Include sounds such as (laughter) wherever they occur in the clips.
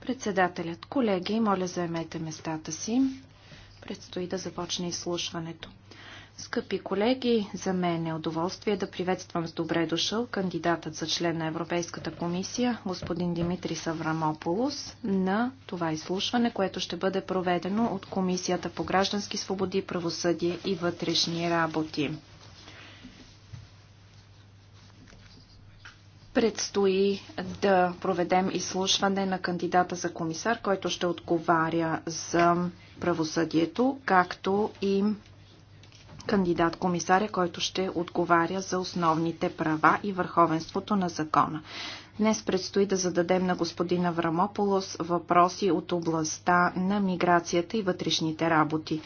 Председателят, колеги, моля заемете местата си. Предстои да започне изслушването. Скъпи колеги, за мен е удоволствие да приветствам с добре дошъл кандидатът за член на Европейската комисия, господин Димитри Саврамополос, на това изслушване, което ще бъде проведено от Комисията по граждански свободи, правосъдие и вътрешни работи. Предстои да проведем изслушване на кандидата за комисар, който ще отговаря за правосъдието, както и кандидат комисаря, който ще отговаря за основните права и върховенството на закона. Днес предстои да зададем на господин Аврамополос въпроси от областта на миграцията и вътрешните работи.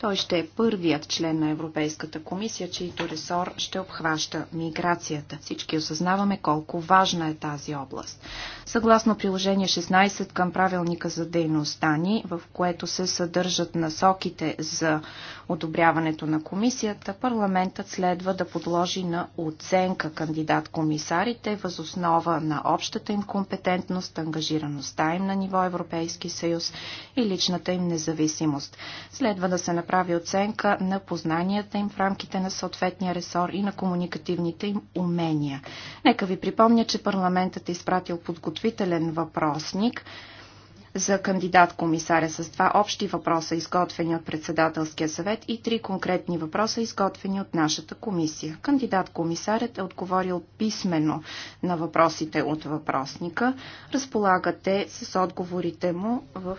Той ще е първият член на Европейската комисия, чийто ресор ще обхваща миграцията. Всички осъзнаваме колко важна е тази област. Съгласно приложение 16 към правилника за дейността ни, в което се съдържат насоките за одобряването на комисията, парламентът следва да подложи на оценка кандидат-комисарите възоснова на общата им компетентност, ангажираността им на ниво Европейски съюз и личната им независимост. Следва да се направи оценка на познанията им в рамките на съответния ресор и на комуникативните им умения. Нека ви припомня, че парламентът е изпратил подготвителен въпросник – за кандидат-комисаря с два общи въпроса, изготвени от председателския съвет и три конкретни въпроса, изготвени от нашата комисия. Кандидат-комисарят е отговорил писменно на въпросите от въпросника. Разполагате с отговорите му в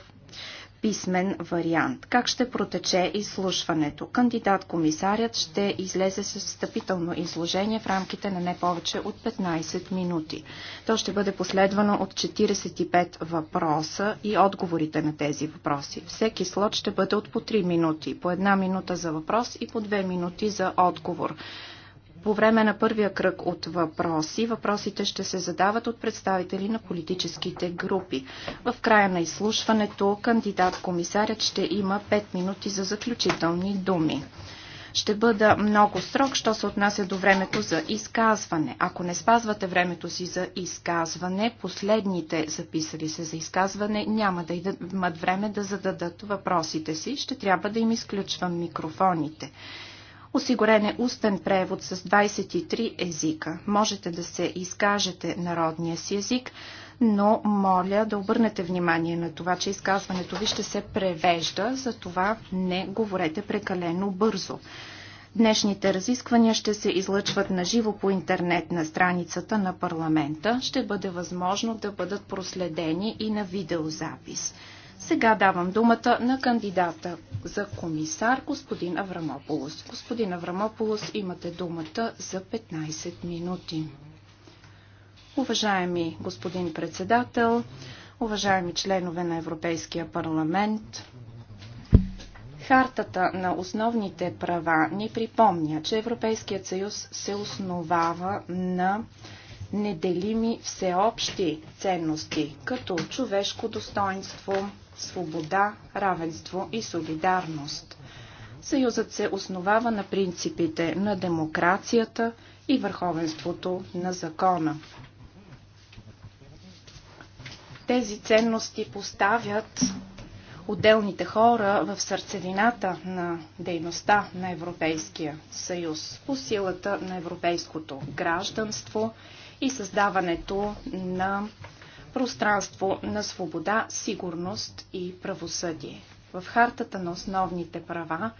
писмен вариант. Как ще протече изслушването? Кандидат-комисарят ще излезе с встъпително изложение в рамките на не повече от 15 минути. То ще бъде последвано от 45 въпроса и отговорите на тези въпроси. Всеки слот ще бъде от по 3 минути, по 1 минута за въпрос и по 2 минути за отговор. По време на първия кръг от въпроси, въпросите ще се задават от представители на политическите групи. В края на изслушването кандидат-комисарят ще има 5 минути за заключителни думи. Ще бъда много строг, що се отнася до времето за изказване. Ако не спазвате времето си за изказване, последните записали се за изказване няма да имат време да зададат въпросите си. Ще трябва да им изключвам микрофоните. Осигурен е устен превод с 23 езика. Можете да се изкажете народния си език, но моля да обърнете внимание на това, че изказването ви ще се превежда, затова не говорете прекалено бързо. Днешните разисквания ще се излъчват на живо по интернет на страницата на парламента. Ще бъде възможно да бъдат проследени и на видеозапис. Сега давам думата на кандидата за комисар господин Аврамополос. Господин Аврамополос, имате думата за 15 минути. Уважаеми господин председател, уважаеми членове на Европейския парламент, Хартата на основните права ни припомня, че Европейският съюз се основава на неделими всеобщи ценности, като човешко достоинство, свобода, равенство и солидарност. Съюзът се основава на принципите на демокрацията и върховенството на закона. Тези ценности поставят отделните хора в сърцевината на дейността на Европейския съюз по силата на европейското гражданство и създаването на пространство на свобода, сигурност и правосъдие. В хартата на основните права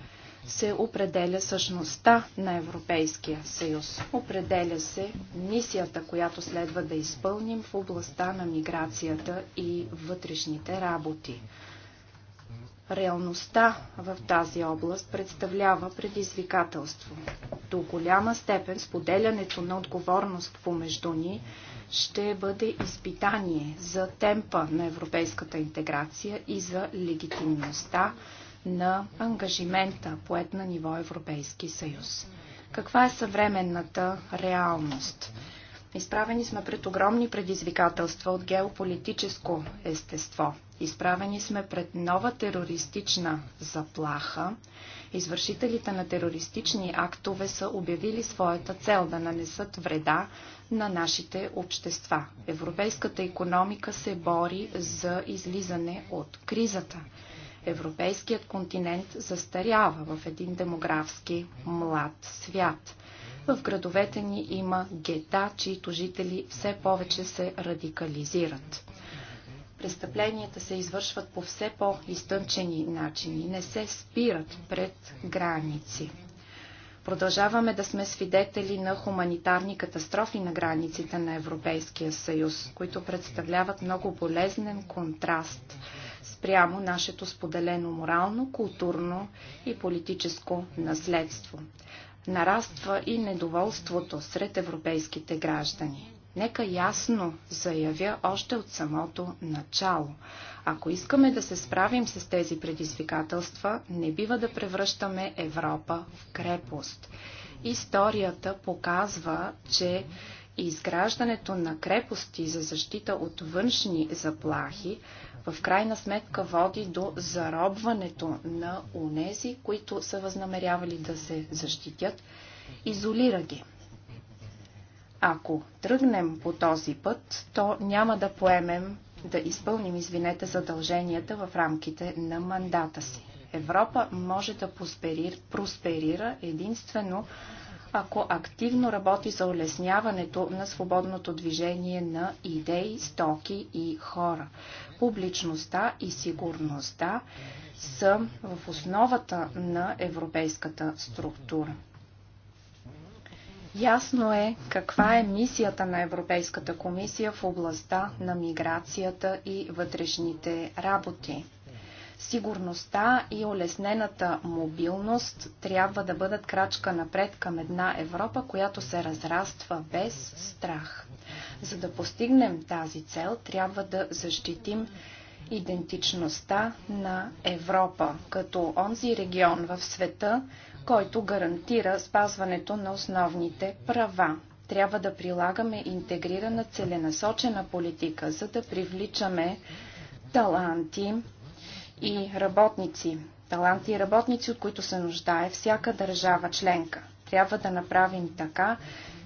се определя същността на Европейския съюз. Определя се мисията, която следва да изпълним в областта на миграцията и вътрешните работи. Реалността в тази област представлява предизвикателство. До голяма степен споделянето на отговорност помежду ни ще бъде изпитание за темпа на европейската интеграция и за легитимността на ангажимента поет на ниво Европейски съюз. Каква е съвременната реалност? Изправени сме пред огромни предизвикателства от геополитическо естество. Изправени сме пред нова терористична заплаха. Извършителите на терористични актове са обявили своята цел да нанесат вреда на нашите общества. Европейската економика се бори за излизане от кризата. Европейският континент застарява в един демографски млад свят. В градовете ни има гета, чието жители все повече се радикализират. Престъпленията се извършват по все по-изтънчени начини, не се спират пред граници. Продължаваме да сме свидетели на хуманитарни катастрофи на границите на Европейския съюз, които представляват много болезнен контраст спрямо нашето споделено морално, културно и политическо наследство. Нараства и недоволството сред европейските граждани. Нека ясно заявя още от самото начало. Ако искаме да се справим с тези предизвикателства, не бива да превръщаме Европа в крепост. Историята показва, че изграждането на крепости за защита от външни заплахи в крайна сметка води до заробването на унези, които са възнамерявали да се защитят, изолира ги. Ако тръгнем по този път, то няма да поемем да изпълним, извинете, задълженията в рамките на мандата си. Европа може да просперира единствено ако активно работи за улесняването на свободното движение на идеи, стоки и хора. Публичността и сигурността са в основата на европейската структура. Ясно е каква е мисията на Европейската комисия в областта на миграцията и вътрешните работи. Сигурността и улеснената мобилност трябва да бъдат крачка напред към една Европа, която се разраства без страх. За да постигнем тази цел, трябва да защитим идентичността на Европа, като онзи регион в света, който гарантира спазването на основните права. Трябва да прилагаме интегрирана целенасочена политика, за да привличаме таланти и работници. Таланти и работници, от които се нуждае всяка държава членка. Трябва да направим така,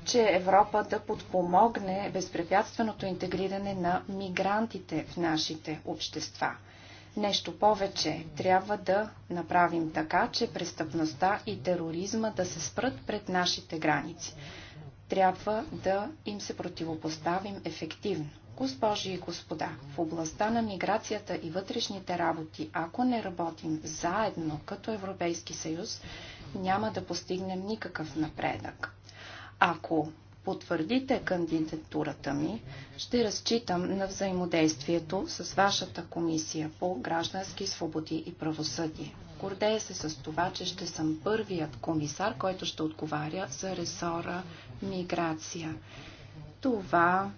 че Европа да подпомогне безпрепятственото интегриране на мигрантите в нашите общества. Нещо повече, трябва да направим така, че престъпността и тероризма да се спрат пред нашите граници. Трябва да им се противопоставим ефективно. Госпожи и господа, в областта на миграцията и вътрешните работи, ако не работим заедно като Европейски съюз, няма да постигнем никакъв напредък. Ако потвърдите кандидатурата ми, ще разчитам на взаимодействието с вашата комисия по граждански свободи и правосъдие. Гордея се с това, че ще съм първият комисар, който ще отговаря за ресора миграция. Това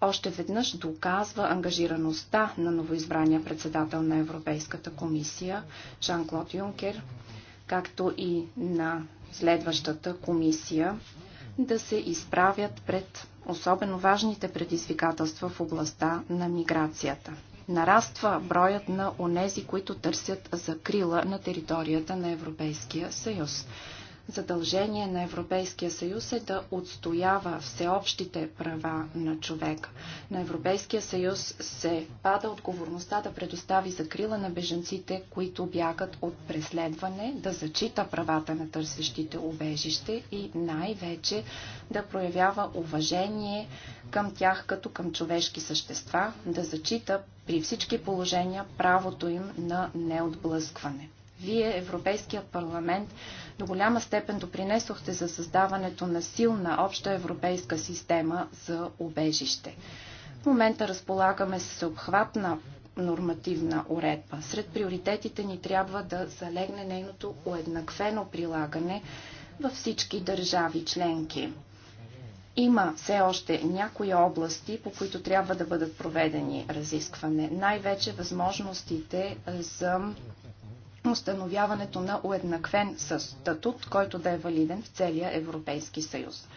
още веднъж доказва ангажираността на новоизбрания председател на Европейската комисия Жан-Клод Юнкер, както и на следващата комисия да се изправят пред особено важните предизвикателства в областта на миграцията. Нараства броят на онези, които търсят закрила на територията на Европейския съюз. Задължение на Европейския съюз е да отстоява всеобщите права на човека. На Европейския съюз се пада отговорността да предостави закрила на беженците, които бягат от преследване, да зачита правата на търсещите убежище и най-вече да проявява уважение към тях като към човешки същества, да зачита при всички положения правото им на неотблъскване. Вие, Европейският парламент, до голяма степен допринесохте за създаването на силна обща европейска система за обежище. В момента разполагаме с обхватна нормативна уредба. Сред приоритетите ни трябва да залегне нейното уеднаквено прилагане във всички държави членки. Има все още някои области, по които трябва да бъдат проведени разискване. Най-вече възможностите за установяването на уеднаквен със статут, който да е валиден в целия Европейски съюз.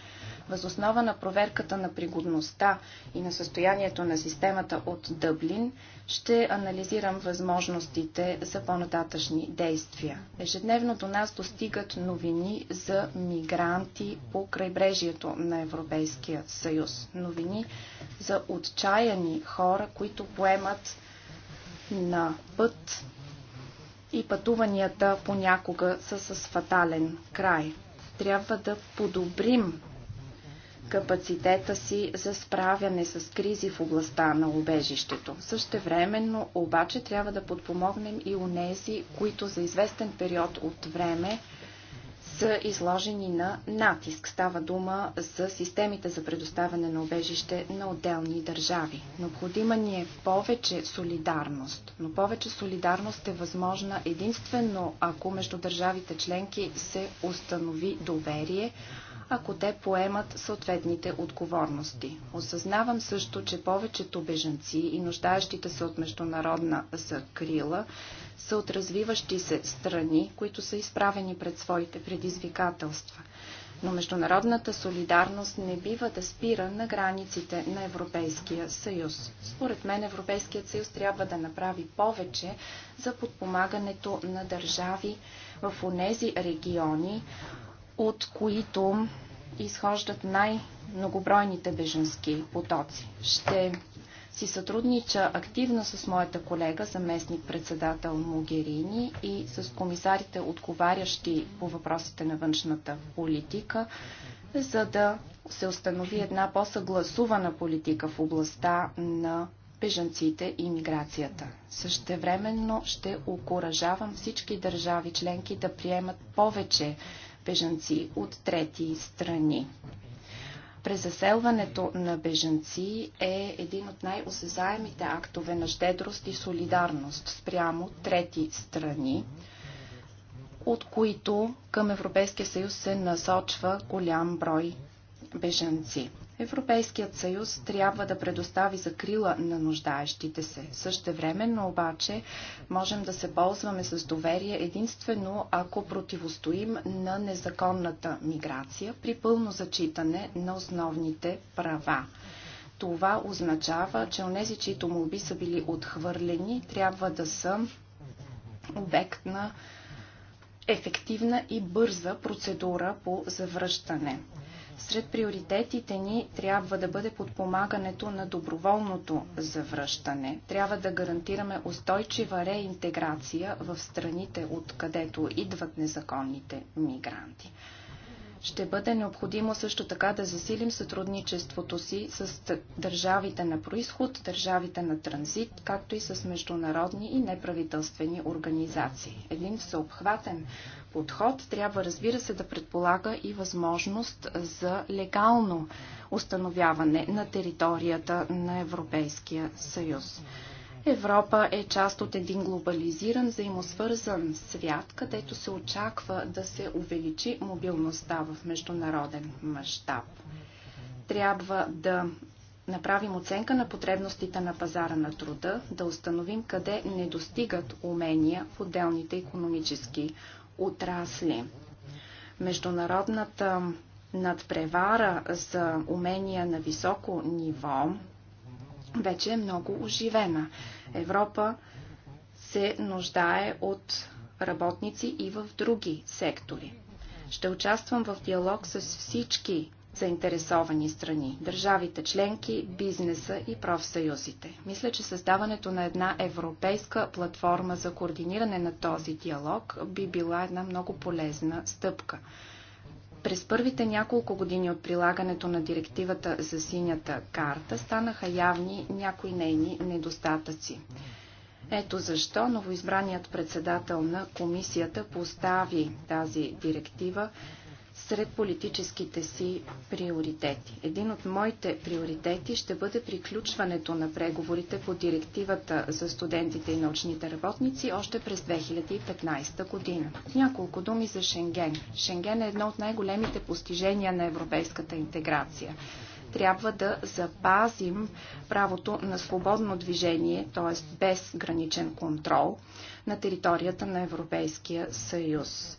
Възоснова на проверката на пригодността и на състоянието на системата от Дъблин ще анализирам възможностите за по-нататъчни действия. Ежедневно до нас достигат новини за мигранти по крайбрежието на Европейския съюз. Новини за отчаяни хора, които поемат на път и пътуванията понякога са с фатален край. Трябва да подобрим капацитета си за справяне с кризи в областта на убежището. Същевременно обаче трябва да подпомогнем и унези, които за известен период от време са изложени на натиск. Става дума за системите за предоставяне на обежище на отделни държави. Необходима ни е повече солидарност, но повече солидарност е възможна единствено ако между държавите членки се установи доверие, ако те поемат съответните отговорности. Осъзнавам също, че повечето бежанци и нуждаещите се от международна закрила са от развиващи се страни, които са изправени пред своите предизвикателства. Но международната солидарност не бива да спира на границите на Европейския съюз. Според мен Европейският съюз трябва да направи повече за подпомагането на държави в онези региони, от които изхождат най-многобройните беженски потоци. Ще си сътруднича активно с моята колега, заместник председател Могерини и с комисарите, отговарящи по въпросите на външната политика, за да се установи една по-съгласувана политика в областта на бежанците и миграцията. Същевременно ще окоръжавам всички държави членки да приемат повече бежанци от трети страни. Презаселването на бежанци е един от най-осезаемите актове на щедрост и солидарност спрямо трети страни, от които към Европейския съюз се насочва голям брой бежанци. Европейският съюз трябва да предостави закрила на нуждаещите се. Същевременно обаче можем да се ползваме с доверие единствено ако противостоим на незаконната миграция при пълно зачитане на основните права. Това означава, че онези, чието молби са били отхвърлени, трябва да са обект на ефективна и бърза процедура по завръщане. Сред приоритетите ни трябва да бъде подпомагането на доброволното завръщане. Трябва да гарантираме устойчива реинтеграция в страните, откъдето идват незаконните мигранти. Ще бъде необходимо също така да засилим сътрудничеството си с държавите на происход, държавите на транзит, както и с международни и неправителствени организации. Един всеобхватен подход трябва, разбира се, да предполага и възможност за легално установяване на територията на Европейския съюз. Европа е част от един глобализиран, взаимосвързан свят, където се очаква да се увеличи мобилността в международен мащаб. Трябва да направим оценка на потребностите на пазара на труда, да установим къде не достигат умения в отделните економически отрасли. Международната надпревара за умения на високо ниво вече е много оживена. Европа се нуждае от работници и в други сектори. Ще участвам в диалог с всички заинтересовани страни – държавите членки, бизнеса и профсъюзите. Мисля, че създаването на една европейска платформа за координиране на този диалог би била една много полезна стъпка. През първите няколко години от прилагането на директивата за синята карта станаха явни някои нейни недостатъци. Ето защо новоизбраният председател на комисията постави тази директива сред политическите си приоритети. Един от моите приоритети ще бъде приключването на преговорите по директивата за студентите и научните работници още през 2015 година. Няколко думи за Шенген. Шенген е едно от най-големите постижения на европейската интеграция трябва да запазим правото на свободно движение, т.е. без граничен контрол на територията на Европейския съюз.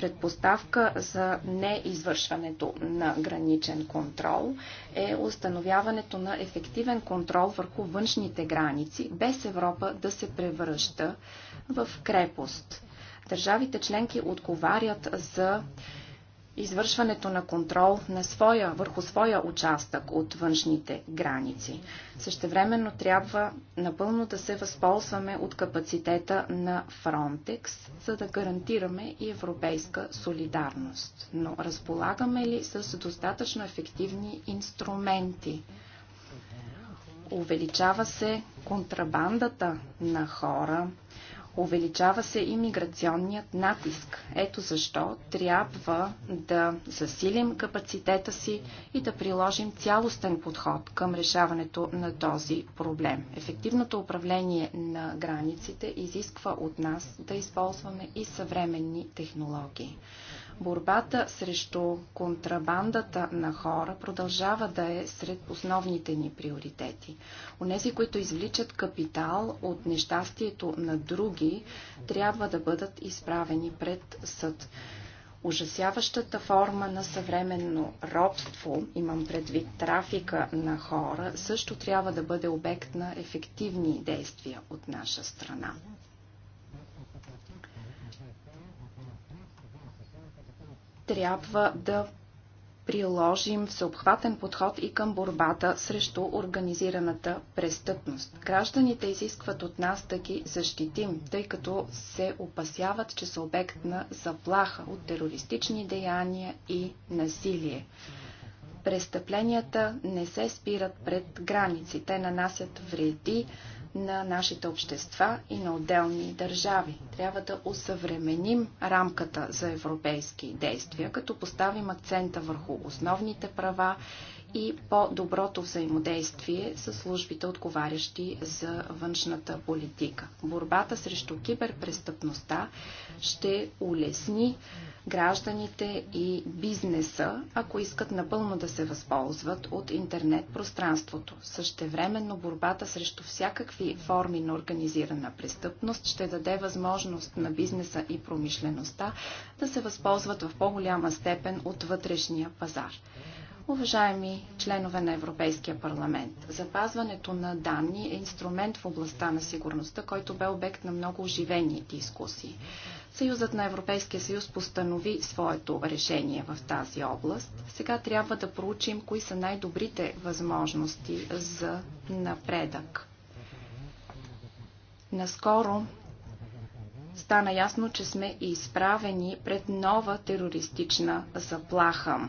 Предпоставка за неизвършването на граничен контрол е установяването на ефективен контрол върху външните граници, без Европа да се превръща в крепост. Държавите членки отговарят за извършването на контрол на своя, върху своя участък от външните граници. Същевременно трябва напълно да се възползваме от капацитета на Frontex, за да гарантираме и европейска солидарност. Но разполагаме ли с достатъчно ефективни инструменти? Увеличава се контрабандата на хора, Увеличава се и миграционният натиск. Ето защо трябва да засилим капацитета си и да приложим цялостен подход към решаването на този проблем. Ефективното управление на границите изисква от нас да използваме и съвременни технологии. Борбата срещу контрабандата на хора продължава да е сред основните ни приоритети. Онези, които извличат капитал от нещастието на други, трябва да бъдат изправени пред съд. Ужасяващата форма на съвременно робство, имам предвид трафика на хора, също трябва да бъде обект на ефективни действия от наша страна. трябва да приложим всеобхватен подход и към борбата срещу организираната престъпност. Гражданите изискват от нас да ги защитим, тъй като се опасяват, че са обект на заплаха от терористични деяния и насилие. Престъпленията не се спират пред граници. Те нанасят вреди на нашите общества и на отделни държави. Трябва да усъвременим рамката за европейски действия, като поставим акцента върху основните права и по-доброто взаимодействие с службите, отговарящи за външната политика. Борбата срещу киберпрестъпността ще улесни гражданите и бизнеса, ако искат напълно да се възползват от интернет пространството. Същевременно борбата срещу всякакви форми на организирана престъпност ще даде възможност на бизнеса и промишлеността да се възползват в по-голяма степен от вътрешния пазар. Уважаеми членове на Европейския парламент, запазването на данни е инструмент в областта на сигурността, който бе обект на много оживени дискусии. Съюзът на Европейския съюз постанови своето решение в тази област. Сега трябва да проучим кои са най-добрите възможности за напредък. Наскоро стана ясно, че сме изправени пред нова терористична заплаха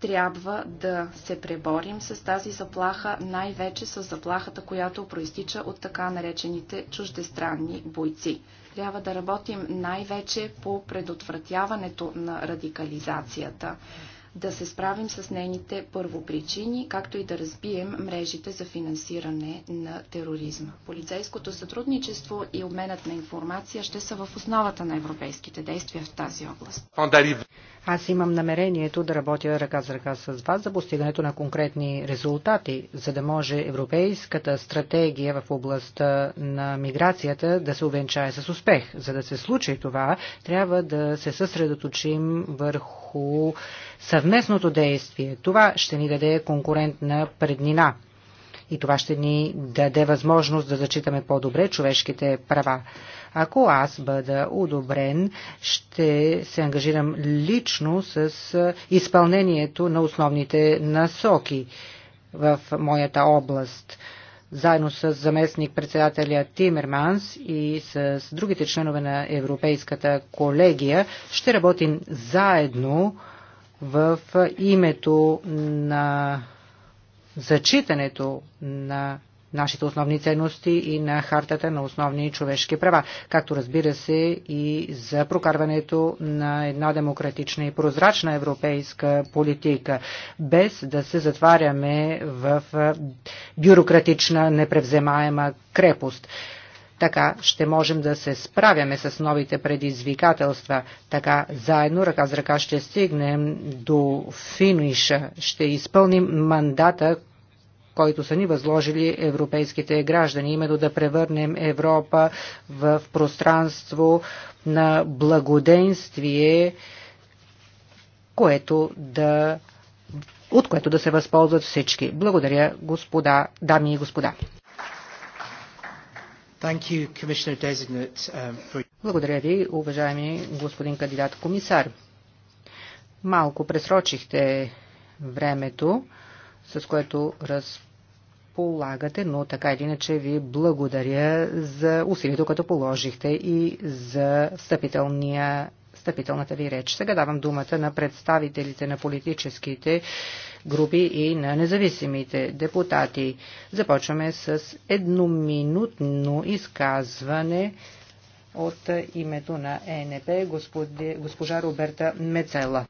трябва да се преборим с тази заплаха, най-вече с заплахата, която проистича от така наречените чуждестранни бойци. Трябва да работим най-вече по предотвратяването на радикализацията, да се справим с нейните първопричини, както и да разбием мрежите за финансиране на тероризма. Полицейското сътрудничество и обменът на информация ще са в основата на европейските действия в тази област. Аз имам намерението да работя ръка за ръка с вас за постигането на конкретни резултати, за да може европейската стратегия в областта на миграцията да се увенчае с успех. За да се случи това, трябва да се съсредоточим върху съвместното действие. Това ще ни даде конкурентна преднина и това ще ни даде възможност да зачитаме по-добре човешките права. Ако аз бъда одобрен, ще се ангажирам лично с изпълнението на основните насоки в моята област заедно с заместник председателя Тимерманс и с другите членове на Европейската колегия ще работим заедно в името на зачитането на нашите основни ценности и на хартата на основни човешки права, както разбира се и за прокарването на една демократична и прозрачна европейска политика, без да се затваряме в бюрократична непревземаема крепост. Така ще можем да се справяме с новите предизвикателства. Така заедно, ръка за ръка, ще стигнем до финиша. Ще изпълним мандата, който са ни възложили европейските граждани, именно да превърнем Европа в пространство на благоденствие, което да, от което да се възползват всички. Благодаря, господа, дами и господа. Um, благодаря ви, уважаеми господин кандидат комисар. Малко пресрочихте времето, с което разполагате, но така или иначе ви благодаря за усилието, като положихте и за встъпителния встъпителната ви реч. Сега давам думата на представителите на политическите групи и на независимите депутати. Започваме с едноминутно изказване от името на ЕНП госпожа Роберта Мецела.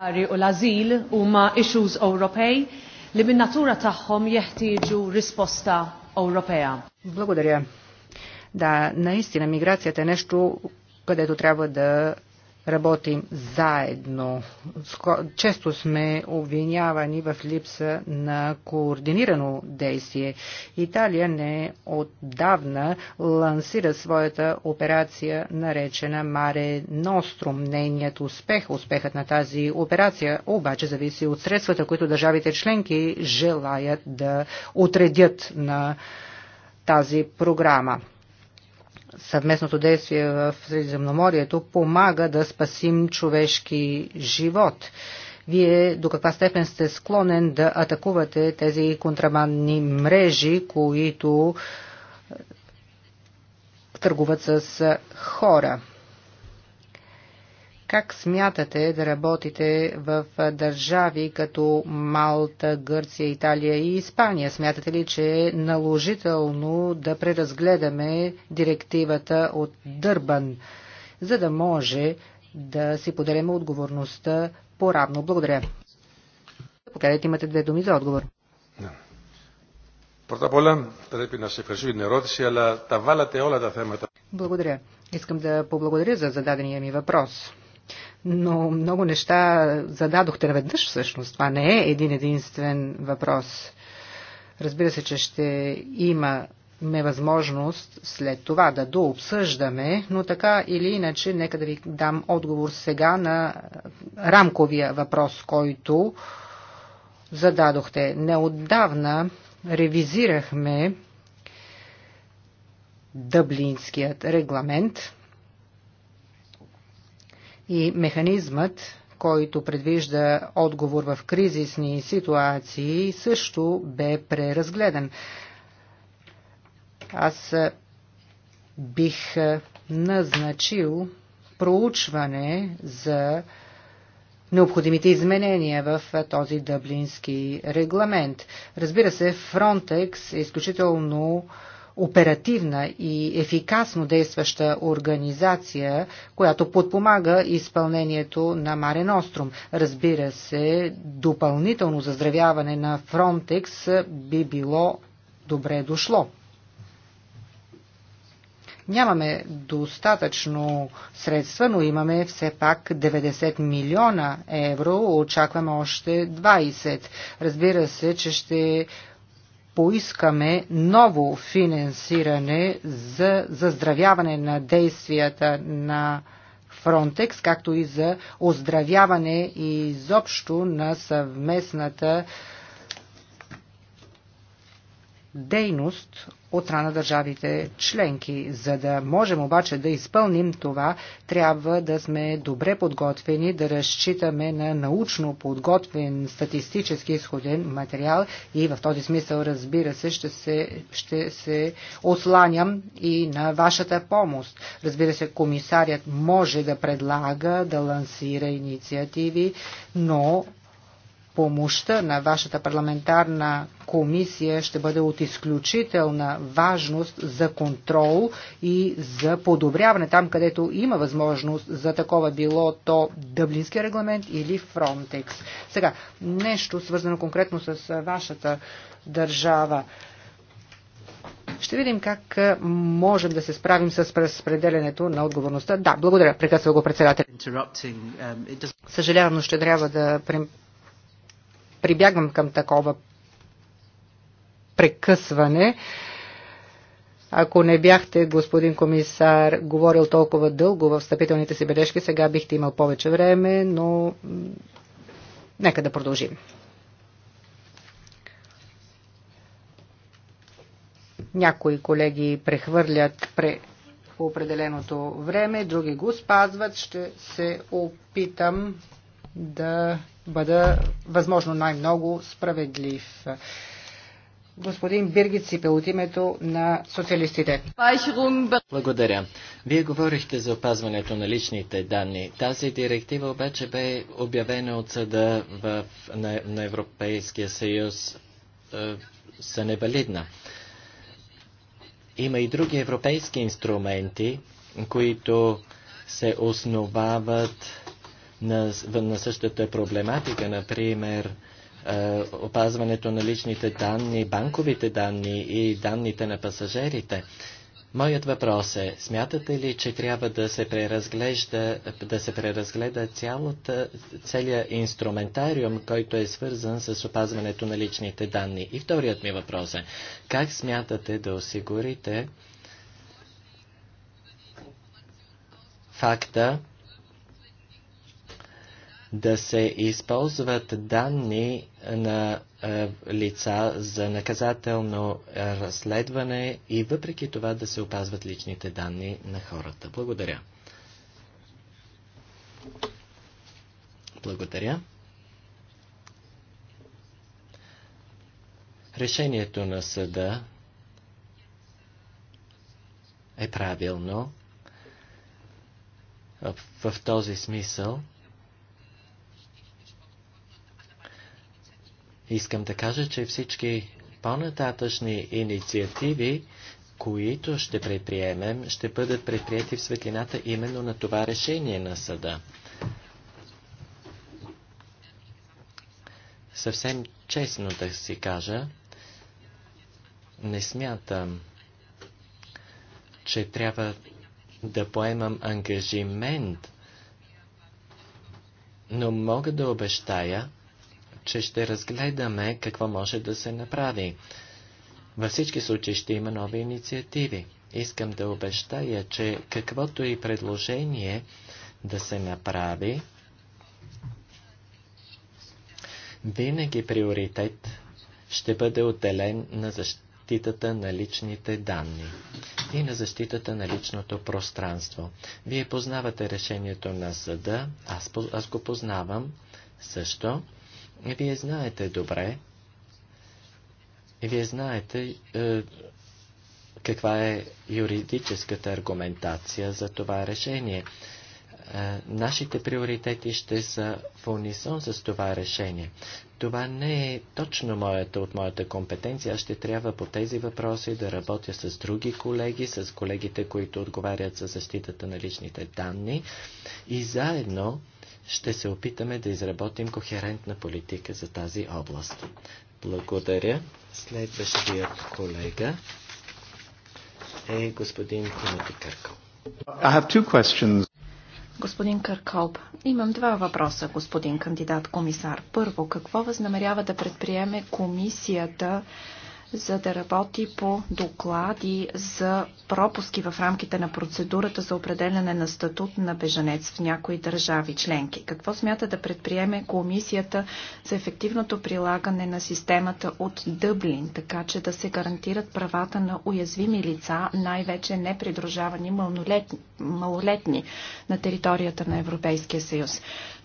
risposta Благодаря. Да, наистина миграцията е нещо, където трябва да работим заедно. Често сме обвинявани в липса на координирано действие. Италия не отдавна лансира своята операция, наречена Маре Ностром. Нейният успех, успехът на тази операция, обаче зависи от средствата, които държавите членки желаят да отредят на тази програма съвместното действие в Средиземноморието помага да спасим човешки живот. Вие до каква степен сте склонен да атакувате тези контрабандни мрежи, които е, търгуват с е, хора? Как смятате да работите в държави като Малта, Гърция, Италия и Испания? Смятате ли, че е наложително да преразгледаме директивата от Дърбан, за да може да си поделяме отговорността по-равно? Благодаря. Покажете, имате две думи за отговор. Благодаря. Искам да поблагодаря за зададения ми въпрос но много неща зададохте наведнъж всъщност. Това не е един единствен въпрос. Разбира се, че ще има имаме възможност след това да дообсъждаме, но така или иначе, нека да ви дам отговор сега на рамковия въпрос, който зададохте. Неотдавна ревизирахме Дъблинският регламент – и механизмът, който предвижда отговор в кризисни ситуации, също бе преразгледан. Аз бих назначил проучване за необходимите изменения в този дъблински регламент. Разбира се, Фронтекс е изключително оперативна и ефикасно действаща организация, която подпомага изпълнението на Марен Остром. Разбира се, допълнително заздравяване на Фронтекс би било добре дошло. Нямаме достатъчно средства, но имаме все пак 90 милиона евро, очакваме още 20. Разбира се, че ще поискаме ново финансиране за заздравяване на действията на Фронтекс, както и за оздравяване и изобщо на съвместната дейност от страна на държавите членки. За да можем обаче да изпълним това, трябва да сме добре подготвени, да разчитаме на научно подготвен статистически изходен материал и в този смисъл, разбира се, ще се, ще се осланям и на вашата помощ. Разбира се, комисарият може да предлага, да лансира инициативи, но помощта на вашата парламентарна комисия ще бъде от изключителна важност за контрол и за подобряване там, където има възможност за такова било то Дъблинския регламент или Фронтекс. Сега, нещо свързано конкретно с вашата държава. Ще видим как можем да се справим с разпределенето на отговорността. Да, благодаря, прекъсва го председател. Um, Съжалявам, но ще трябва да прибягвам към такова прекъсване. Ако не бяхте, господин комисар, говорил толкова дълго в встъпителните си бележки, сега бихте имал повече време, но нека да продължим. Някои колеги прехвърлят пре по определеното време, други го спазват. Ще се опитам да бъда възможно най-много справедлив. Господин Биргит Сипе от името на социалистите. Благодаря. Вие говорихте за опазването на личните данни. Тази директива обаче бе обявена от съда в, на, на Европейския съюз е, са невалидна. Има и други европейски инструменти, които се основават на, на същата проблематика, например е, опазването на личните данни, банковите данни и данните на пасажирите. Моят въпрос е, смятате ли, че трябва да се преразглежда, да се преразгледа цялата, целият инструментариум, който е свързан с опазването на личните данни? И вторият ми въпрос е, как смятате да осигурите факта, да се използват данни на е, лица за наказателно е, разследване и въпреки това да се опазват личните данни на хората. Благодаря. Благодаря. Решението на съда е правилно. В, в този смисъл Искам да кажа, че всички по-нататъчни инициативи, които ще предприемем, ще бъдат предприяти в светлината именно на това решение на съда. Съвсем честно да си кажа, не смятам, че трябва да поемам ангажимент, но мога да обещая, че ще разгледаме какво може да се направи. Във всички случаи ще има нови инициативи. Искам да обещая, че каквото и предложение да се направи, винаги приоритет ще бъде отделен на защитата на личните данни и на защитата на личното пространство. Вие познавате решението на съда, аз, аз го познавам също. И вие знаете добре, и вие знаете е, каква е юридическата аргументация за това решение. Е, нашите приоритети ще са в унисон с това решение. Това не е точно моята, от моята компетенция. Аз ще трябва по тези въпроси да работя с други колеги, с колегите, които отговарят за защитата на личните данни и заедно ще се опитаме да изработим кохерентна политика за тази област. Благодаря. Следващият колега е господин Тимоти Къркал. I have two questions. Господин Къркалб, имам два въпроса, господин кандидат комисар. Първо, какво възнамерява да предприеме комисията за да работи по доклади за пропуски в рамките на процедурата за определяне на статут на бежанец в някои държави членки. Какво смята да предприеме комисията за ефективното прилагане на системата от Дъблин, така че да се гарантират правата на уязвими лица, най-вече непридружавани малолетни, малолетни на територията на Европейския съюз?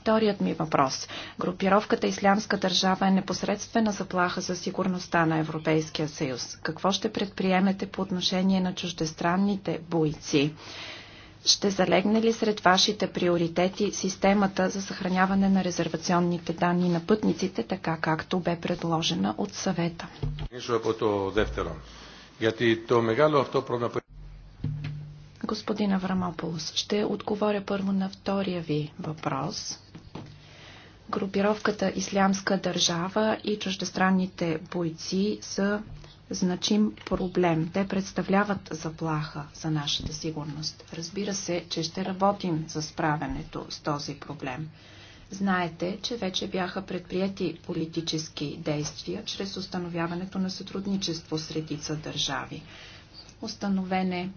вторият ми въпрос. Групировката Ислямска държава е непосредствена заплаха за сигурността на Европейския съюз. Какво ще предприемете по отношение на чуждестранните бойци? Ще залегне ли сред вашите приоритети системата за съхраняване на резервационните данни на пътниците, така както бе предложена от съвета? Господин Аврамополос, ще отговоря първо на втория ви въпрос. Групировката Ислямска държава и чуждестранните бойци са значим проблем. Те представляват заплаха за нашата сигурност. Разбира се, че ще работим за справянето с този проблем. Знаете, че вече бяха предприяти политически действия чрез установяването на сътрудничество с редица държави. Установен е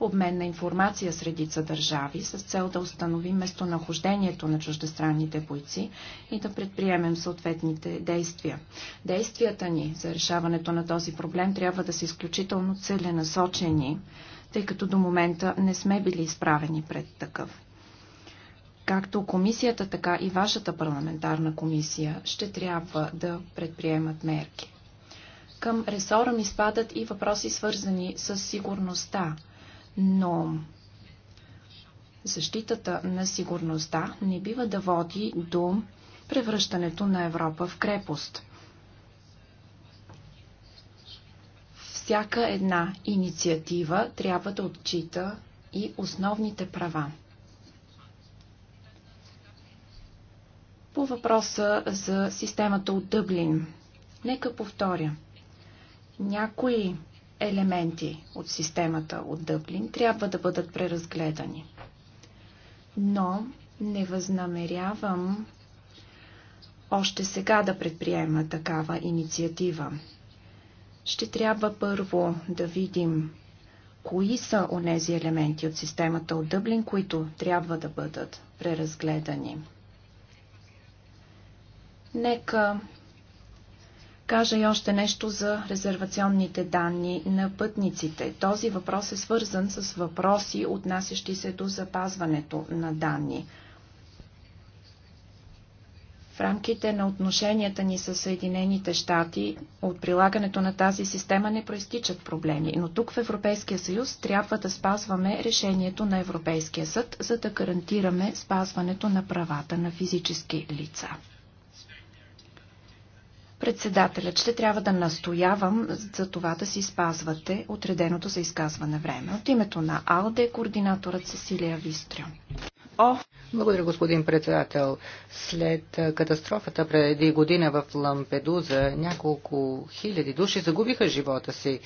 обмен на информация с редица държави с цел да установим местонахождението на чуждестранните бойци и да предприемем съответните действия. Действията ни за решаването на този проблем трябва да са изключително целенасочени, тъй като до момента не сме били изправени пред такъв. Както комисията, така и вашата парламентарна комисия ще трябва да предприемат мерки. Към ресора ми спадат и въпроси свързани с сигурността но защитата на сигурността не бива да води до превръщането на Европа в крепост. Всяка една инициатива трябва да отчита и основните права. По въпроса за системата от Дъблин, нека повторя. Някои елементи от системата от Дъблин трябва да бъдат преразгледани. Но не възнамерявам още сега да предприема такава инициатива. Ще трябва първо да видим кои са онези елементи от системата от Дъблин, които трябва да бъдат преразгледани. Нека кажа и още нещо за резервационните данни на пътниците. Този въпрос е свързан с въпроси, отнасящи се до запазването на данни. В рамките на отношенията ни с Съединените щати от прилагането на тази система не проистичат проблеми, но тук в Европейския съюз трябва да спазваме решението на Европейския съд, за да гарантираме спазването на правата на физически лица. Председателят ще трябва да настоявам за това да си спазвате отреденото за изказване време. От името на АЛДЕ координаторът Сесилия Вистрю. О, благодаря, господин председател. След катастрофата преди година в Лампедуза няколко хиляди души загубиха живота си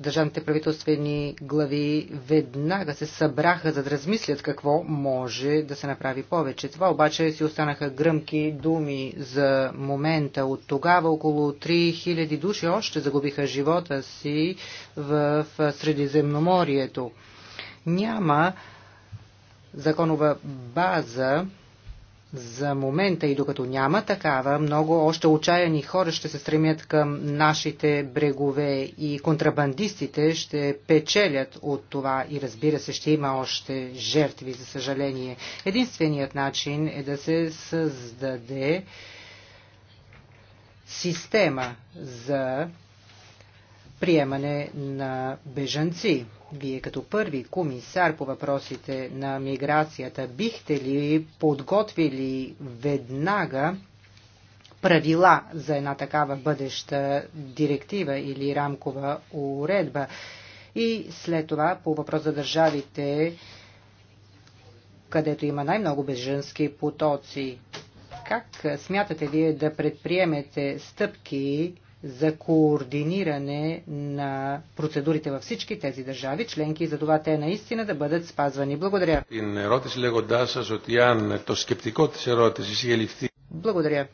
държавните правителствени глави веднага се събраха, за да размислят какво може да се направи повече. Това обаче си останаха гръмки думи за момента. От тогава около 3000 души още загубиха живота си в Средиземноморието. Няма законова база за момента и докато няма такава, много още отчаяни хора ще се стремят към нашите брегове и контрабандистите ще печелят от това и разбира се ще има още жертви, за съжаление. Единственият начин е да се създаде система за приемане на бежанци. Вие като първи комисар по въпросите на миграцията бихте ли подготвили веднага правила за една такава бъдеща директива или рамкова уредба? И след това по въпрос за държавите, където има най-много безженски потоци. Как смятате вие да предприемете стъпки за координиране на процедурите във всички тези държави членки и за това те наистина да бъдат спазвани. Благодаря. Благодаря.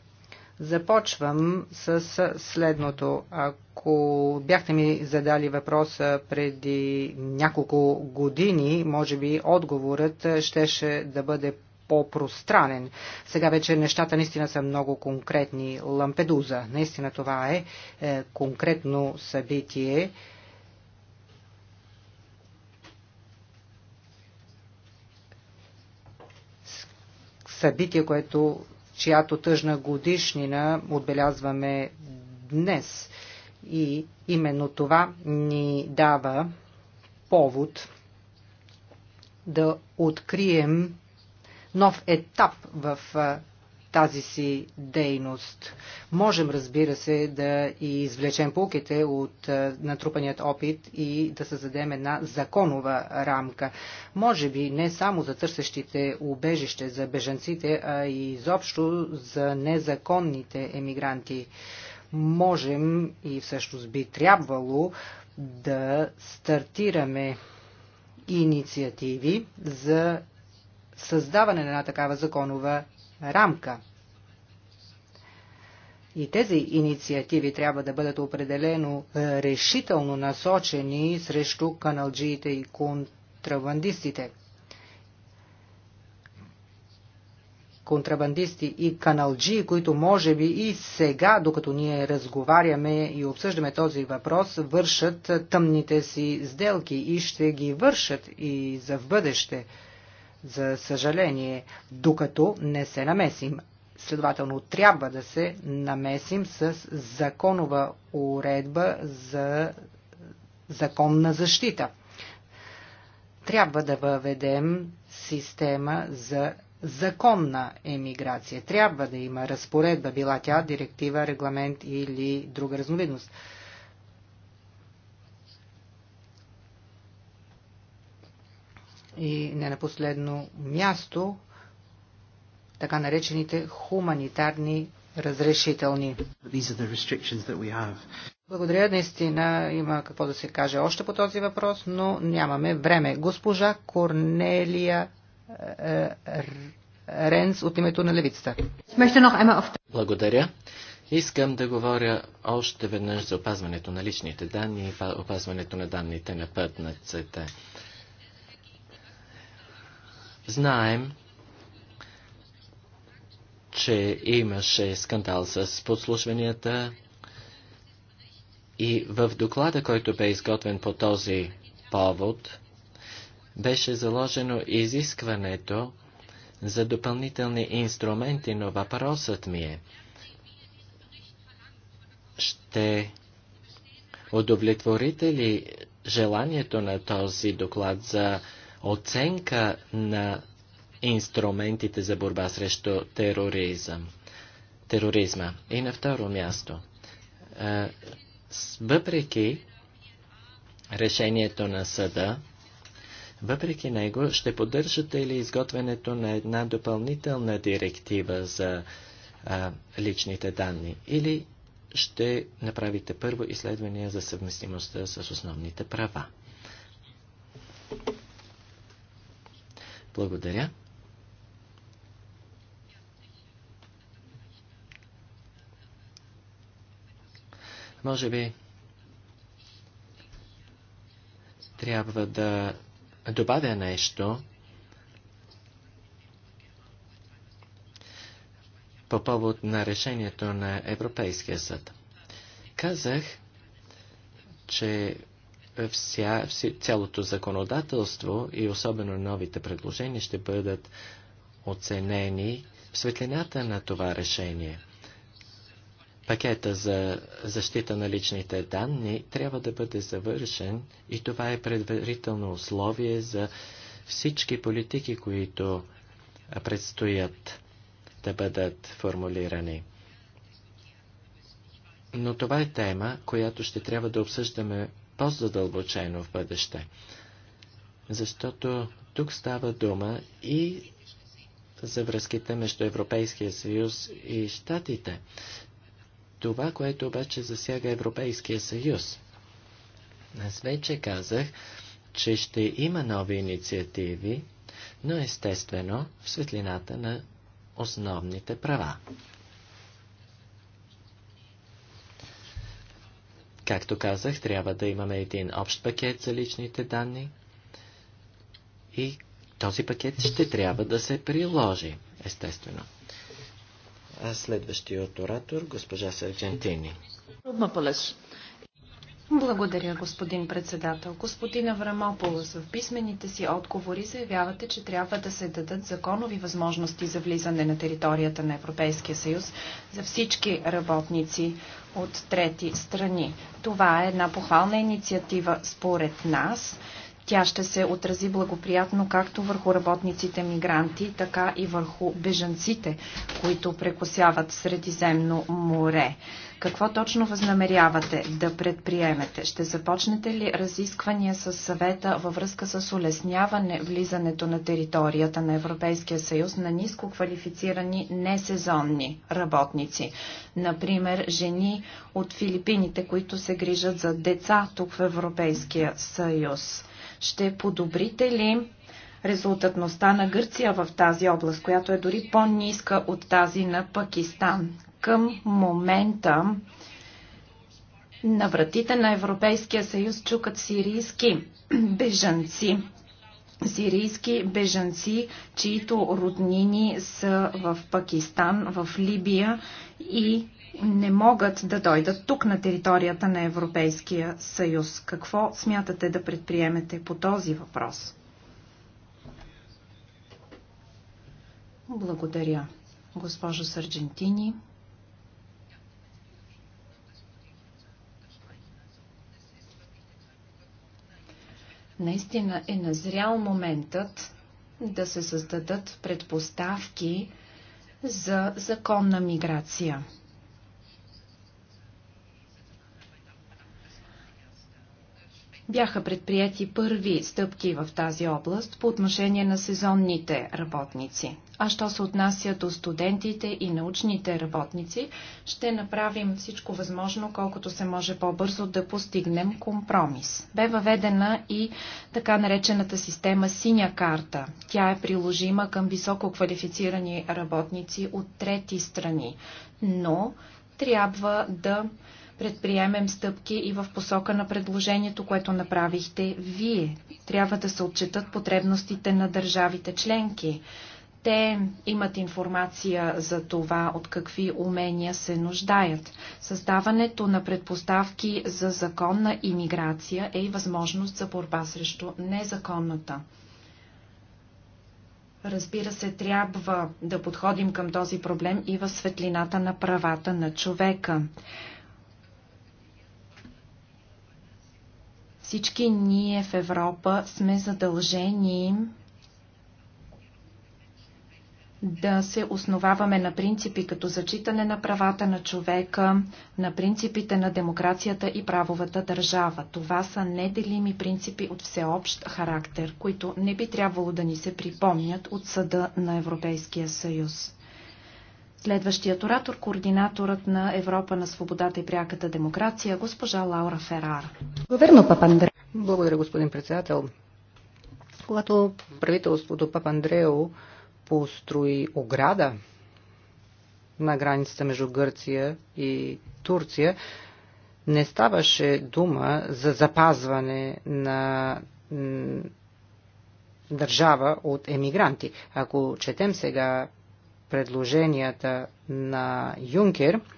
Започвам с следното. Ако бяхте ми задали въпроса преди няколко години, може би отговорът щеше да бъде по-пространен. Сега вече нещата наистина са много конкретни. Лампедуза, наистина това е, е конкретно събитие. Събитие, което, чиято тъжна годишнина отбелязваме днес. И именно това ни дава повод да открием нов етап в тази си дейност. Можем, разбира се, да и извлечем полките от натрупаният опит и да създадем една законова рамка. Може би не само за търсещите убежище, за бежанците, а и изобщо за незаконните емигранти. Можем и всъщност би трябвало да стартираме инициативи за създаване на една такава законова рамка. И тези инициативи трябва да бъдат определено е, решително насочени срещу каналджиите и контрабандистите. контрабандисти и каналджи, които може би и сега, докато ние разговаряме и обсъждаме този въпрос, вършат е, тъмните си сделки и ще ги вършат и за в бъдеще за съжаление, докато не се намесим. Следователно, трябва да се намесим с законова уредба за законна защита. Трябва да въведем система за законна емиграция. Трябва да има разпоредба, била тя директива, регламент или друга разновидност. И не на последно място, така наречените хуманитарни разрешителни. Благодаря, наистина има какво да се каже още по този въпрос, но нямаме време. Госпожа Корнелия э, е, е, Ренс от името на левицата. Благодаря. Искам да говоря още веднъж за опазването на личните данни и опазването на данните на пътниците. Знаем, че имаше скандал с подслушванията и в доклада, който бе изготвен по този повод, беше заложено изискването за допълнителни инструменти, но въпросът ми е, ще удовлетворите ли желанието на този доклад за оценка на инструментите за борба срещу тероризъм, тероризма. И на второ място, въпреки решението на съда, въпреки него, ще поддържате ли изготвянето на една допълнителна директива за а, личните данни? Или ще направите първо изследвания за съвместимостта с основните права? Благодаря. Може би трябва да добавя нещо по повод на решението на Европейския съд. Казах, че вся, вся, цялото законодателство и особено новите предложения ще бъдат оценени в светлината на това решение. Пакета за защита на личните данни трябва да бъде завършен и това е предварително условие за всички политики, които предстоят да бъдат формулирани. Но това е тема, която ще трябва да обсъждаме по-задълбочено в бъдеще. Защото тук става дума и за връзките между Европейския съюз и Штатите. Това, което обаче засяга Европейския съюз. Аз вече казах, че ще има нови инициативи, но естествено в светлината на основните права. Както казах, трябва да имаме един общ пакет за личните данни и този пакет ще трябва да се приложи, естествено. А следващият оратор, госпожа Сергентини. Благодаря, господин председател. Господин Аврамополос, в писмените си отговори заявявате, че трябва да се дадат законови възможности за влизане на територията на Европейския съюз за всички работници от трети страни. Това е една похвална инициатива според нас. Тя ще се отрази благоприятно както върху работниците мигранти, така и върху бежанците, които прекосяват Средиземно море. Какво точно възнамерявате да предприемете? Ще започнете ли разисквания с съвета във връзка с улесняване влизането на територията на Европейския съюз на ниско квалифицирани несезонни работници? Например, жени от Филипините, които се грижат за деца тук в Европейския съюз. Ще подобрите ли резултатността на Гърция в тази област, която е дори по-ниска от тази на Пакистан? Към момента на вратите на Европейския съюз чукат сирийски бежанци. Сирийски бежанци, чието роднини са в Пакистан, в Либия и не могат да дойдат тук на територията на Европейския съюз. Какво смятате да предприемете по този въпрос? Благодаря, госпожо Сарджентини. Наистина е назрял моментът да се създадат предпоставки за законна миграция. Бяха предприяти първи стъпки в тази област по отношение на сезонните работници. А що се отнася до студентите и научните работници, ще направим всичко възможно, колкото се може по-бързо да постигнем компромис. Бе въведена и така наречената система синя карта. Тя е приложима към високо квалифицирани работници от трети страни, но трябва да предприемем стъпки и в посока на предложението, което направихте вие. Трябва да се отчитат потребностите на държавите членки. Те имат информация за това, от какви умения се нуждаят. Създаването на предпоставки за законна имиграция е и възможност за борба срещу незаконната. Разбира се, трябва да подходим към този проблем и в светлината на правата на човека. Всички ние в Европа сме задължени да се основаваме на принципи като зачитане на правата на човека, на принципите на демокрацията и правовата държава. Това са неделими принципи от всеобщ характер, които не би трябвало да ни се припомнят от съда на Европейския съюз. Следващият оратор, координаторът на Европа на свободата и пряката демокрация, госпожа Лаура Ферар. Говерно Андре. Благодаря, господин председател. Когато правителството Папа Андрео построи ограда на границата между Гърция и Турция, не ставаше дума за запазване на държава от емигранти. Ако четем сега предложенията на Юнкер –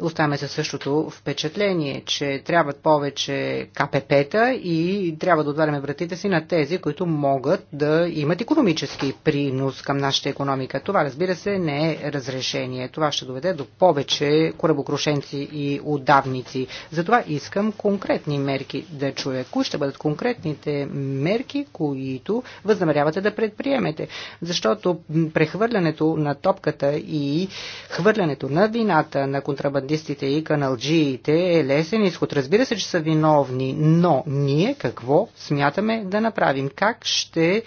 Оставаме със същото впечатление, че трябват повече КПП-та и трябва да отваряме вратите си на тези, които могат да имат економически принос към нашата економика. Това, разбира се, не е разрешение. Това ще доведе до повече корабокрушенци и отдавници. Затова искам конкретни мерки да чуя. Кои ще бъдат конкретните мерки, които възнамерявате да предприемете? Защото прехвърлянето на топката и хвърлянето на вината на контрабандите контрабандистите и каналджиите е лесен изход. Разбира се, че са виновни, но ние какво смятаме да направим? Как ще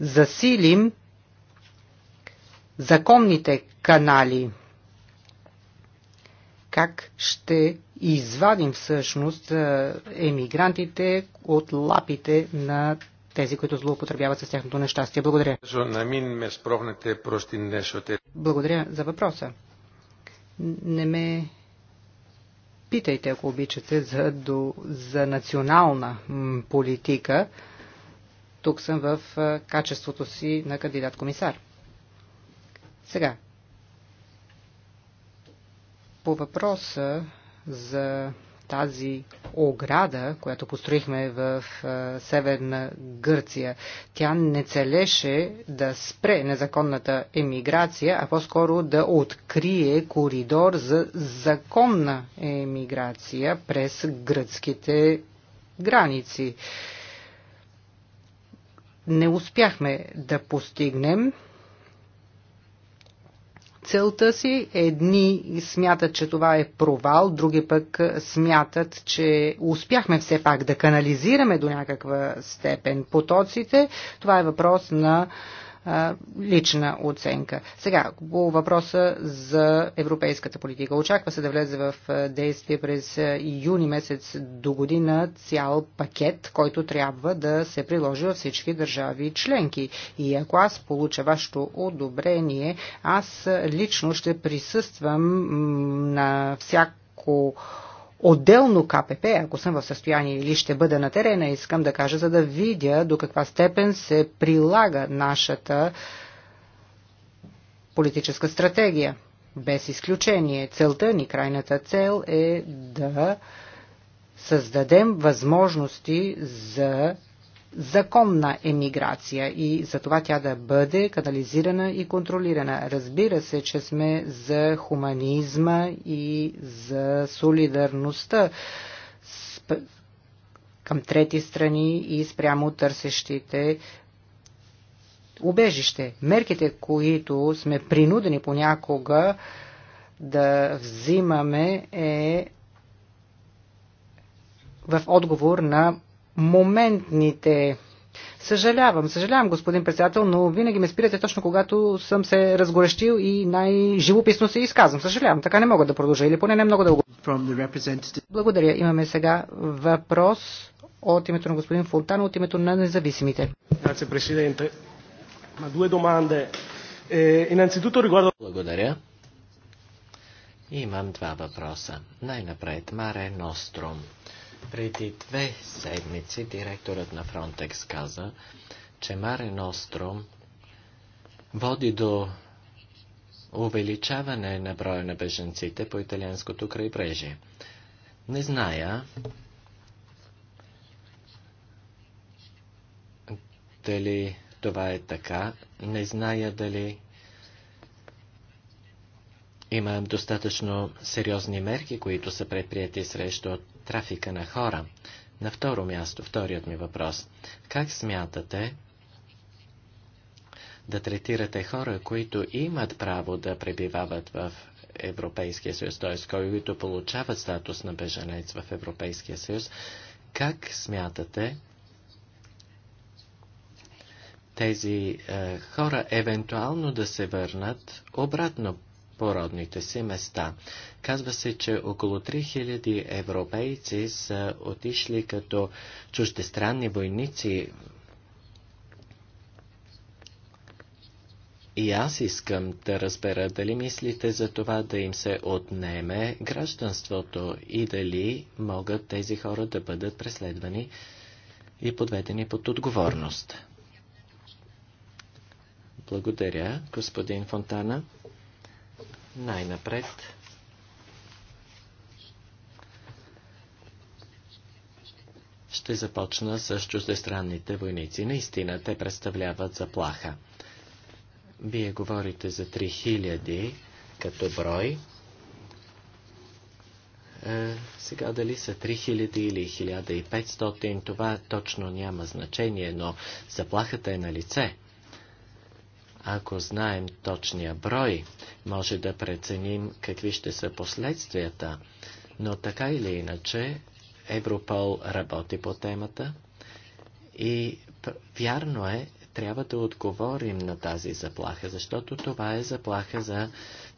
засилим законните канали? Как ще извадим всъщност е, емигрантите от лапите на тези, които злоупотребяват с тяхното нещастие. Благодаря. Благодаря за въпроса не ме питайте, ако обичате, за, до, за национална м, политика. Тук съм в а, качеството си на кандидат-комисар. Сега, по въпроса за тази ограда, която построихме в е, Северна Гърция. Тя не целеше да спре незаконната емиграция, а по-скоро да открие коридор за законна емиграция през гръцките граници. Не успяхме да постигнем целта си. Е едни смятат, че това е провал, други пък смятат, че успяхме все пак да канализираме до някаква степен потоците. Това е въпрос на лична оценка. Сега, по въпроса за европейската политика. Очаква се да влезе в действие през юни месец до година цял пакет, който трябва да се приложи във всички държави членки. И ако аз получа вашето одобрение, аз лично ще присъствам на всяко отделно КПП, ако съм в състояние или ще бъда на терена, искам да кажа, за да видя до каква степен се прилага нашата политическа стратегия. Без изключение. Целта ни, крайната цел е да създадем възможности за законна емиграция и за това тя да бъде канализирана и контролирана. Разбира се, че сме за хуманизма и за солидарността към трети страни и спрямо търсещите убежище. Мерките, които сме принудени понякога да взимаме е в отговор на моментните Съжалявам, съжалявам, господин председател, но винаги ме спирате точно когато съм се разгорещил и най-живописно се изказвам. Съжалявам, така не мога да продължа или поне не много дълго. Благодаря. Имаме сега въпрос от името на господин Фултан, от името на независимите. Eh, Благодаря. Имам два въпроса. Най-напред Маре Ностром. Преди две седмици директорът на Фронтекс каза, че Маре Ностром води до увеличаване на броя на беженците по италианското крайбрежие. Не зная дали това е така, не зная дали има достатъчно сериозни мерки, които са предприяти срещу трафика на хора. На второ място, вторият ми въпрос. Как смятате да третирате хора, които имат право да пребивават в Европейския съюз, т.е. които получават статус на беженец в Европейския съюз, как смятате тези е, хора евентуално да се върнат обратно по родните си места? Казва се, че около 3000 европейци са отишли като чуждестранни войници. И аз искам да разбера дали мислите за това да им се отнеме гражданството и дали могат тези хора да бъдат преследвани и подведени под отговорност. Благодаря, господин Фонтана. Най-напред Ще започна с чуждестранните войници. Наистина, те представляват заплаха. Вие говорите за 3000 като брой. Е, сега дали са 3000 или 1500, това точно няма значение, но заплахата е на лице. Ако знаем точния брой, може да преценим какви ще са последствията, но така или иначе Европол работи по темата и вярно е, трябва да отговорим на тази заплаха, защото това е заплаха за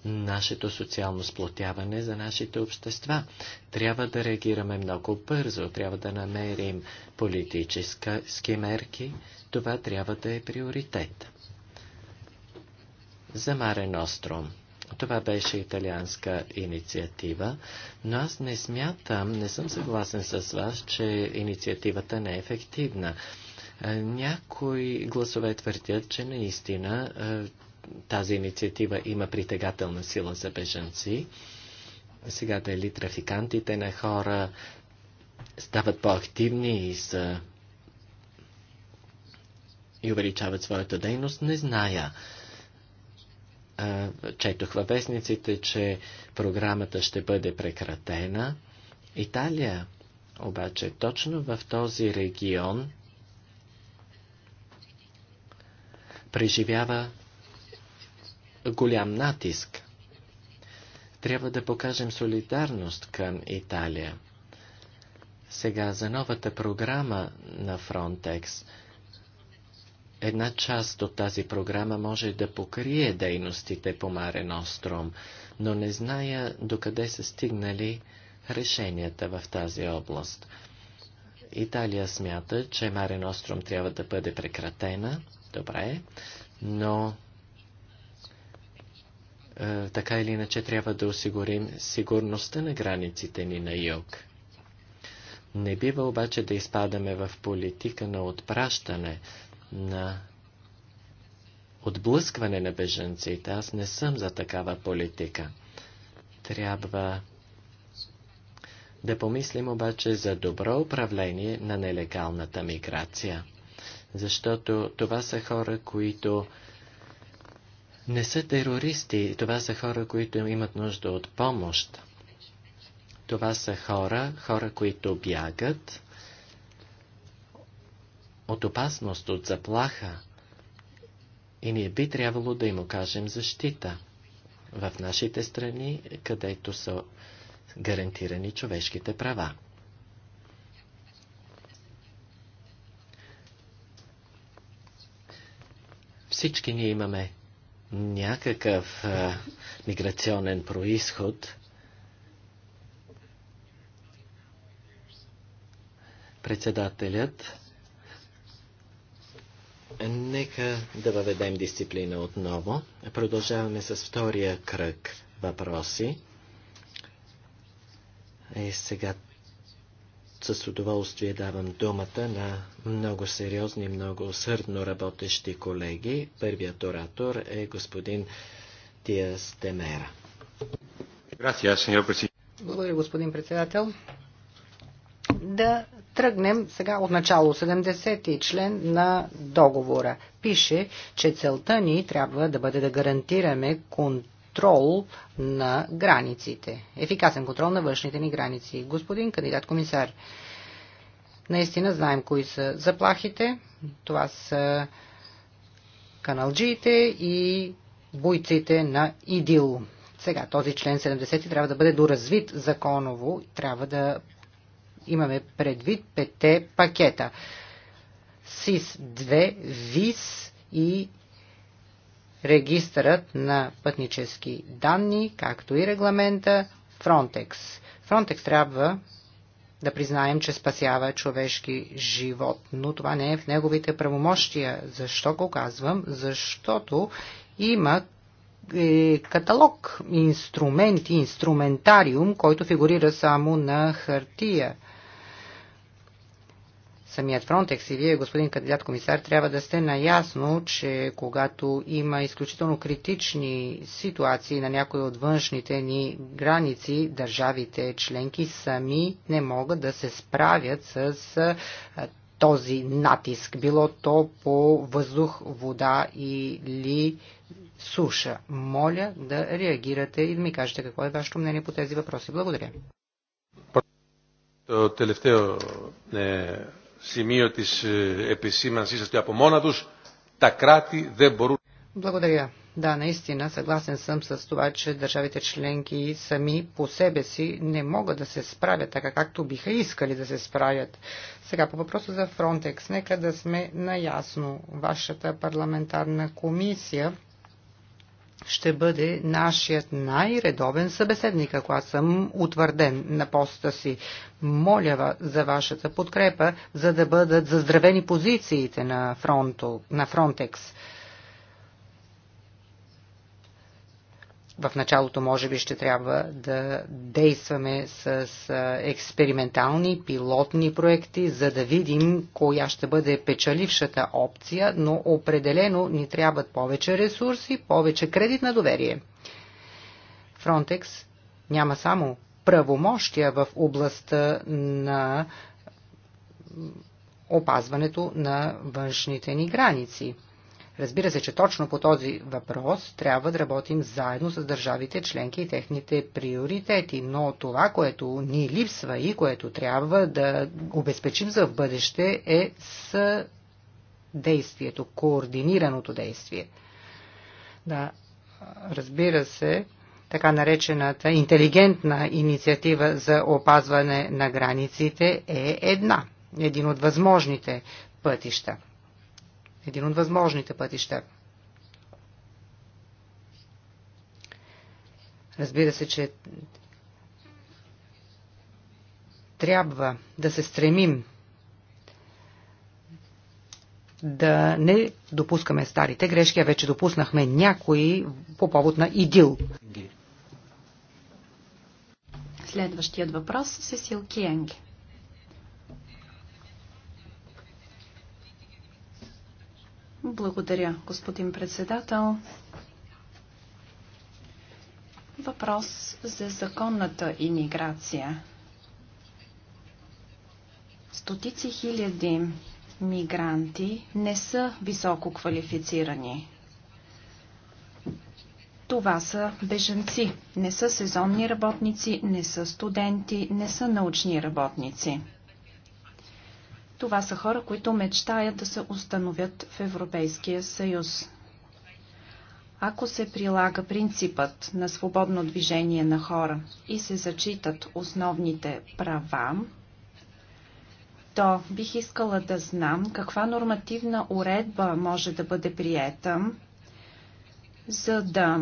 нашето социално сплотяване, за нашите общества. Трябва да реагираме много бързо, трябва да намерим политически мерки. Това трябва да е приоритет. Замарен Остром – това беше италианска инициатива, но аз не смятам, не съм съгласен с вас, че инициативата не е ефективна. Е, някои гласове твърдят, че наистина е, тази инициатива има притегателна сила за бежанци. Сега дали трафикантите на хора стават по-активни и, са... и увеличават своята дейност, не зная четох във вестниците, че програмата ще бъде прекратена. Италия обаче точно в този регион преживява голям натиск. Трябва да покажем солидарност към Италия. Сега за новата програма на Фронтекс – една част от тази програма може да покрие дейностите по Марен Остром, но не зная докъде са стигнали решенията в тази област. Италия смята, че Марен Остром трябва да бъде прекратена, добре, но е, така или иначе трябва да осигурим сигурността на границите ни на юг. Не бива обаче да изпадаме в политика на отпращане, на отблъскване на беженците. Аз не съм за такава политика. Трябва да помислим обаче за добро управление на нелегалната миграция. Защото това са хора, които не са терористи, това са хора, които имат нужда от помощ. Това са хора, хора, които бягат от опасност, от заплаха. И ние би трябвало да им окажем защита в нашите страни, където са гарантирани човешките права. Всички ние имаме някакъв а, миграционен происход. Председателят Нека да въведем дисциплина отново. Продължаваме с втория кръг въпроси. И е, сега с удоволствие давам думата на много сериозни, много усърдно работещи колеги. Първият оратор е господин Тиас Демера. Благодаря, господин председател. Да тръгнем сега от начало 70-ти член на договора. Пише, че целта ни трябва да бъде да гарантираме контрол на границите. Ефикасен контрол на външните ни граници. Господин кандидат комисар, наистина знаем кои са заплахите. Това са каналджиите и бойците на ИДИЛ. Сега, този член 70 трябва да бъде доразвит законово, трябва да имаме предвид пете пакета. СИС-2, ВИС и регистърът на пътнически данни, както и регламента Frontex. Frontex трябва да признаем, че спасява човешки живот, но това не е в неговите правомощия. Защо го казвам? Защото има е, каталог, инструменти, инструментариум, който фигурира само на хартия самият Фронтекс и вие, господин кандидат комисар, трябва да сте наясно, че когато има изключително критични ситуации на някои от външните ни граници, държавите членки сами не могат да се справят с този натиск, било то по въздух, вода или суша. Моля да реагирате и да ми кажете какво е вашето мнение по тези въпроси. Благодаря. Τελευταίο σημείο της επισήμανσής σας ότι από μόνα τους, τα κράτη δεν μπορούν... Благодаря. Да, наистина, съгласен съм с това, че държавите членки сами по себе си не могат да се справят така, както биха искали да се справят. Сега по въпроса за Фронтекс, нека да сме наясно. Вашата парламентарна комисия ще бъде нашият най-редовен събеседник, ако аз съм утвърден на поста си. Моля за вашата подкрепа, за да бъдат заздравени позициите на, фронто, на Фронтекс. в началото може би ще трябва да действаме с експериментални, пилотни проекти, за да видим коя ще бъде печалившата опция, но определено ни трябват повече ресурси, повече кредит на доверие. Фронтекс няма само правомощия в областта на опазването на външните ни граници – Разбира се, че точно по този въпрос трябва да работим заедно с държавите членки и техните приоритети, но това, което ни липсва и което трябва да обезпечим за в бъдеще е с действието, координираното действие. Да, разбира се, така наречената интелигентна инициатива за опазване на границите е една, един от възможните пътища един от възможните пътища. Разбира се, че трябва да се стремим да не допускаме старите грешки, а вече допуснахме някои по повод на идил. Следващият въпрос е Сесил Киенге. Благодаря, господин председател. Въпрос за законната иммиграция. Стотици хиляди мигранти не са високо квалифицирани. Това са беженци, не са сезонни работници, не са студенти, не са научни работници. Това са хора, които мечтаят да се установят в Европейския съюз. Ако се прилага принципът на свободно движение на хора и се зачитат основните права, то бих искала да знам каква нормативна уредба може да бъде приета, за да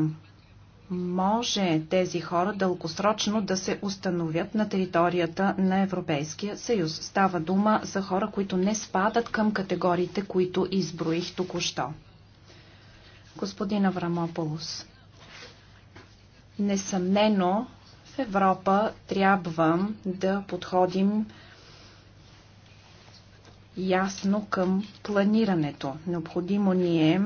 може тези хора дългосрочно да се установят на територията на Европейския съюз. Става дума за хора, които не спадат към категориите, които изброих току-що. Господин Аврамополос, несъмнено в Европа трябва да подходим ясно към планирането. Необходимо ни е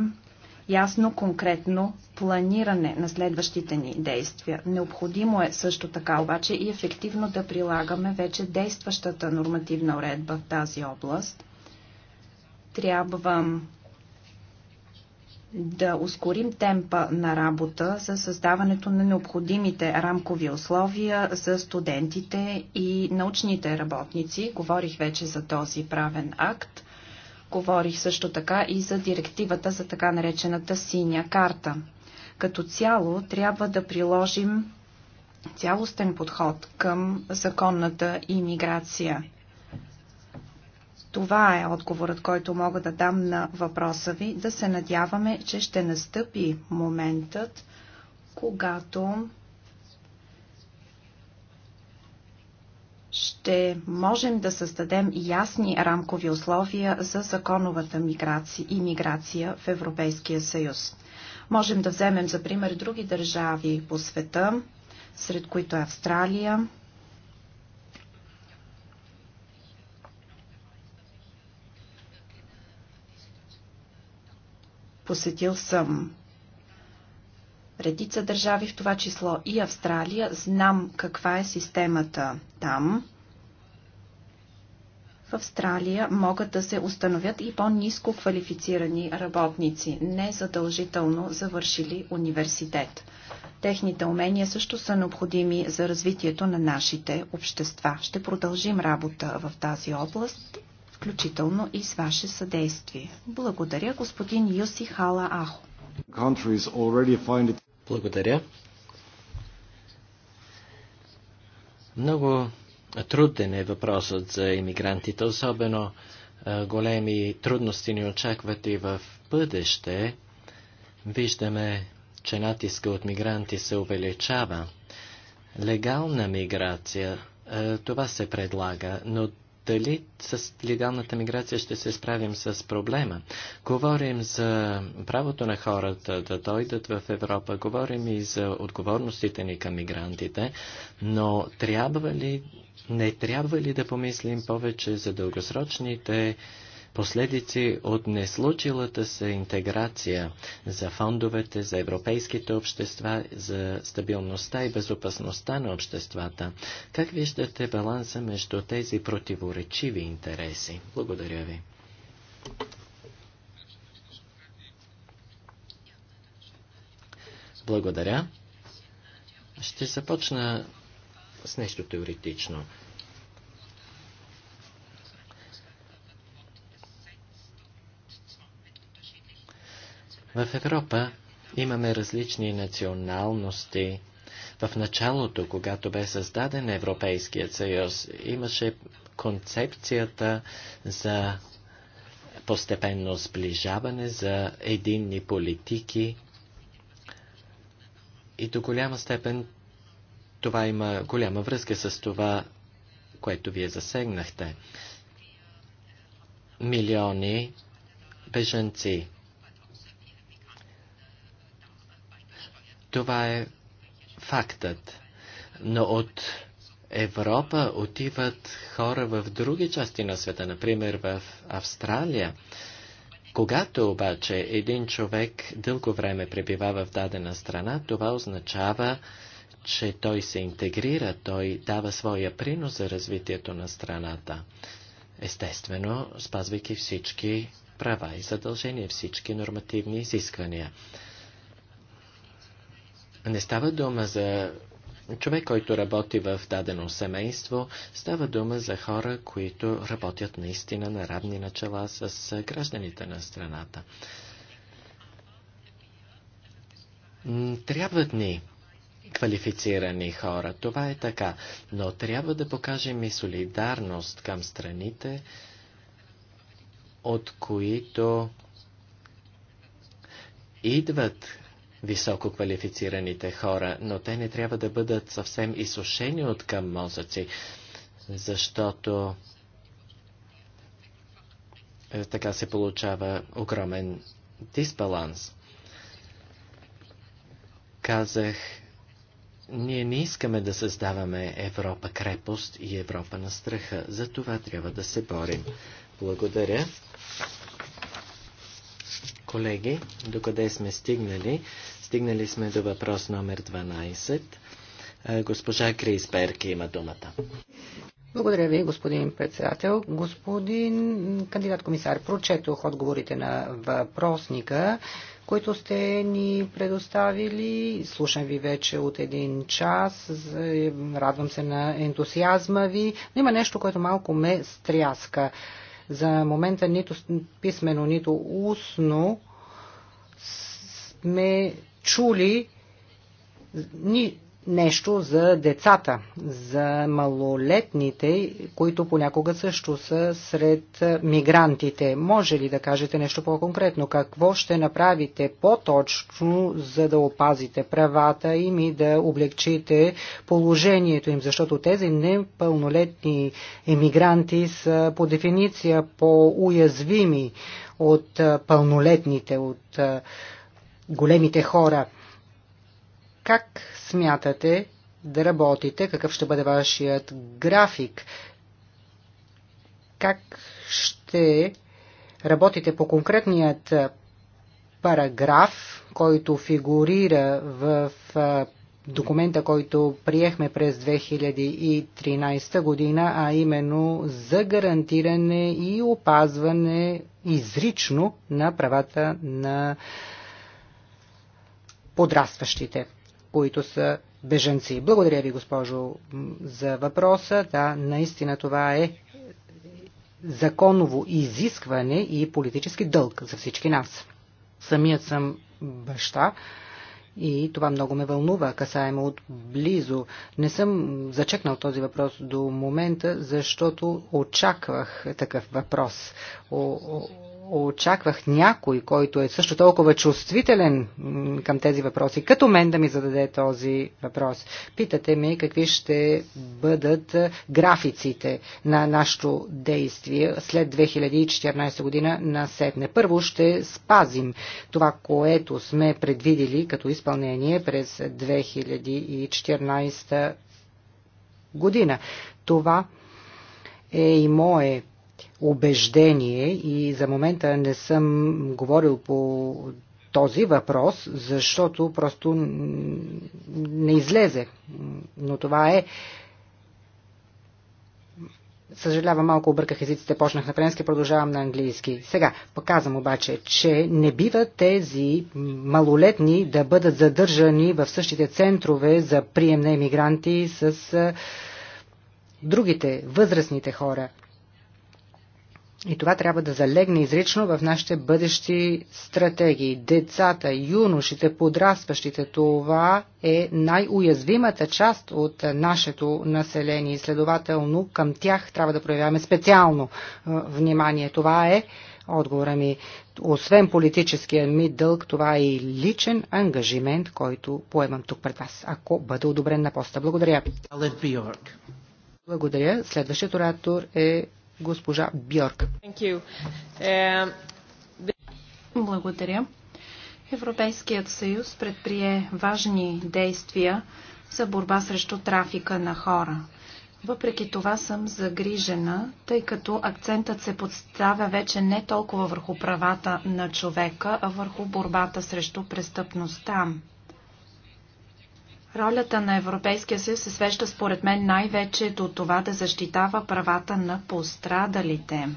ясно, конкретно планиране на следващите ни действия. Необходимо е също така обаче и ефективно да прилагаме вече действащата нормативна уредба в тази област. Трябва да ускорим темпа на работа за създаването на необходимите рамкови условия за студентите и научните работници. Говорих вече за този правен акт. Говорих също така и за директивата за така наречената синя карта. Като цяло трябва да приложим цялостен подход към законната имиграция. Това е отговорът, който мога да дам на въпроса ви. Да се надяваме, че ще настъпи моментът, когато ще можем да създадем ясни рамкови условия за законовата миграция и миграция в Европейския съюз. Можем да вземем за пример други държави по света, сред които е Австралия. Посетил съм редица държави, в това число и Австралия. Знам каква е системата там. В Австралия могат да се установят и по-низко квалифицирани работници, не задължително завършили университет. Техните умения също са необходими за развитието на нашите общества. Ще продължим работа в тази област, включително и с ваше съдействие. Благодаря, господин Юси Хала Ахо. Благодаря. Много труден е въпросът за иммигрантите, особено големи трудности ни очакват и в бъдеще. Виждаме, че натиска от мигранти се увеличава. Легална миграция, това се предлага, но дали с легалната миграция ще се справим с проблема. Говорим за правото на хората да дойдат в Европа, говорим и за отговорностите ни към мигрантите, но трябва ли, не трябва ли да помислим повече за дългосрочните последици от неслучилата се интеграция за фондовете, за европейските общества, за стабилността и безопасността на обществата. Как виждате баланса между тези противоречиви интереси? Благодаря ви. Благодаря. Ще започна с нещо теоретично. В Европа имаме различни националности. В началото, когато бе създаден Европейският съюз, имаше концепцията за постепенно сближаване, за единни политики и до голяма степен това има голяма връзка с това, което вие засегнахте. Милиони бежанци Това е фактът. Но от Европа отиват хора в други части на света, например в Австралия. Когато обаче един човек дълго време пребива в дадена страна, това означава, че той се интегрира, той дава своя принос за развитието на страната. Естествено, спазвайки всички права и задължения, всички нормативни изисквания. Не става дума за човек, който работи в дадено семейство, става дума за хора, които работят наистина на равни начала с гражданите на страната. Трябват ни квалифицирани хора, това е така, но трябва да покажем и солидарност към страните, от които идват високо квалифицираните хора, но те не трябва да бъдат съвсем изсушени от към мозъци, защото е, така се получава огромен дисбаланс. Казах, ние не искаме да създаваме Европа крепост и Европа на страха. За това трябва да се борим. Благодаря. Колеги, докъде сме стигнали? Стигнали сме до въпрос номер 12. Е, госпожа Перки има думата. Благодаря ви, господин председател. Господин кандидат комисар, прочетох отговорите на въпросника, които сте ни предоставили. Слушам ви вече от един час. Радвам се на ентусиазма ви. Но има нещо, което малко ме стряска. За момента нито писмено, нито устно сме чули ни, нещо за децата, за малолетните, които понякога също са сред мигрантите. Може ли да кажете нещо по-конкретно? Какво ще направите по-точно, за да опазите правата им и да облегчите положението им? Защото тези непълнолетни емигранти са по дефиниция по-уязвими от пълнолетните, от големите хора. Как смятате да работите? Какъв ще бъде вашият график? Как ще работите по конкретният параграф, който фигурира в документа, който приехме през 2013 година, а именно за гарантиране и опазване изрично на правата на подрастващите които са беженци. Благодаря ви, госпожо, за въпроса. Да, наистина това е законово изискване и политически дълг за всички нас. Самият съм баща и това много ме вълнува, касаемо от близо. Не съм зачекнал този въпрос до момента, защото очаквах такъв въпрос. О, о, очаквах някой, който е също толкова чувствителен към тези въпроси, като мен да ми зададе този въпрос. Питате ми какви ще бъдат графиците на нашето действие след 2014 година на сетне. Първо ще спазим това, което сме предвидели като изпълнение през 2014 година. Това е и мое убеждение и за момента не съм говорил по този въпрос, защото просто не излезе. Но това е. Съжалявам, малко обърках езиците, почнах на френски, продължавам на английски. Сега, показвам обаче, че не бива тези малолетни да бъдат задържани в същите центрове за прием на емигранти с другите, възрастните хора. И това трябва да залегне изрично в нашите бъдещи стратегии. Децата, юношите, подрастващите, това е най-уязвимата част от нашето население. следователно към тях трябва да проявяваме специално внимание. Това е отговора ми. Освен политическия ми дълг, това е и личен ангажимент, който поемам тук пред вас, ако бъда одобрен на поста. Благодаря. Благодаря. Следващият оратор е госпожа Бьорк. Е, Благодаря. Европейският съюз предприе важни действия за борба срещу трафика на хора. Въпреки това съм загрижена, тъй като акцентът се подставя вече не толкова върху правата на човека, а върху борбата срещу престъпността. Ролята на Европейския съюз се свеща според мен най-вече до това да защитава правата на пострадалите.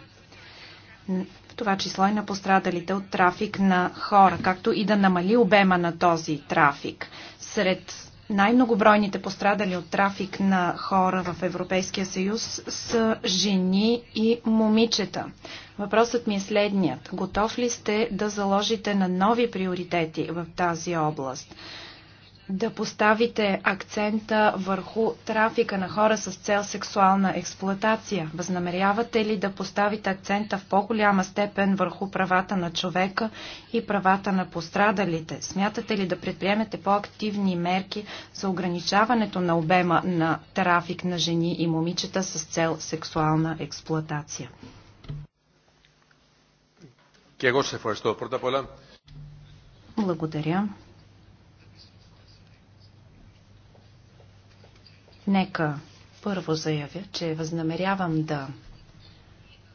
В това число и на пострадалите от трафик на хора, както и да намали обема на този трафик. Сред най-многобройните пострадали от трафик на хора в Европейския съюз са жени и момичета. Въпросът ми е следният. Готов ли сте да заложите на нови приоритети в тази област? да поставите акцента върху трафика на хора с цел сексуална експлоатация? Възнамерявате ли да поставите акцента в по-голяма степен върху правата на човека и правата на пострадалите? Смятате ли да предприемете по-активни мерки за ограничаването на обема на трафик на жени и момичета с цел сексуална експлоатация? Благодаря. Нека първо заявя, че възнамерявам да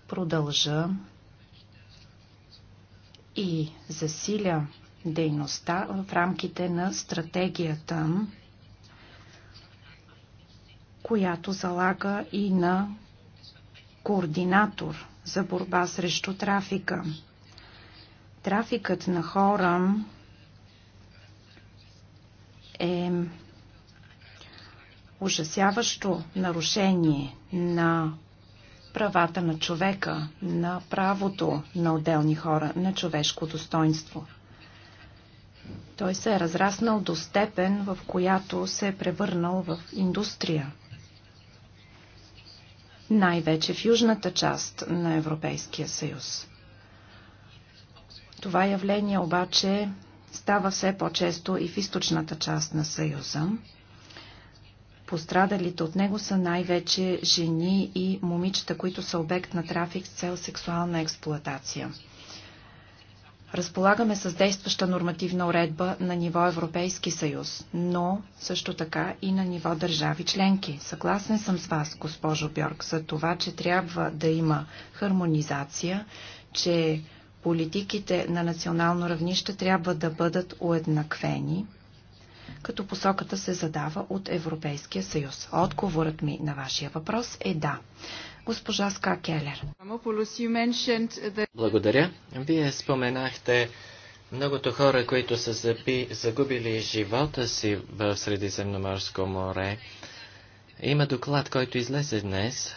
продължа и засиля дейността в рамките на стратегията, която залага и на координатор за борба срещу трафика. Трафикът на хора е ужасяващо нарушение на правата на човека, на правото на отделни хора, на човешко достоинство. Той се е разраснал до степен, в която се е превърнал в индустрия. Най-вече в южната част на Европейския съюз. Това явление обаче става все по-често и в източната част на Съюза. Пострадалите от него са най-вече жени и момичета, които са обект на трафик с цел сексуална експлоатация. Разполагаме с действаща нормативна уредба на ниво Европейски съюз, но също така и на ниво държави членки. Съгласен съм с вас, госпожо Бьорк, за това, че трябва да има хармонизация, че политиките на национално равнище трябва да бъдат уеднаквени – като посоката се задава от Европейския съюз? Отговорът ми на вашия въпрос е да. Госпожа Ска Келер. Благодаря. Вие споменахте многото хора, които са заби, загубили живота си в Средиземноморско море. Има доклад, който излезе днес,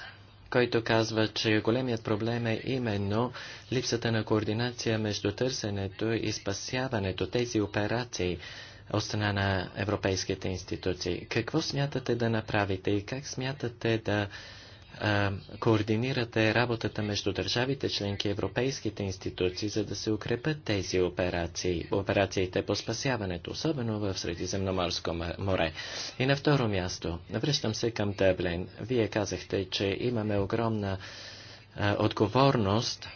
който казва, че големият проблем е именно липсата на координация между търсенето и спасяването, тези операции от страна на европейските институции. Какво смятате да направите и как смятате да а, координирате работата между държавите членки и европейските институции, за да се укрепят тези операции, операциите по спасяването, особено в Средиземноморско море. И на второ място, връщам се към Дъблин. Вие казахте, че имаме огромна а, отговорност,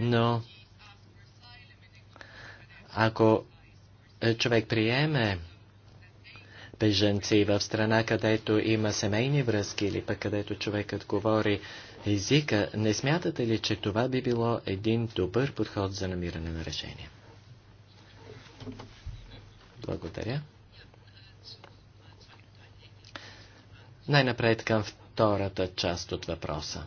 но ако е, човек приеме беженци в страна, където има семейни връзки или пък където човекът говори езика, не смятате ли, че това би било един добър подход за намиране на решение? Благодаря. Най-напред към втората част от въпроса.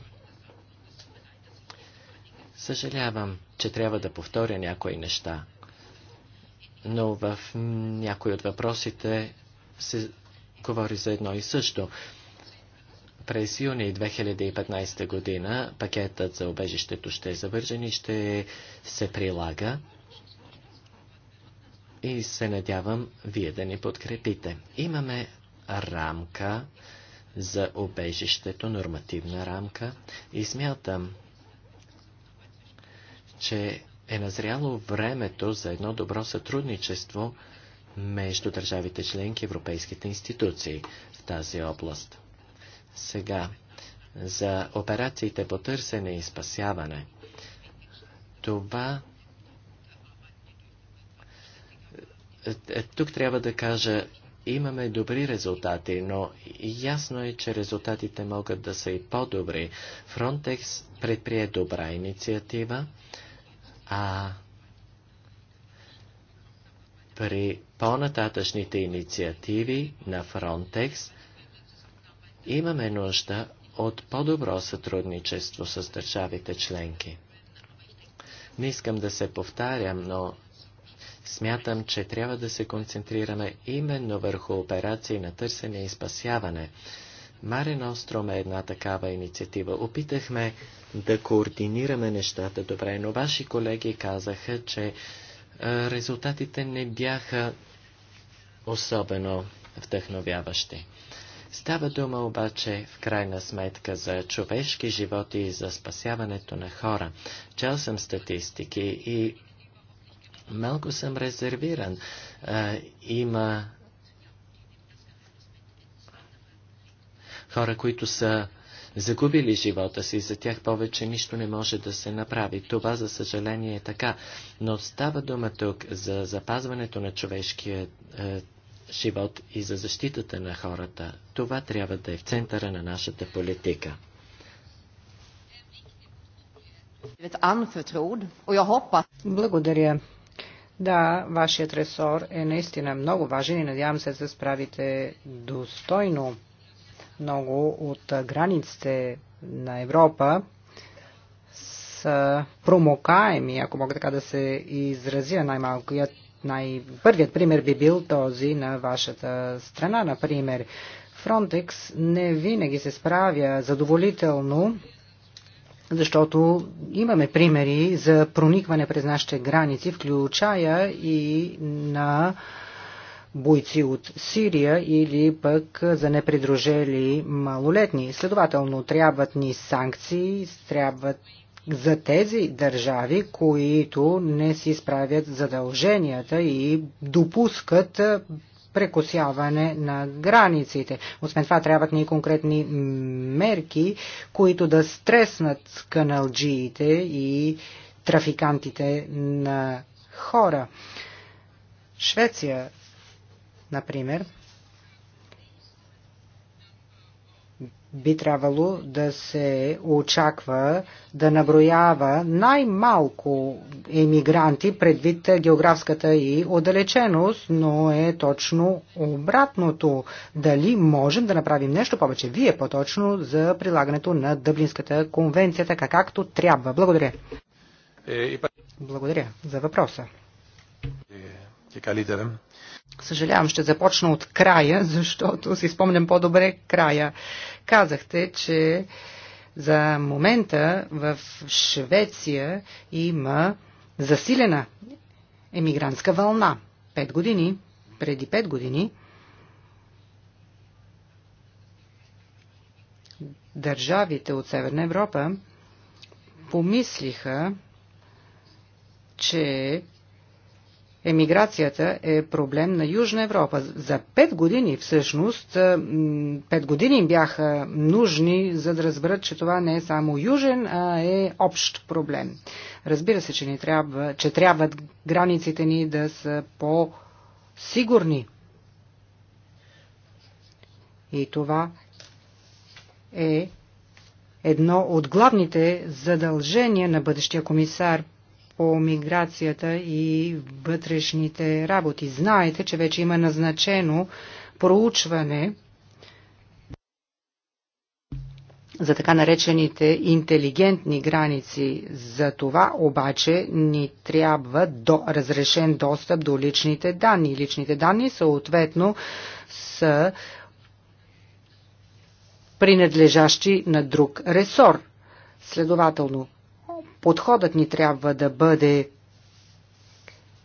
Съжалявам, че трябва да повторя някои неща но в някои от въпросите се говори за едно и също. През юни 2015 година пакетът за обежището ще е завържен и ще се прилага и се надявам вие да ни подкрепите. Имаме рамка за обежището, нормативна рамка и смятам, че е назряло времето за едно добро сътрудничество между държавите членки и европейските институции в тази област. Сега, за операциите по търсене и спасяване. Това е, тук трябва да кажа, имаме добри резултати, но ясно е, че резултатите могат да са и по-добри. Frontex предприе добра инициатива а при по-нататъчните инициативи на Frontex имаме нужда от по-добро сътрудничество с държавите членки. Не искам да се повтарям, но смятам, че трябва да се концентрираме именно върху операции на търсене и спасяване. Марен Остром е една такава инициатива. Опитахме да координираме нещата добре, но ваши колеги казаха, че е, резултатите не бяха особено вдъхновяващи. Става дума обаче в крайна сметка за човешки животи и за спасяването на хора. Чел съм статистики и малко съм резервиран. А, е, има хора, които са загубили живота си, за тях повече нищо не може да се направи. Това, за съжаление, е така. Но става дума тук за запазването на човешкия е, живот и за защитата на хората. Това трябва да е в центъра на нашата политика. Благодаря. Да, вашият ресор е наистина много важен и надявам се да се справите достойно. Много от границите на Европа са промокаеми, ако мога така да се изразя най малко най-първият пример би бил този на вашата страна, например. Фронтекс не винаги се справя задоволително, защото имаме примери за проникване през нашите граници, включая и на бойци от Сирия или пък за непридружели малолетни. Следователно, трябват ни санкции, трябват за тези държави, които не си справят задълженията и допускат прекосяване на границите. Освен това трябват ни конкретни мерки, които да стреснат каналджиите и трафикантите на хора. Швеция Например, би трябвало да се очаква да наброява най-малко емигранти предвид географската и отдалеченост, но е точно обратното. Дали можем да направим нещо повече, вие по-точно, за прилагането на Дъблинската конвенция, така както трябва? Благодаря. Е, Благодаря за въпроса. Благодаря. Е, Съжалявам, ще започна от края, (laughs) защото си спомням по-добре края. Казахте, че за момента в Швеция има засилена емигрантска вълна. Пет години, преди пет години, държавите от Северна Европа помислиха, че Емиграцията е проблем на Южна Европа. За пет години всъщност, пет години бяха нужни, за да разберат, че това не е само южен, а е общ проблем. Разбира се, че, ни трябва, че трябва границите ни да са по-сигурни. И това е едно от главните задължения на бъдещия комисар – по миграцията и вътрешните работи. Знаете, че вече има назначено проучване за така наречените интелигентни граници. За това обаче ни трябва до, разрешен достъп до личните данни. Личните данни съответно са принадлежащи на друг ресор. Следователно, Подходът ни трябва да бъде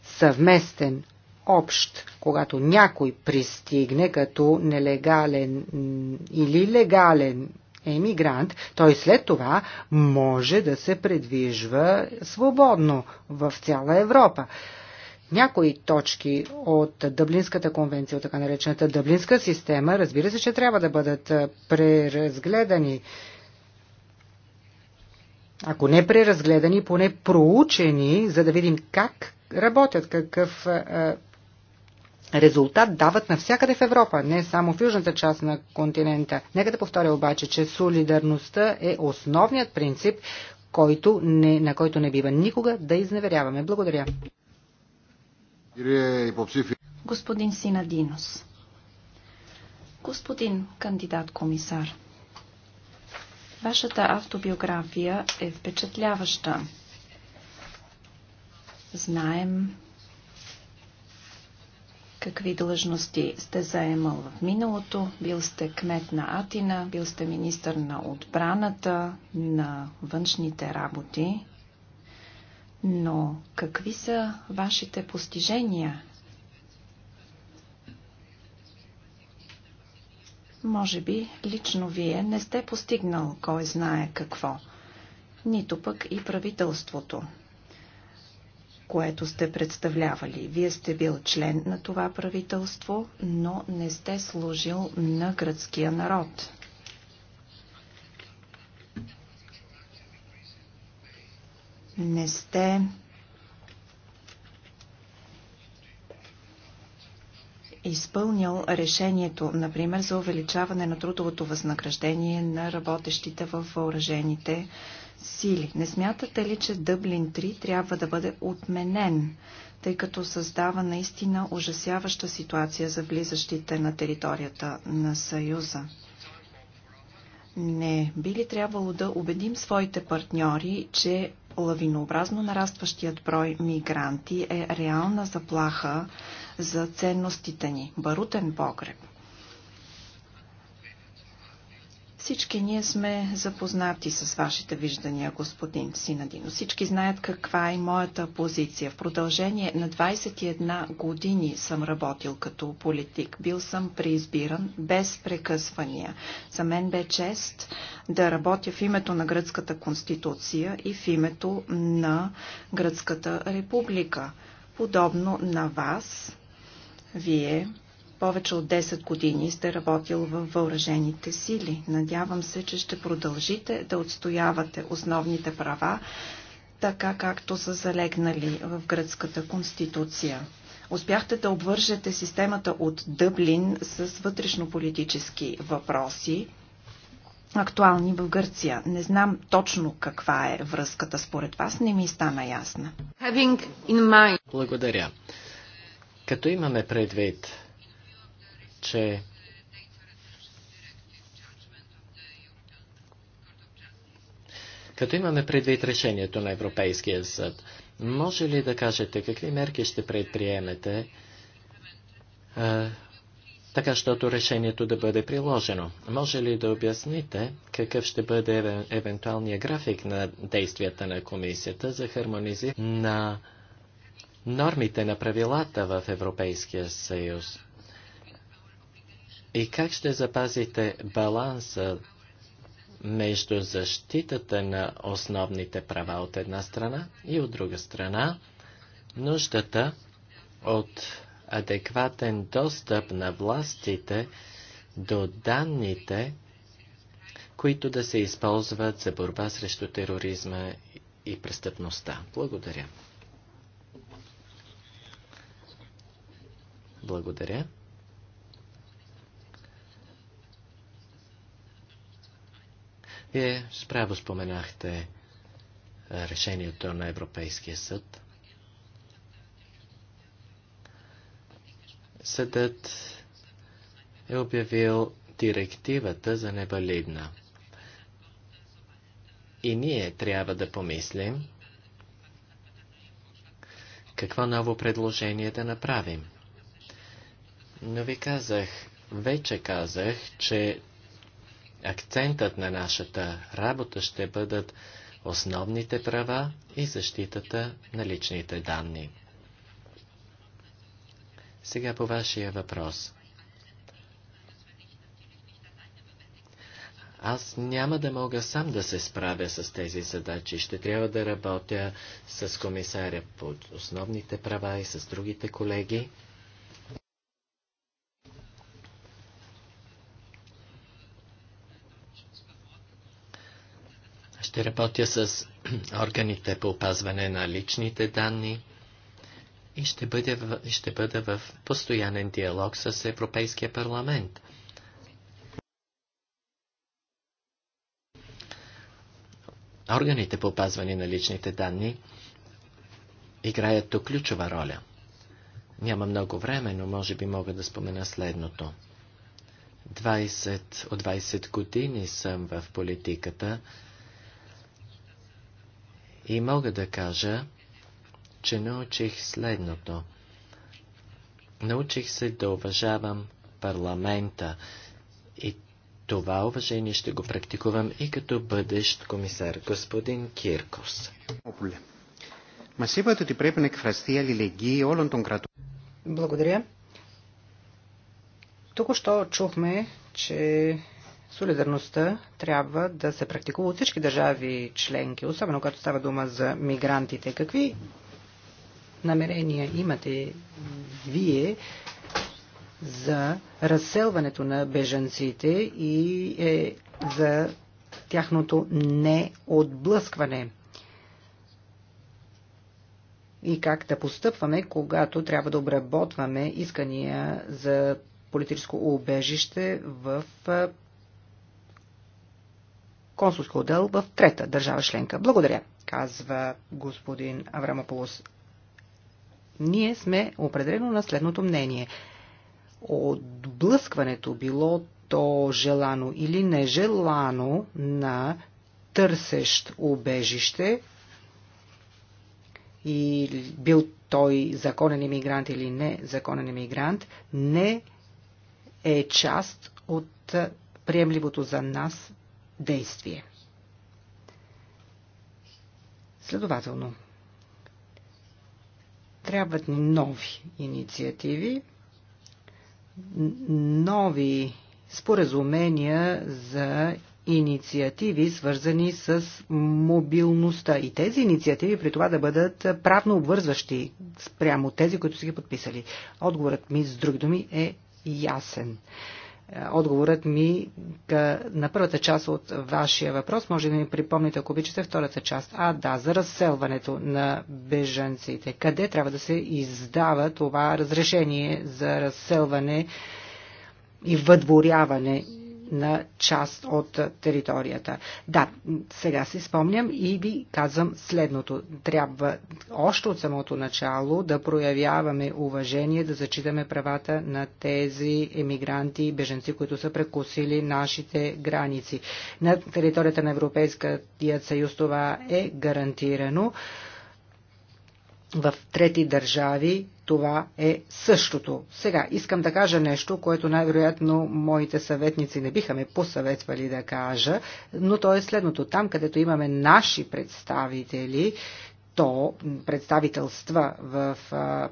съвместен, общ, когато някой пристигне като нелегален или легален емигрант, той след това може да се предвижва свободно в цяла Европа. Някои точки от Дъблинската конвенция, от така наречената Дъблинска система, разбира се, че трябва да бъдат преразгледани ако не преразгледани, поне проучени, за да видим как работят, какъв резултат дават навсякъде в Европа, не само в южната част на континента. Нека да повторя обаче, че солидарността е основният принцип, който не, на който не бива никога да изневеряваме. Благодаря. Господин Синадинос. Господин кандидат комисар. Вашата автобиография е впечатляваща. Знаем какви длъжности сте заемал в миналото. Бил сте кмет на Атина, бил сте министър на отбраната, на външните работи. Но какви са вашите постижения? Може би лично вие не сте постигнал кой знае какво, нито пък и правителството, което сте представлявали. Вие сте бил член на това правителство, но не сте служил на гръцкия народ. Не сте изпълнил решението, например, за увеличаване на трудовото възнаграждение на работещите в въоръжените сили. Не смятате ли, че Дъблин 3 трябва да бъде отменен, тъй като създава наистина ужасяваща ситуация за влизащите на територията на Съюза? Не би ли трябвало да убедим своите партньори, че лавинообразно нарастващият брой мигранти е реална заплаха за ценностите ни. Барутен погреб. Всички ние сме запознати с вашите виждания, господин Синадино. Всички знаят каква е моята позиция. В продължение на 21 години съм работил като политик. Бил съм преизбиран без прекъсвания. За мен бе чест да работя в името на Гръцката конституция и в името на Гръцката република. Подобно на вас, вие повече от 10 години сте работил във въоръжените сили. Надявам се, че ще продължите да отстоявате основните права, така както са залегнали в гръцката конституция. Успяхте да обвържете системата от Дъблин с вътрешнополитически въпроси, актуални в Гърция. Не знам точно каква е връзката според вас, не ми стана ясна. Благодаря. Като имаме предвид, че Като имаме предвид решението на Европейския съд, може ли да кажете какви мерки ще предприемете а, така, щото решението да бъде приложено? Може ли да обясните какъв ще бъде евентуалния график на действията на комисията за хармонизиране на нормите на правилата в Европейския съюз? И как ще запазите баланса между защитата на основните права от една страна и от друга страна нуждата от адекватен достъп на властите до данните, които да се използват за борба срещу тероризма и престъпността. Благодаря. Благодаря. Вие справо споменахте е, решението на Европейския съд. Съдът е обявил директивата за невалидна. И ние трябва да помислим какво ново предложение да направим. Но ви казах, вече казах, че акцентът на нашата работа ще бъдат основните права и защитата на личните данни. Сега по вашия въпрос. Аз няма да мога сам да се справя с тези задачи. Ще трябва да работя с комисаря по основните права и с другите колеги. Ще работя с (clears throat) органите по опазване на личните данни и ще бъда, в, ще бъда в постоянен диалог с Европейския парламент. Органите по опазване на личните данни играят тук ключова роля. Няма много време, но може би мога да спомена следното. 20, от 20 години съм в политиката. И мога да кажа, че научих следното. Научих се да уважавам парламента и това уважение ще го практикувам и като бъдещ комисар, господин Киркос. Благодаря. Тук що чухме, че Солидарността трябва да се практикува от всички държави членки, особено когато става дума за мигрантите. Какви намерения имате вие за разселването на бежанците и е, за тяхното неотблъскване? И как да постъпваме, когато трябва да обработваме искания за политическо убежище в консулско отдел в трета държава членка. Благодаря, казва господин Аврамополос. Ние сме определено на следното мнение. Отблъскването било то желано или нежелано на търсещ убежище и бил той законен иммигрант или не законен иммигрант, не е част от приемливото за нас действие. Следователно, трябват ни нови инициативи, нови споразумения за инициативи, свързани с мобилността. И тези инициативи при това да бъдат правно обвързващи спрямо тези, които са ги подписали. Отговорът ми, с други думи, е ясен. Е, отговорът ми на първата част от вашия въпрос. Може да ми припомните, ако обичате, втората част. А, да, за разселването на бежанците. Къде трябва да се издава това разрешение за разселване и въдворяване на част от територията. Да, сега си спомням и ви казвам следното. Трябва още от самото начало да проявяваме уважение, да зачитаме правата на тези емигранти, беженци, които са прекусили нашите граници. На територията на Европейския съюз това е гарантирано в трети държави това е същото. Сега искам да кажа нещо, което най-вероятно моите съветници не биха ме посъветвали да кажа, но то е следното. Там, където имаме наши представители, то представителства в а,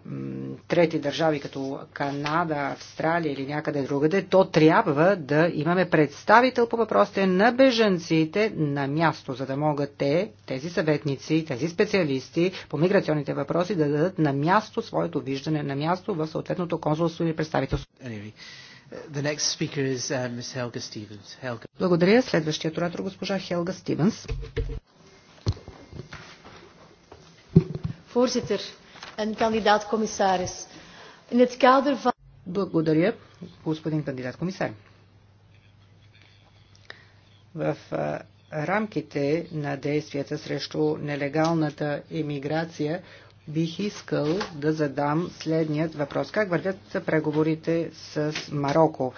трети държави, като Канада, Австралия или някъде другаде, то трябва да имаме представител по въпросите на бежанците на място, за да могат те, тези съветници, тези специалисти по миграционните въпроси да дадат на място своето виждане, на място в съответното консулство или представителство. Is, uh, Helga Helga. Благодаря. Следващият оратор госпожа Хелга Стивенс. Voorzitter en kandidaat-commissaris. In het kader van... Благодаря, господин кандидат-комисар. В рамките на действията срещу нелегалната емиграция бих искал да задам следният въпрос. Как вървят преговорите с Марокко?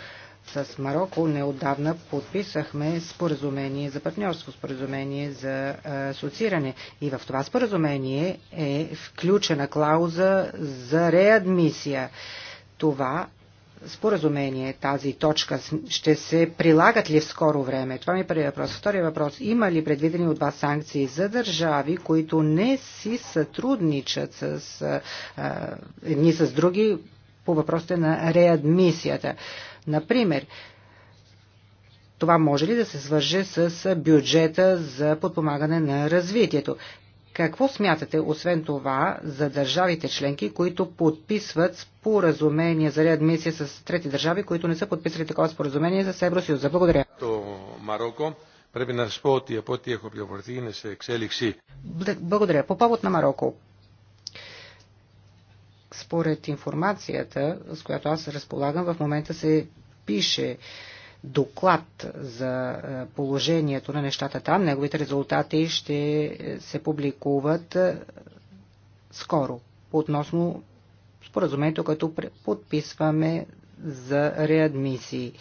С Марокко неодавна подписахме споразумение за партньорство, споразумение за асоцииране. И в това споразумение е включена клауза за реадмисия. Това споразумение, тази точка, ще се прилагат ли в скоро време? Това ми е първият въпрос. Втория въпрос. Има ли предвидени от вас санкции за държави, които не си сътрудничат с, а, едни с други по въпросите на реадмисията? Например, това може ли да се свърже с бюджета за подпомагане на развитието? Какво смятате, освен това, за държавите членки, които подписват споразумение за реадмисия с трети държави, които не са подписали такова споразумение с Евросъюза? Благодаря. Марокко. Πρέπει να σας πω ότι από ό,τι έχω πληροφορηθεί είναι σε Благодаря. По повод на Марокко. Според информацията, с която аз разполагам, в момента се пише доклад за е, положението на нещата там. Неговите резултати ще е, се публикуват е, скоро относно споразумението, като подписваме за реадмисии.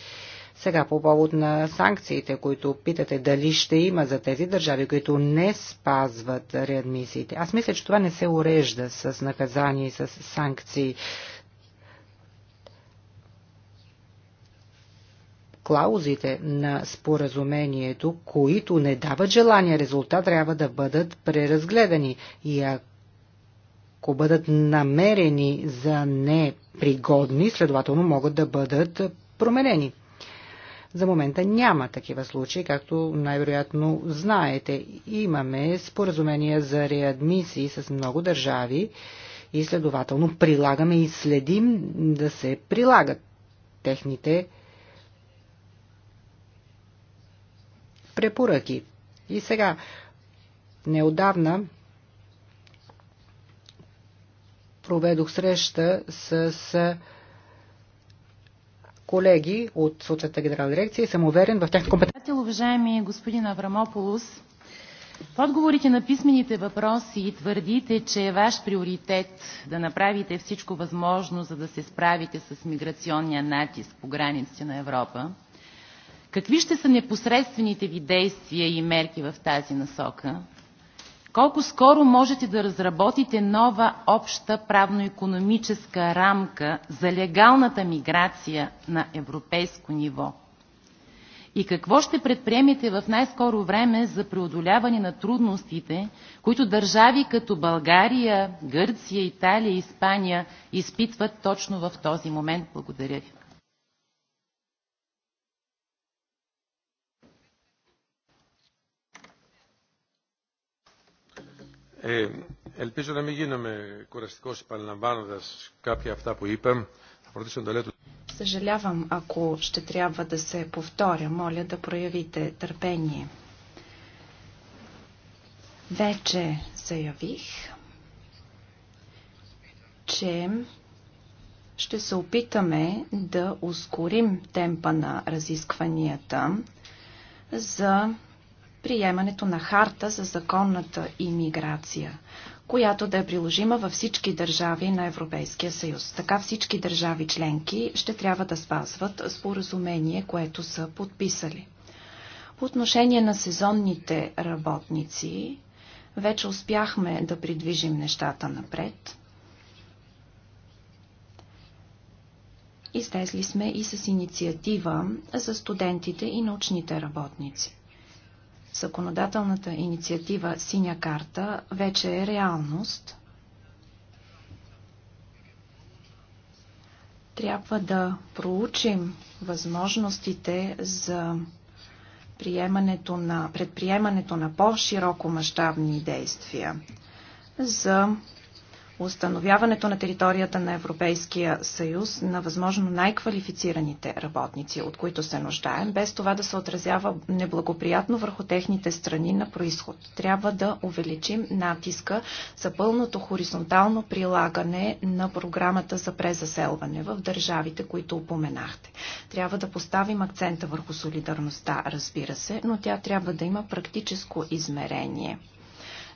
Сега по повод на санкциите, които питате дали ще има за тези държави, които не спазват реадмисиите. Аз мисля, че това не се урежда с наказание и с санкции. клаузите на споразумението, които не дават желания резултат, трябва да бъдат преразгледани. И ако бъдат намерени за непригодни, следователно могат да бъдат променени. За момента няма такива случаи, както най-вероятно знаете. Имаме споразумения за реадмисии с много държави и следователно прилагаме и следим да се прилагат техните препоръки. И сега, неодавна проведох среща с колеги от съответната генерална дирекция и съм уверен в тяхната компетентност. Уважаеми господин Аврамополус, в отговорите на писмените въпроси твърдите, че е ваш приоритет да направите всичко възможно, за да се справите с миграционния натиск по границите на Европа. Какви ще са непосредствените ви действия и мерки в тази насока? Колко скоро можете да разработите нова обща правно-економическа рамка за легалната миграция на европейско ниво? И какво ще предприемете в най-скоро време за преодоляване на трудностите, които държави като България, Гърция, Италия и Испания изпитват точно в този момент? Благодаря ви. ελπίζω να μην γίνομαι κουραστικός επαναλαμβάνοντας κάποια αυτά που είπα. Θα προτείσω να το Съжалявам, ако ще трябва да се повторя. Моля да проявите търпение. Вече заявих, че ще се опитаме да ускорим темпа на разискванията за приемането на харта за законната имиграция, която да е приложима във всички държави на Европейския съюз. Така всички държави членки ще трябва да спазват споразумение, което са подписали. По отношение на сезонните работници, вече успяхме да придвижим нещата напред. Излезли сме и с инициатива за студентите и научните работници законодателната инициатива Синя карта вече е реалност. Трябва да проучим възможностите за приемането на, предприемането на по-широко мащабни действия за установяването на територията на Европейския съюз на възможно най-квалифицираните работници, от които се нуждаем, без това да се отразява неблагоприятно върху техните страни на происход. Трябва да увеличим натиска за пълното хоризонтално прилагане на програмата за презаселване в държавите, които упоменахте. Трябва да поставим акцента върху солидарността, разбира се, но тя трябва да има практическо измерение.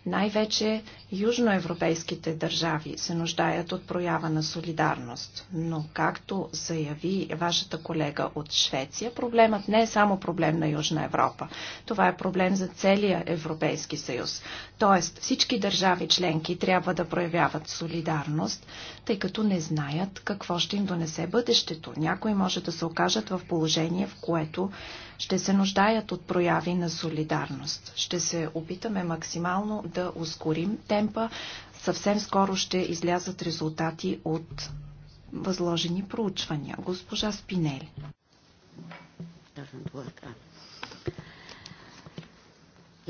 Най-вече южноевропейските държави се нуждаят от проява на солидарност. Но, както заяви вашата колега от Швеция, проблемът не е само проблем на Южна Европа. Това е проблем за целия Европейски съюз. Тоест, всички държави членки трябва да проявяват солидарност, тъй като не знаят какво ще им донесе бъдещето. Някои може да се окажат в положение, в което ще се нуждаят от прояви на солидарност. Ще се опитаме максимално да ускорим темпа. Съвсем скоро ще излязат резултати от възложени проучвания. Госпожа Спинели.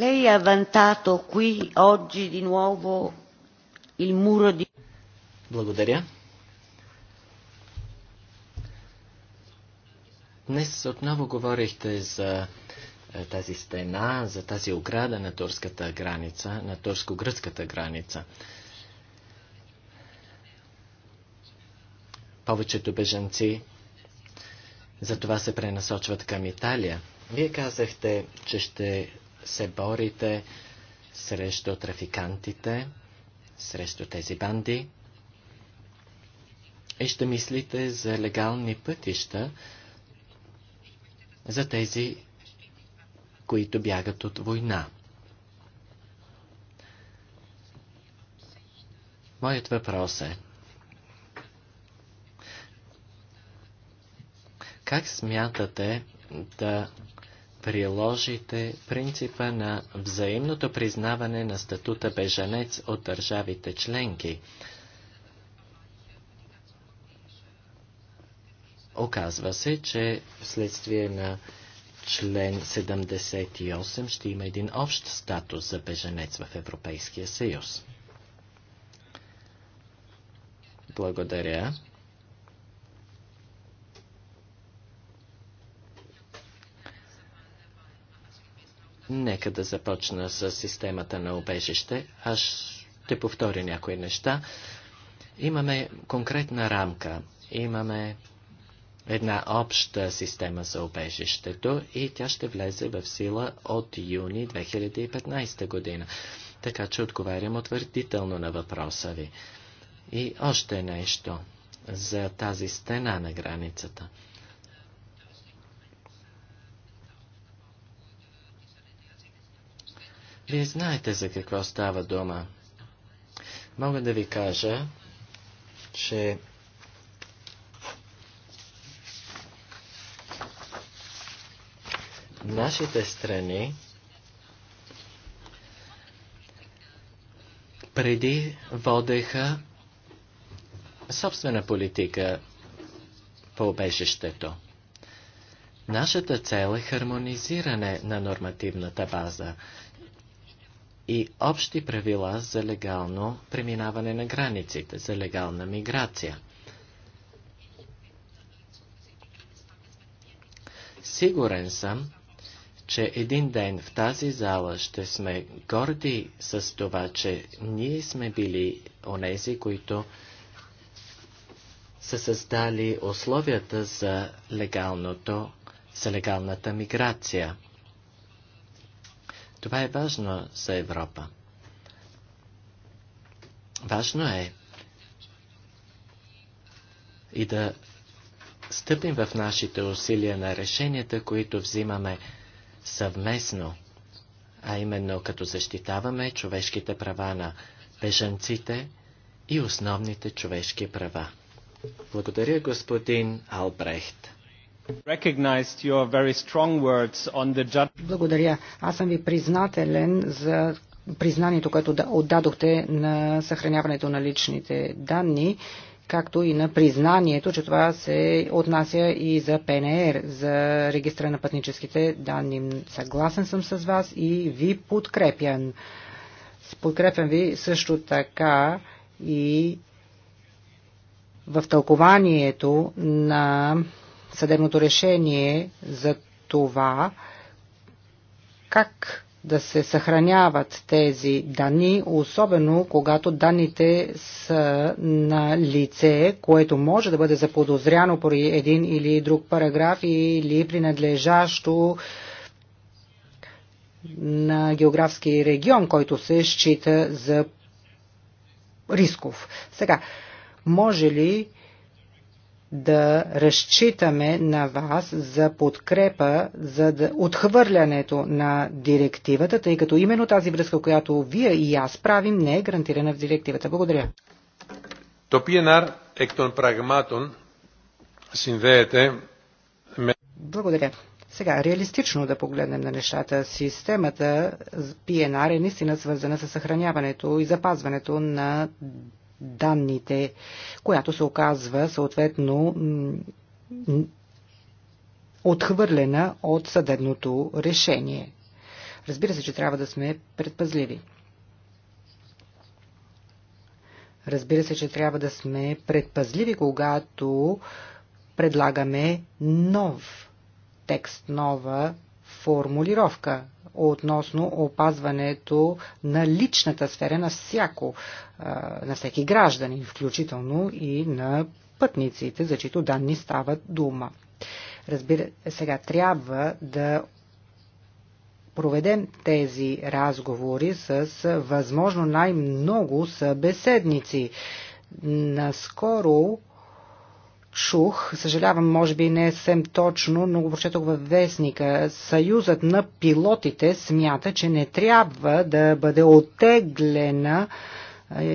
Lei ha vantato qui oggi di nuovo il muro di... Благодаря. Днес отново говорихте за е, тази стена, за тази ограда на турската граница, на турско-гръцката граница. Повечето бежанци за това се пренасочват към Италия. Вие казахте, че ще се борите срещу трафикантите, срещу тези банди и ще мислите за легални пътища, за тези, които бягат от война. Моят въпрос е, как смятате да приложите принципа на взаимното признаване на статута бежанец от държавите членки? Оказва се, че вследствие на член 78 ще има един общ статус за беженец в Европейския съюз. Благодаря. Нека да започна с системата на обежище. Аз ще повторя някои неща. Имаме конкретна рамка. Имаме една обща система за обежището и тя ще влезе в сила от юни 2015 година. Така че отговарям утвърдително на въпроса ви. И още нещо за тази стена на границата. Вие знаете за какво става дума. Мога да ви кажа, че нашите страни преди водеха собствена политика по обежището. Нашата цел е хармонизиране на нормативната база и общи правила за легално преминаване на границите, за легална миграция. Сигурен съм, че един ден в тази зала ще сме горди с това, че ние сме били онези, които са създали условията за, легалното, за легалната миграция. Това е важно за Европа. Важно е и да стъпим в нашите усилия на решенията, които взимаме съвместно, а именно като защитаваме човешките права на бежанците и основните човешки права. Благодаря, господин Албрехт. Благодаря. Аз съм ви признателен за признанието, което отдадохте на съхраняването на личните данни както и на признанието, че това се отнася и за ПНР, за регистра на пътническите данни. Съгласен съм с вас и ви подкрепям. Подкрепям ви също така и в тълкованието на съдебното решение за това, как да се съхраняват тези данни, особено когато данните са на лице, което може да бъде заподозряно при един или друг параграф или принадлежащо на географски регион, който се счита за рисков. Сега, може ли да разчитаме на вас за подкрепа за да, отхвърлянето на директивата, тъй като именно тази връзка, която вие и аз правим, не е гарантирана в директивата. Благодаря. Топиенар ектон прагматон синвеете Благодаря. Сега, реалистично да погледнем на нещата, системата PNR е наистина свързана с съхраняването и запазването на данните, която се оказва съответно отхвърлена от съдебното решение. Разбира се, че трябва да сме предпазливи. Разбира се, че трябва да сме предпазливи, когато предлагаме нов текст, нова формулировка, относно опазването на личната сфера на, всяко, на всеки гражданин, включително и на пътниците, за чието данни стават дума. Разбира, сега трябва да проведем тези разговори с възможно най-много събеседници. Наскоро чух, съжалявам, може би не е съвсем точно, но го прочетох във вестника. Съюзът на пилотите смята, че не трябва да бъде оттеглена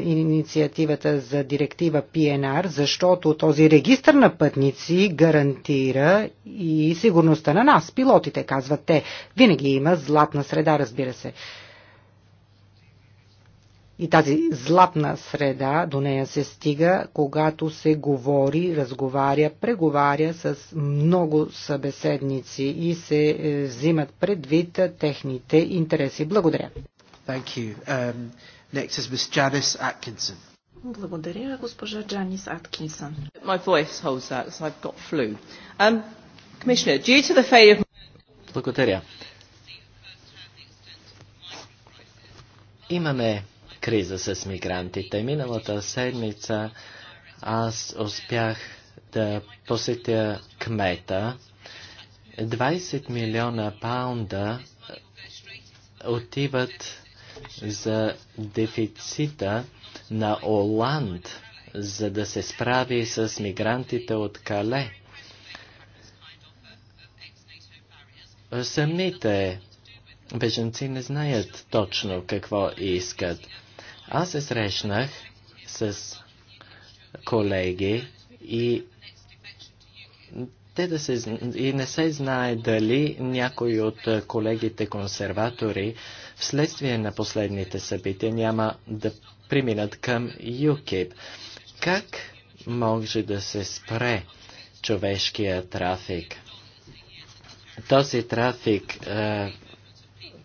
инициативата за директива PNR, защото този регистр на пътници гарантира и сигурността на нас, пилотите, казват те. Винаги има златна среда, разбира се. И тази златна среда до нея се стига, когато се говори, разговаря, преговаря с много събеседници и се е, взимат предвид техните интереси. Благодаря. Thank you. Um, next is Miss Janice Atkinson. Благодаря, госпожа Джанис Аткинсън. My voice holds so I've got flu. Um, Commissioner, due to the failure of... Благодаря. Имаме криза с мигрантите. Миналата седмица аз успях да посетя кмета. 20 милиона паунда отиват за дефицита на Оланд, за да се справи с мигрантите от Кале. Самите беженци не знаят точно какво искат. Аз се срещнах с колеги и те да се, и не се знае дали някой от колегите консерватори вследствие на последните събития няма да преминат към ЮКИП. Как може да се спре човешкия трафик? Този трафик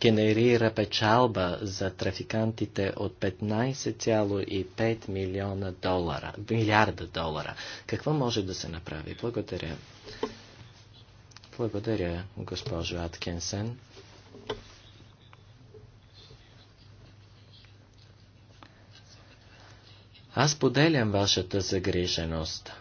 генерира печалба за трафикантите от 15,5 милиона долара, милиарда долара. Какво може да се направи? Благодаря. Благодаря, госпожо Аткинсен. Аз поделям вашата загриженост.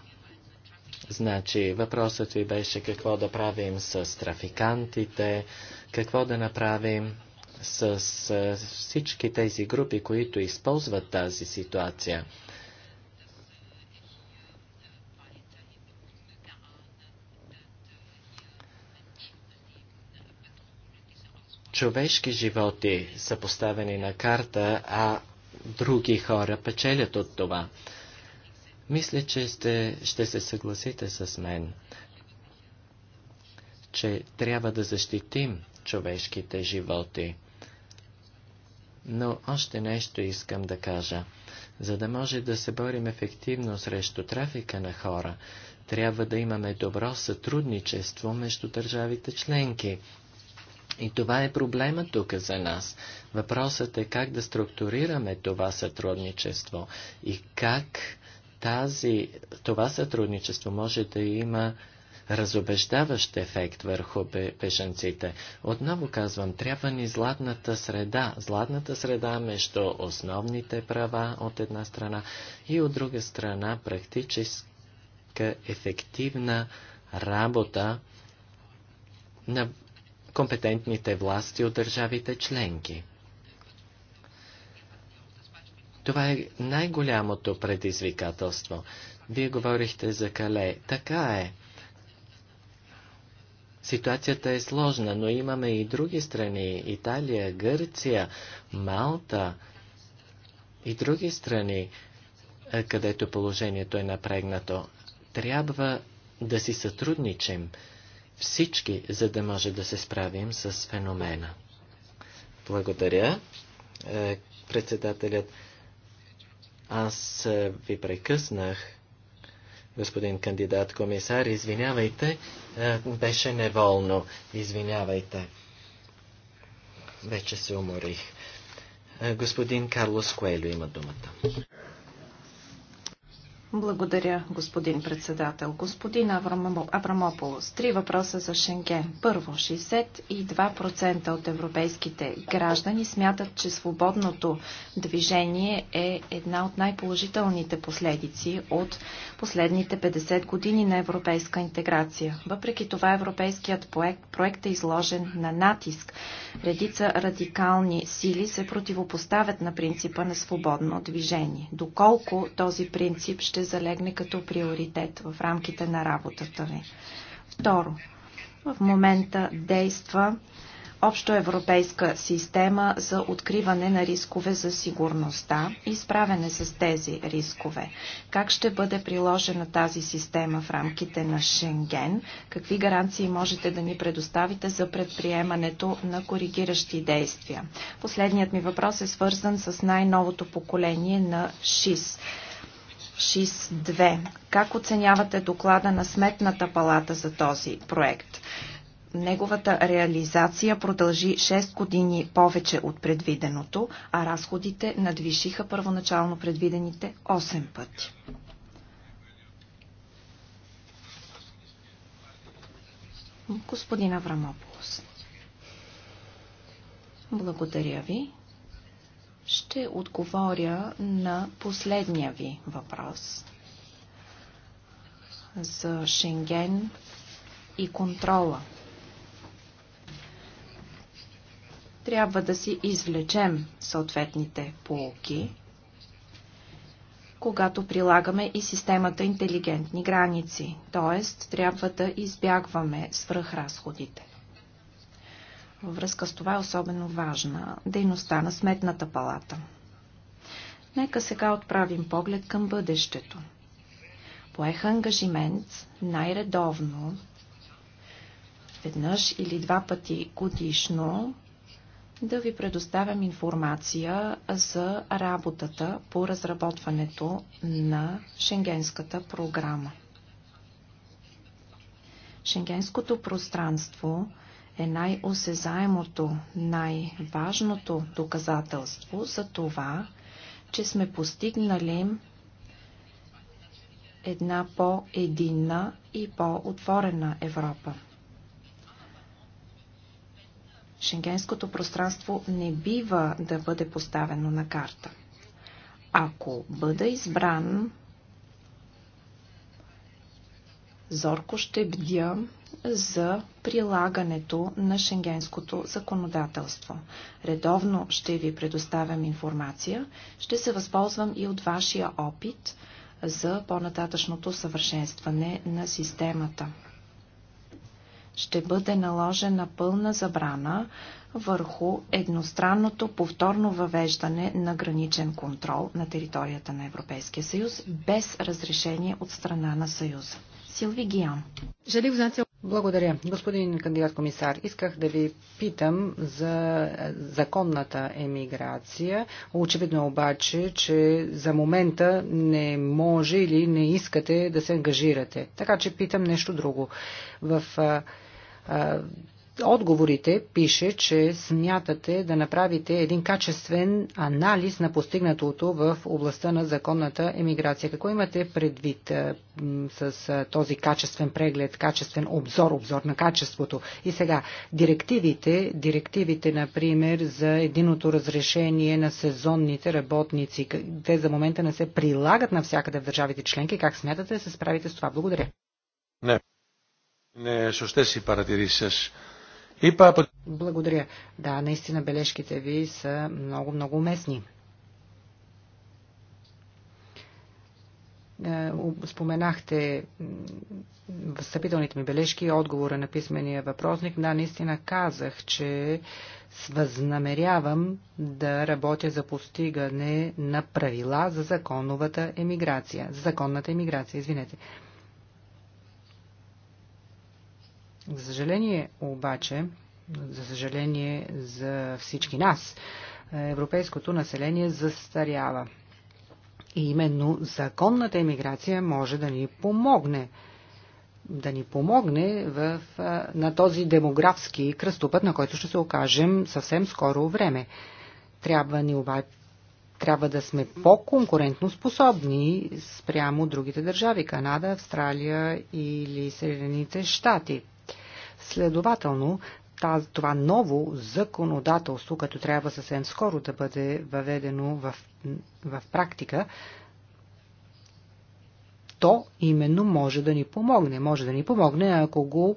Значи, въпросът ви беше какво да правим с трафикантите, какво да направим с, с всички тези групи, които използват тази ситуация. човешки животи са поставени на карта, а други хора печелят от това. Мисля, че сте, ще се съгласите с мен, че трябва да защитим човешките животи. Но още нещо искам да кажа. За да може да се борим ефективно срещу трафика на хора, трябва да имаме добро сътрудничество между държавите членки. И това е проблема тук за нас. Въпросът е как да структурираме това сътрудничество и как тази, това сътрудничество може да има разобеждаващ ефект върху бежанците. Отново казвам, трябва ни златната среда. Златната среда между основните права от една страна и от друга страна практическа ефективна работа на компетентните власти от държавите членки. Това е най-голямото предизвикателство. Вие говорихте за Кале. Така е. Ситуацията е сложна, но имаме и други страни. Италия, Гърция, Малта и други страни, е, където положението е напрегнато. Трябва да си сътрудничим всички, за да може да се справим с феномена. Благодаря. Е, председателят аз ви прекъснах, господин кандидат комисар, извинявайте, беше неволно, извинявайте. Вече се уморих. Господин Карлос Коелю има думата. Благодаря, господин председател. Господин Аврамополос, три въпроса за Шенген. Първо, 62% от европейските граждани смятат, че свободното движение е една от най-положителните последици от последните 50 години на европейска интеграция. Въпреки това, европейският проект, проект е изложен на натиск. Редица радикални сили се противопоставят на принципа на свободно движение. Доколко този принцип ще залегне като приоритет в рамките на работата ви. Второ, в момента действа общоевропейска система за откриване на рискове за сигурността и справяне с тези рискове. Как ще бъде приложена тази система в рамките на Шенген? Какви гаранции можете да ни предоставите за предприемането на коригиращи действия? Последният ми въпрос е свързан с най-новото поколение на ШИС. ШИС-2. Как оценявате доклада на Сметната палата за този проект? Неговата реализация продължи 6 години повече от предвиденото, а разходите надвишиха първоначално предвидените 8 пъти. Господин Аврамополос. Благодаря ви ще отговоря на последния ви въпрос за Шенген и контрола. Трябва да си извлечем съответните полуки, когато прилагаме и системата интелигентни граници, т.е. трябва да избягваме свръхразходите. Във връзка с това е особено важна дейността на Сметната палата. Нека сега отправим поглед към бъдещето. Поеха ангажимент най-редовно, веднъж или два пъти годишно, да ви предоставям информация за работата по разработването на Шенгенската програма. Шенгенското пространство е най-осезаемото, най-важното доказателство за това, че сме постигнали една по-единна и по-отворена Европа. Шенгенското пространство не бива да бъде поставено на карта. Ако бъда избран, зорко ще бдя за прилагането на шенгенското законодателство. Редовно ще ви предоставям информация. Ще се възползвам и от вашия опит за по-нататъчното съвършенстване на системата. Ще бъде наложена пълна забрана върху едностранното повторно въвеждане на граничен контрол на територията на Европейския съюз без разрешение от страна на съюза. Силви Гиан. Благодаря. Господин кандидат комисар, исках да ви питам за законната емиграция. Очевидно е обаче, че за момента не може или не искате да се ангажирате. Така че питам нещо друго. В отговорите пише, че смятате да направите един качествен анализ на постигнатото в областта на законната емиграция. Какво имате предвид с този качествен преглед, качествен обзор, обзор на качеството? И сега, директивите, директивите, например, за единото разрешение на сезонните работници, те за момента не се прилагат навсякъде в държавите членки. Как смятате да се справите с това? Благодаря. Не. Не, σωστές οι парадири с. Благодаря. Да, наистина бележките ви са много-много уместни. Е, споменахте встъпителните ми бележки отговора на писмения въпросник. Да, наистина казах, че възнамерявам да работя за постигане на правила за законовата емиграция. За законната емиграция, извинете. За съжаление обаче, за съжаление за всички нас, европейското население застарява. И именно законната емиграция може да ни помогне да ни помогне в, на този демографски кръстопът, на който ще се окажем съвсем скоро време. Трябва ни оба, трябва да сме по-конкурентно способни спрямо другите държави Канада, Австралия или Съединените щати. Следователно, това ново законодателство, като трябва съвсем скоро да бъде въведено в, в практика, то именно може да ни помогне. Може да ни помогне, ако го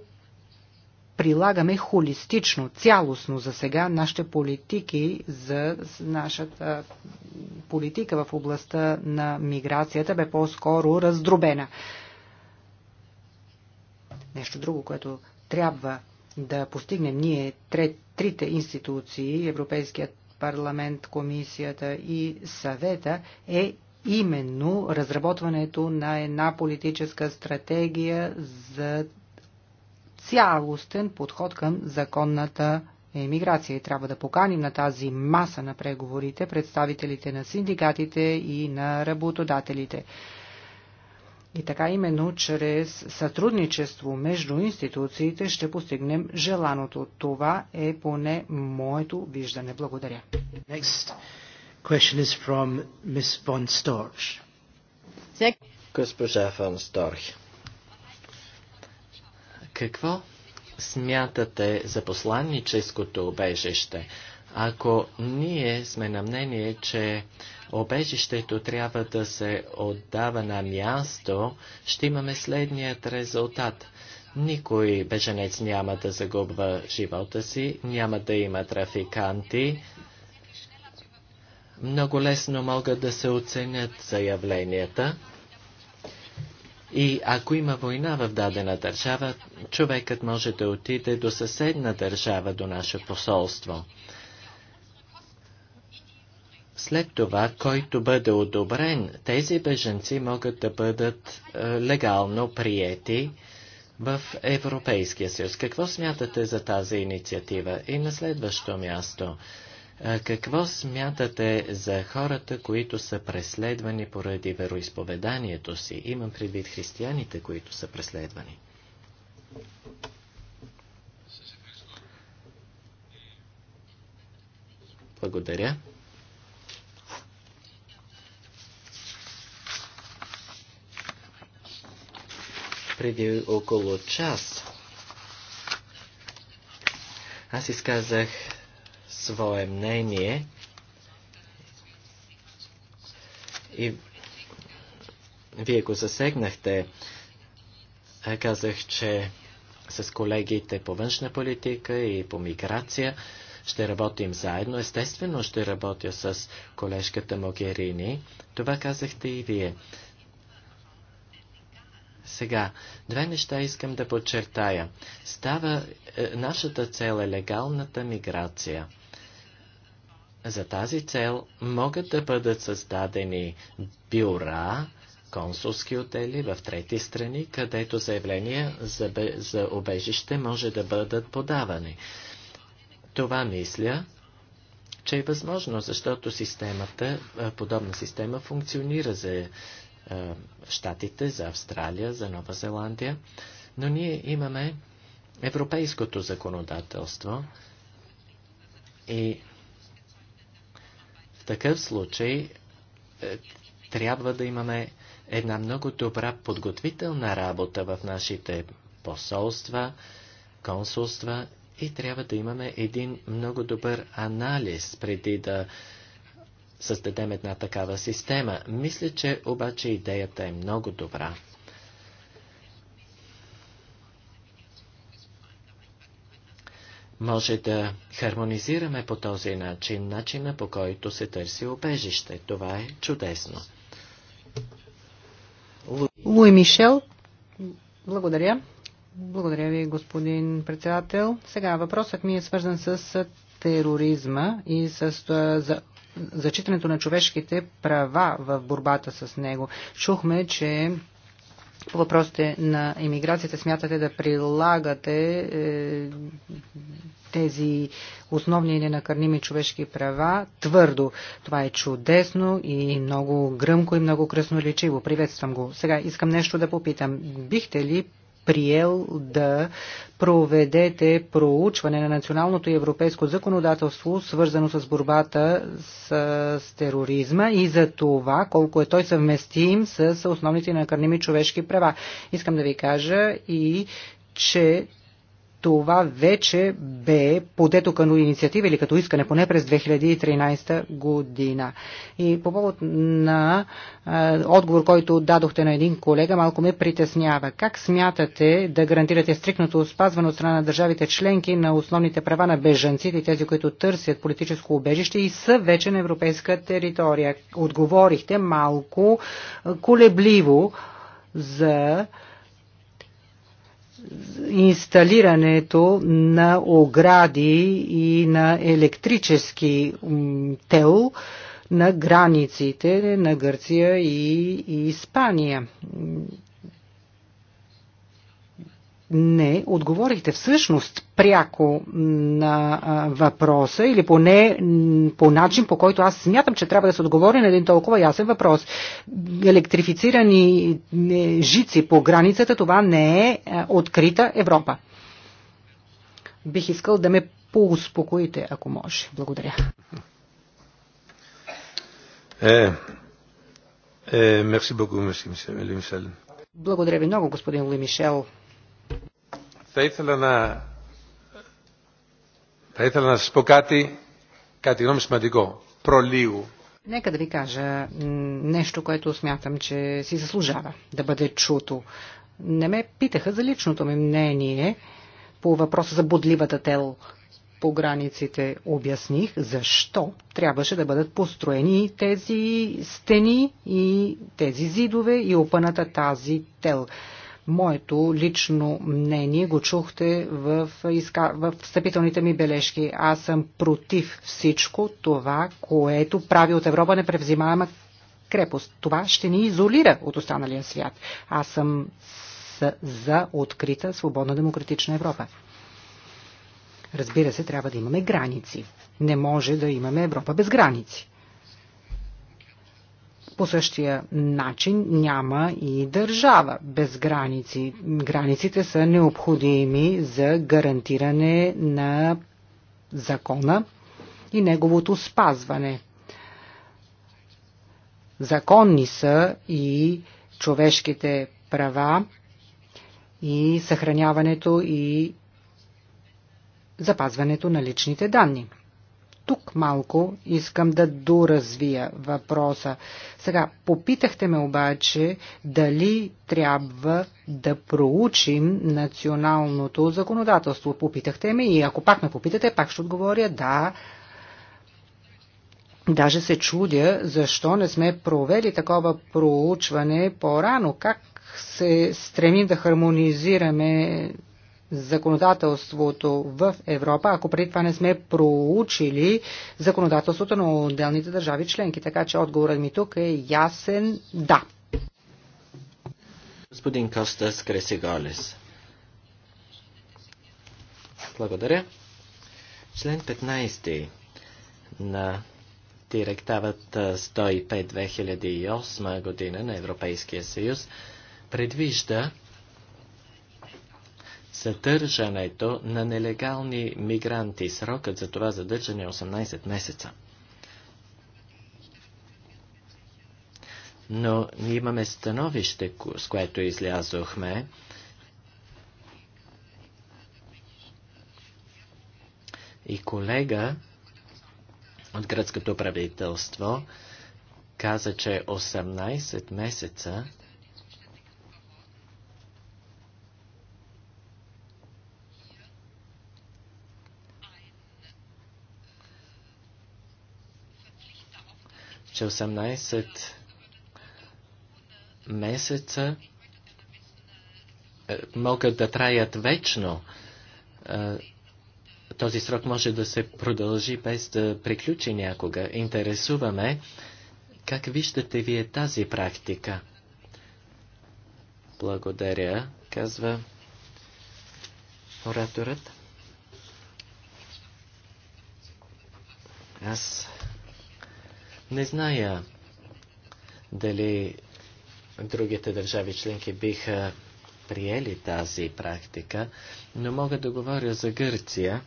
прилагаме холистично, цялостно за сега нашите политики за нашата политика в областта на миграцията бе по-скоро раздробена. Нещо друго, което трябва да постигнем ние трите институции, Европейският парламент, комисията и съвета, е именно разработването на една политическа стратегия за цялостен подход към законната емиграция. И трябва да поканим на тази маса на преговорите представителите на синдикатите и на работодателите. И така именно чрез сътрудничество между институциите ще постигнем желаното. Това е поне моето виждане. Благодаря. Next question is from Miss von Storch. Госпожа Фон Сторх, какво смятате за посланническото обежище? Ако ние сме на мнение, че обежището трябва да се отдава на място, ще имаме следният резултат. Никой беженец няма да загубва живота си, няма да има трафиканти. Много лесно могат да се оценят заявленията. И ако има война в дадена държава, човекът може да отиде до съседна държава, до наше посолство. След това, който бъде одобрен, тези беженци могат да бъдат е, легално приети в Европейския съюз. Какво смятате за тази инициатива? И на следващо място, е, какво смятате за хората, които са преследвани поради вероисповеданието си? Имам предвид християните, които са преследвани. Благодаря. преди около час аз изказах свое мнение и вие го засегнахте. Казах, че с колегите по външна политика и по миграция ще работим заедно. Естествено ще работя с колежката Могерини. Това казахте и вие. Сега, две неща искам да подчертая. Става, е, нашата цел е легалната миграция. За тази цел могат да бъдат създадени бюра, консулски отели в трети страни, където заявления за, бе, за обежище може да бъдат подавани. Това мисля, че е възможно, защото системата, е, подобна система функционира за Штатите, е, за Австралия, за Нова Зеландия, но ние имаме европейското законодателство и в такъв случай е, трябва да имаме една много добра подготвителна работа в нашите посолства, консулства и трябва да имаме един много добър анализ преди да създадем една такава система. Мисля, че обаче идеята е много добра. Може да хармонизираме по този начин начина по който се търси обежище. Това е чудесно. Лу... Луи Мишел, благодаря. Благодаря ви, господин председател. Сега въпросът ми е свързан с тероризма и с зачитането на човешките права в борбата с него. Чухме, че по въпросите на иммиграцията смятате да прилагате е, тези основни и ненакърними човешки права твърдо. Това е чудесно и много гръмко и много красноречиво. Приветствам го. Сега искам нещо да попитам. Бихте ли приел да проведете проучване на националното и европейско законодателство, свързано с борбата с, с тероризма и за това колко е той съвместим с основните накърними човешки права. Искам да ви кажа и че това вече бе подето като инициатива или като искане поне през 2013 година. И по повод на е, отговор, който дадохте на един колега, малко ме притеснява. Как смятате да гарантирате стрикното спазване от страна на държавите членки на основните права на бежанците и тези, които търсят политическо убежище и са вече на европейска територия? Отговорихте малко колебливо за инсталирането на огради и на електрически тел на границите на Гърция и Испания не отговорихте всъщност пряко на въпроса или поне по начин, по който аз смятам, че трябва да се отговори на един толкова ясен въпрос. Електрифицирани е, жици по границата, това не е, е открита Европа. Бих искал да ме поуспокоите, ако може. Благодаря. Е, е, мерси много, Благодаря ви много, господин Луи Мишел. Θα ήθελα να, θα ήθελα να σας πω κάτι, κάτι γνώμη σημαντικό, προλίγου. Нека да ви кажа нещо, което смятам, че си заслужава да бъде чуто. Не ме питаха за личното ми мнение по въпроса за бодливата тел по границите. Обясних защо трябваше да бъдат построени тези стени и тези зидове и опъната тази тел. Моето лично мнение го чухте в, изка... в встъпителните ми бележки. Аз съм против всичко това, което прави от Европа непревзимаема крепост. Това ще ни изолира от останалия свят. Аз съм за открита, свободна, демократична Европа. Разбира се, трябва да имаме граници. Не може да имаме Европа без граници. По същия начин няма и държава без граници. Границите са необходими за гарантиране на закона и неговото спазване. Законни са и човешките права и съхраняването и запазването на личните данни тук малко искам да доразвия въпроса. Сега, попитахте ме обаче дали трябва да проучим националното законодателство. Попитахте ме и ако пак ме попитате, пак ще отговоря да. Даже се чудя защо не сме провели такова проучване по-рано. Как се стремим да хармонизираме законодателството в Европа, ако преди това не сме проучили законодателството на отделните държави членки. Така че отговорът ми тук е ясен да. Господин Костас Кресигалес. Благодаря. Член 15 на директавата 105-2008 година на Европейския съюз предвижда задържането на нелегални мигранти. Срокът за това задържане е 18 месеца. Но ние имаме становище, с което излязохме, и колега от гръцкото правителство каза, че 18 месеца че 18 месеца е, могат да траят вечно. Е, този срок може да се продължи без да приключи някога. Интересуваме как виждате вие тази практика. Благодаря, казва ораторът. Аз не зная дали другите държави членки биха приели тази практика, но мога да говоря за Гърция.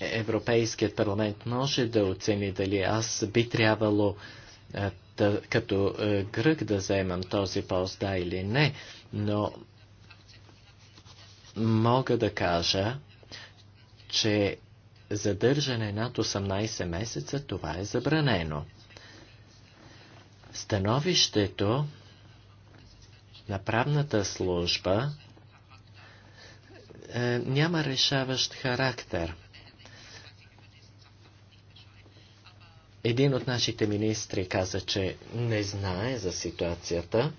Европейският парламент може да оцени дали аз би трябвало да, като грък да вземам този пост, да или не, но мога да кажа, че задържане над 18 месеца това е забранено. Становището на правната служба е, няма решаващ характер. Един от нашите министри каза, че не знае за ситуацията.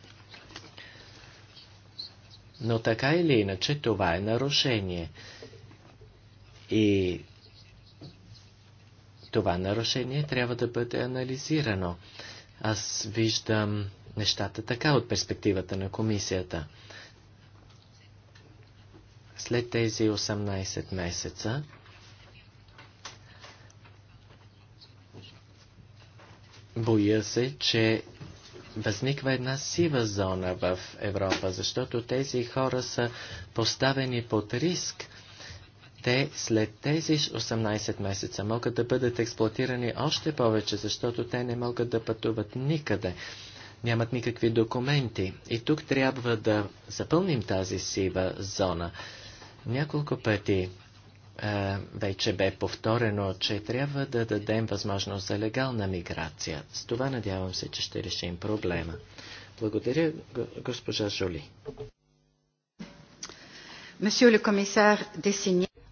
Но така или иначе това е нарушение. И това нарушение трябва да бъде анализирано. Аз виждам нещата така от перспективата на комисията. След тези 18 месеца боя се, че възниква една сива зона в Европа, защото тези хора са поставени под риск. Те след тези 18 месеца могат да бъдат експлуатирани още повече, защото те не могат да пътуват никъде. Нямат никакви документи. И тук трябва да запълним тази сива зона. Няколко пъти е, вече бе повторено, че трябва да дадем възможност за легална миграция. С това надявам се, че ще решим проблема. Благодаря, госпожа Жоли.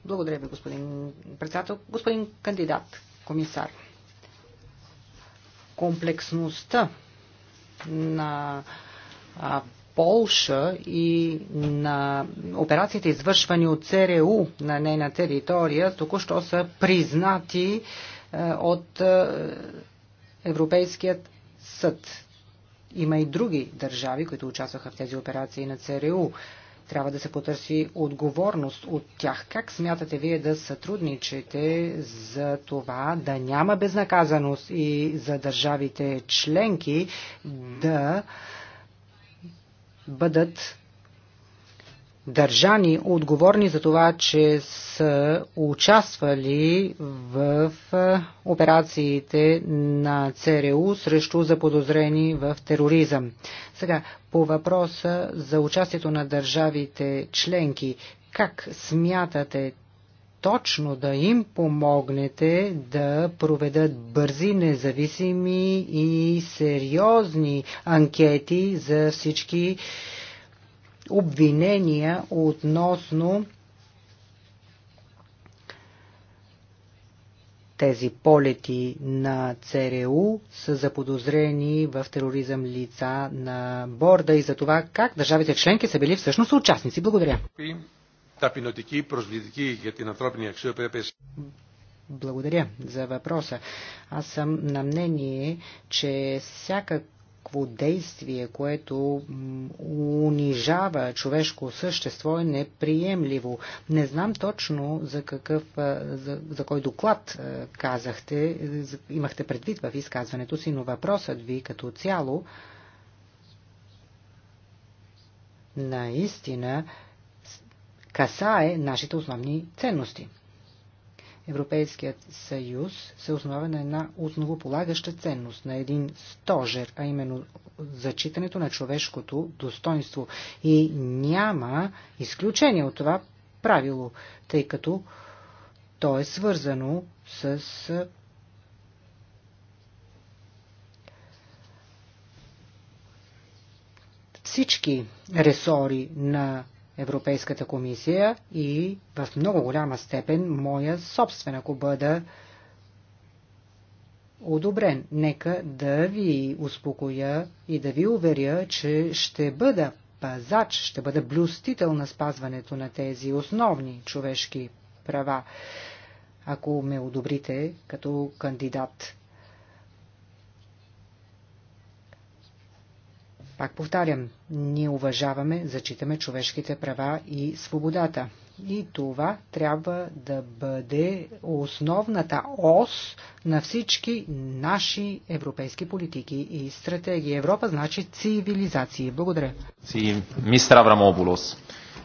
Благодаря ви, господин председател. Господин кандидат, комисар. Комплексността на Полша и на операциите, извършвани от ЦРУ на нейна територия, току-що са признати е, от е, Европейският съд. Има и други държави, които участваха в тези операции на ЦРУ. Трябва да се потърси отговорност от тях. Как смятате вие да сътрудничите за това да няма безнаказаност и за държавите членки да бъдат държани отговорни за това, че са участвали в операциите на ЦРУ срещу заподозрени в тероризъм. Сега, по въпроса за участието на държавите членки, как смятате точно да им помогнете да проведат бързи, независими и сериозни анкети за всички обвинения относно тези полети на ЦРУ са заподозрени в тероризъм лица на борда и за това как държавите членки са били всъщност участници. Благодаря ταπεινωτική, προσβλητική για την ανθρώπινη αξιοπρέπεια. Благодаря за въпроса. Аз съм на мнение, че всякакво действие, което унижава човешко същество е неприемливо. Не знам точно за какъв, за, за кой доклад казахте, имахте предвид в изказването си, но въпросът ви като цяло наистина касае нашите основни ценности. Европейският съюз се основа на една основополагаща ценност, на един стожер, а именно зачитането на човешкото достоинство. И няма изключение от това правило, тъй като то е свързано с всички ресори на Европейската комисия и в много голяма степен моя собствен, ако бъда одобрен. Нека да ви успокоя и да ви уверя, че ще бъда пазач, ще бъда блюстител на спазването на тези основни човешки права, ако ме одобрите като кандидат Пак повтарям, ние уважаваме, зачитаме човешките права и свободата. И това трябва да бъде основната ос на всички наши европейски политики и стратегии. Европа значи цивилизации. Благодаря. Си, мистер Аврамопулос.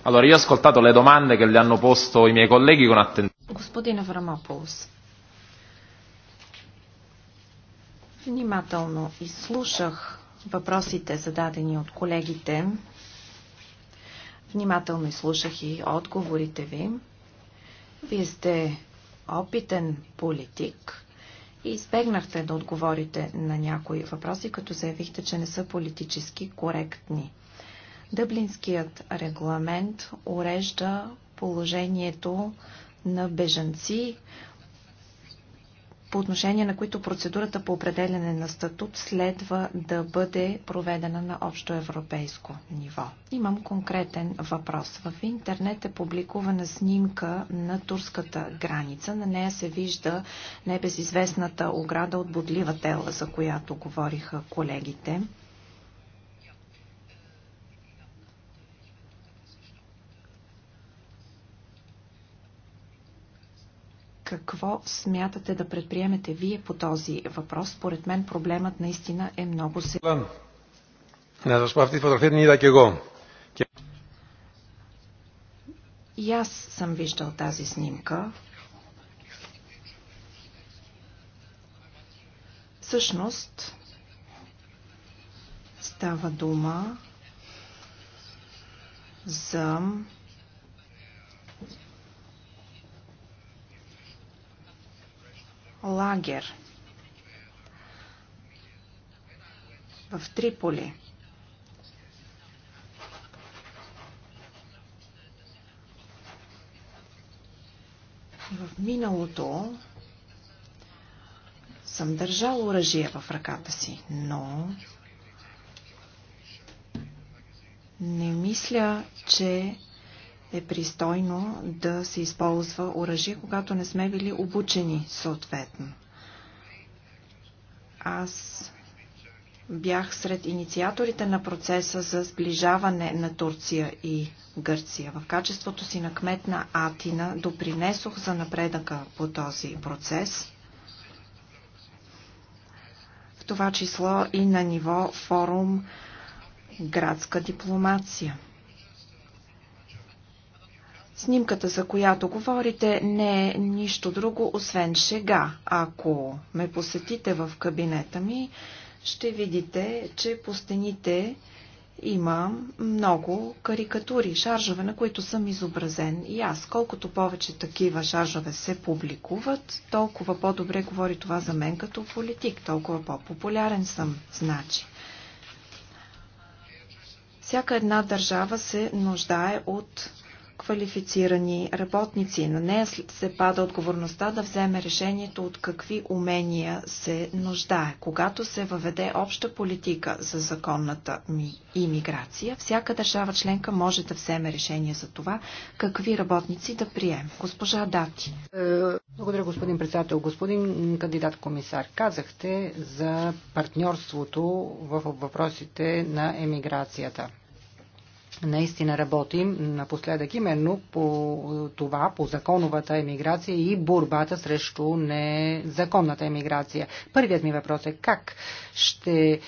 Allora, io ho ascoltato le domande che le hanno posto i miei colleghi con attenzione. Господин Аврамопулос, внимателно изслушах въпросите, зададени от колегите. Внимателно изслушах и отговорите ви. Вие сте опитен политик и избегнахте да отговорите на някои въпроси, като заявихте, че не са политически коректни. Дъблинският регламент урежда положението на бежанци, по отношение на които процедурата по определене на статут следва да бъде проведена на общо европейско ниво. Имам конкретен въпрос. В интернет е публикувана снимка на турската граница. На нея се вижда небезизвестната ограда от бодлива тела, за която говориха колегите. Какво смятате да предприемете вие по този въпрос? Според мен проблемът наистина е много сериозен. И аз съм виждал тази снимка. Всъщност става дума за лагер в Триполи. В миналото съм държал оръжие в ръката си, но не мисля, че е пристойно да се използва оръжие, когато не сме били обучени съответно. Аз бях сред инициаторите на процеса за сближаване на Турция и Гърция. В качеството си на кмет на Атина допринесох за напредъка по този процес. В това число и на ниво форум градска дипломация – Снимката, за която говорите, не е нищо друго, освен шега. Ако ме посетите в кабинета ми, ще видите, че по стените има много карикатури, шаржове, на които съм изобразен и аз. Колкото повече такива шаржове се публикуват, толкова по-добре говори това за мен като политик, толкова по-популярен съм, значи. Всяка една държава се нуждае от квалифицирани работници. На нея се пада отговорността да вземе решението от какви умения се нуждае. Когато се въведе обща политика за законната имиграция, всяка държава членка може да вземе решение за това какви работници да приеме. Госпожа Дати. Е, благодаря, господин председател. Господин кандидат комисар, казахте за партньорството в въпросите на емиграцията наистина работим напоследък именно по това, по законовата емиграция и борбата срещу незаконната емиграция. Първият ми въпрос е как ще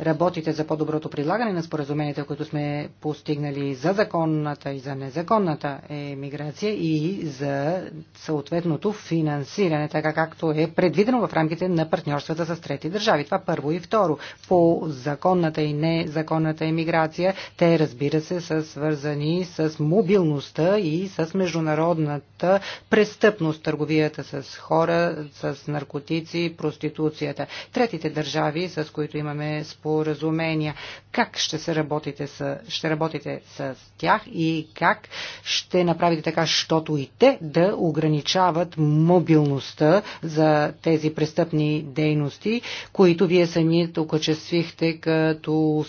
работите за по-доброто прилагане на споразуменията, които сме постигнали за законната и за незаконната емиграция и за съответното финансиране, така както е предвидено в рамките на партньорствата с трети държави. Това първо и второ. По законната и незаконната емиграция, те разбира се са свързани с мобилността и с международната престъпност, търговията с хора, с наркотици, проституцията. Третите държави, с които имаме спор споразумения. Как ще, се работите с, ще работите с тях и как ще направите така, щото и те да ограничават мобилността за тези престъпни дейности, които вие сами окачествихте като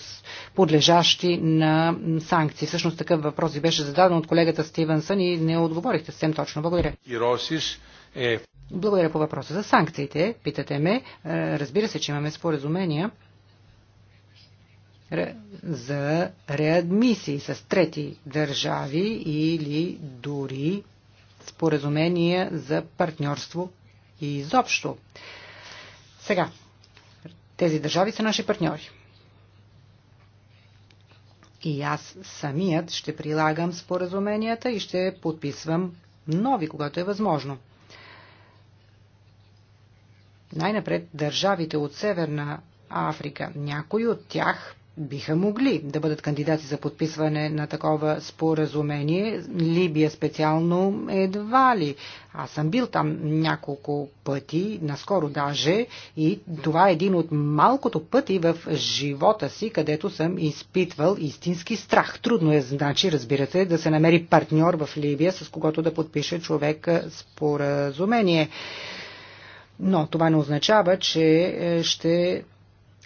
подлежащи на санкции. Всъщност такъв въпрос ви беше зададен от колегата Стивенсън и не отговорихте съвсем точно. Благодаря. Е... Благодаря по въпроса за санкциите, питате ме. Е, разбира се, че имаме споразумения за реадмисии с трети държави или дори споразумения за партньорство и изобщо. Сега, тези държави са наши партньори. И аз самият ще прилагам споразуменията и ще подписвам нови, когато е възможно. Най-напред държавите от Северна Африка. Някои от тях биха могли да бъдат кандидати за подписване на такова споразумение. Либия специално едва ли. Аз съм бил там няколко пъти, наскоро даже, и това е един от малкото пъти в живота си, където съм изпитвал истински страх. Трудно е, значи, разбирате, да се намери партньор в Либия, с когото да подпише човек споразумение. Но това не означава, че е, ще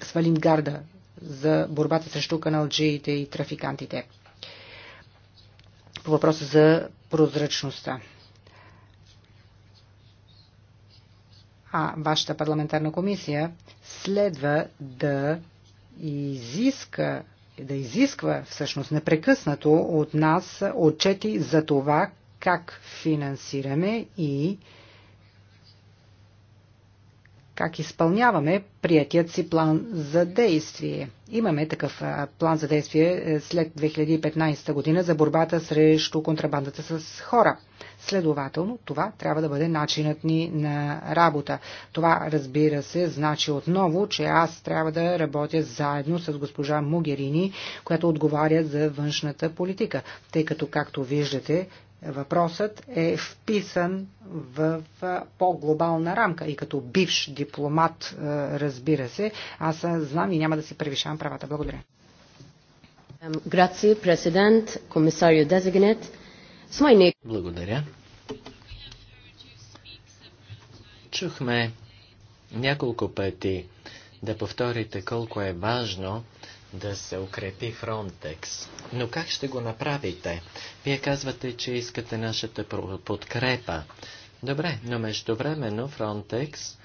свалим гарда за борбата срещу каналджиите и трафикантите. По въпроса за прозрачността. А вашата парламентарна комисия следва да изиска да изисква всъщност непрекъснато от нас отчети за това как финансираме и как изпълняваме приятият си план за действие. Имаме такъв план за действие е, след 2015 година за борбата срещу контрабандата с хора. Следователно, това трябва да бъде начинът ни на работа. Това, разбира се, значи отново, че аз трябва да работя заедно с госпожа Могерини, която отговаря за външната политика, тъй като, както виждате, въпросът е вписан в по-глобална рамка. И като бивш дипломат, е, разбира се, аз знам и няма да си превишавам правата. Благодаря. Грации, президент, комисарио Дезигнет. Благодаря. Чухме няколко пъти да повторите колко е важно да се укрепи фронтекс. Но как ще го направите? Вие казвате, че искате нашата подкрепа. Добре, но междувременно фронтекс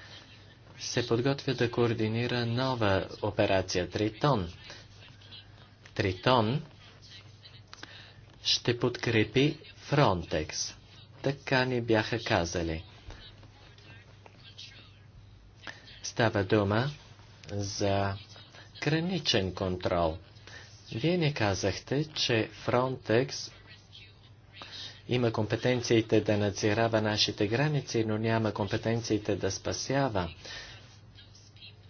се подготвя да координира нова операция Тритон. Тритон ще подкрепи фронтекс. Така ни бяха казали. Става дума за граничен контрол. Вие не казахте, че Frontex има компетенциите да надзирава нашите граници, но няма компетенциите да спасява.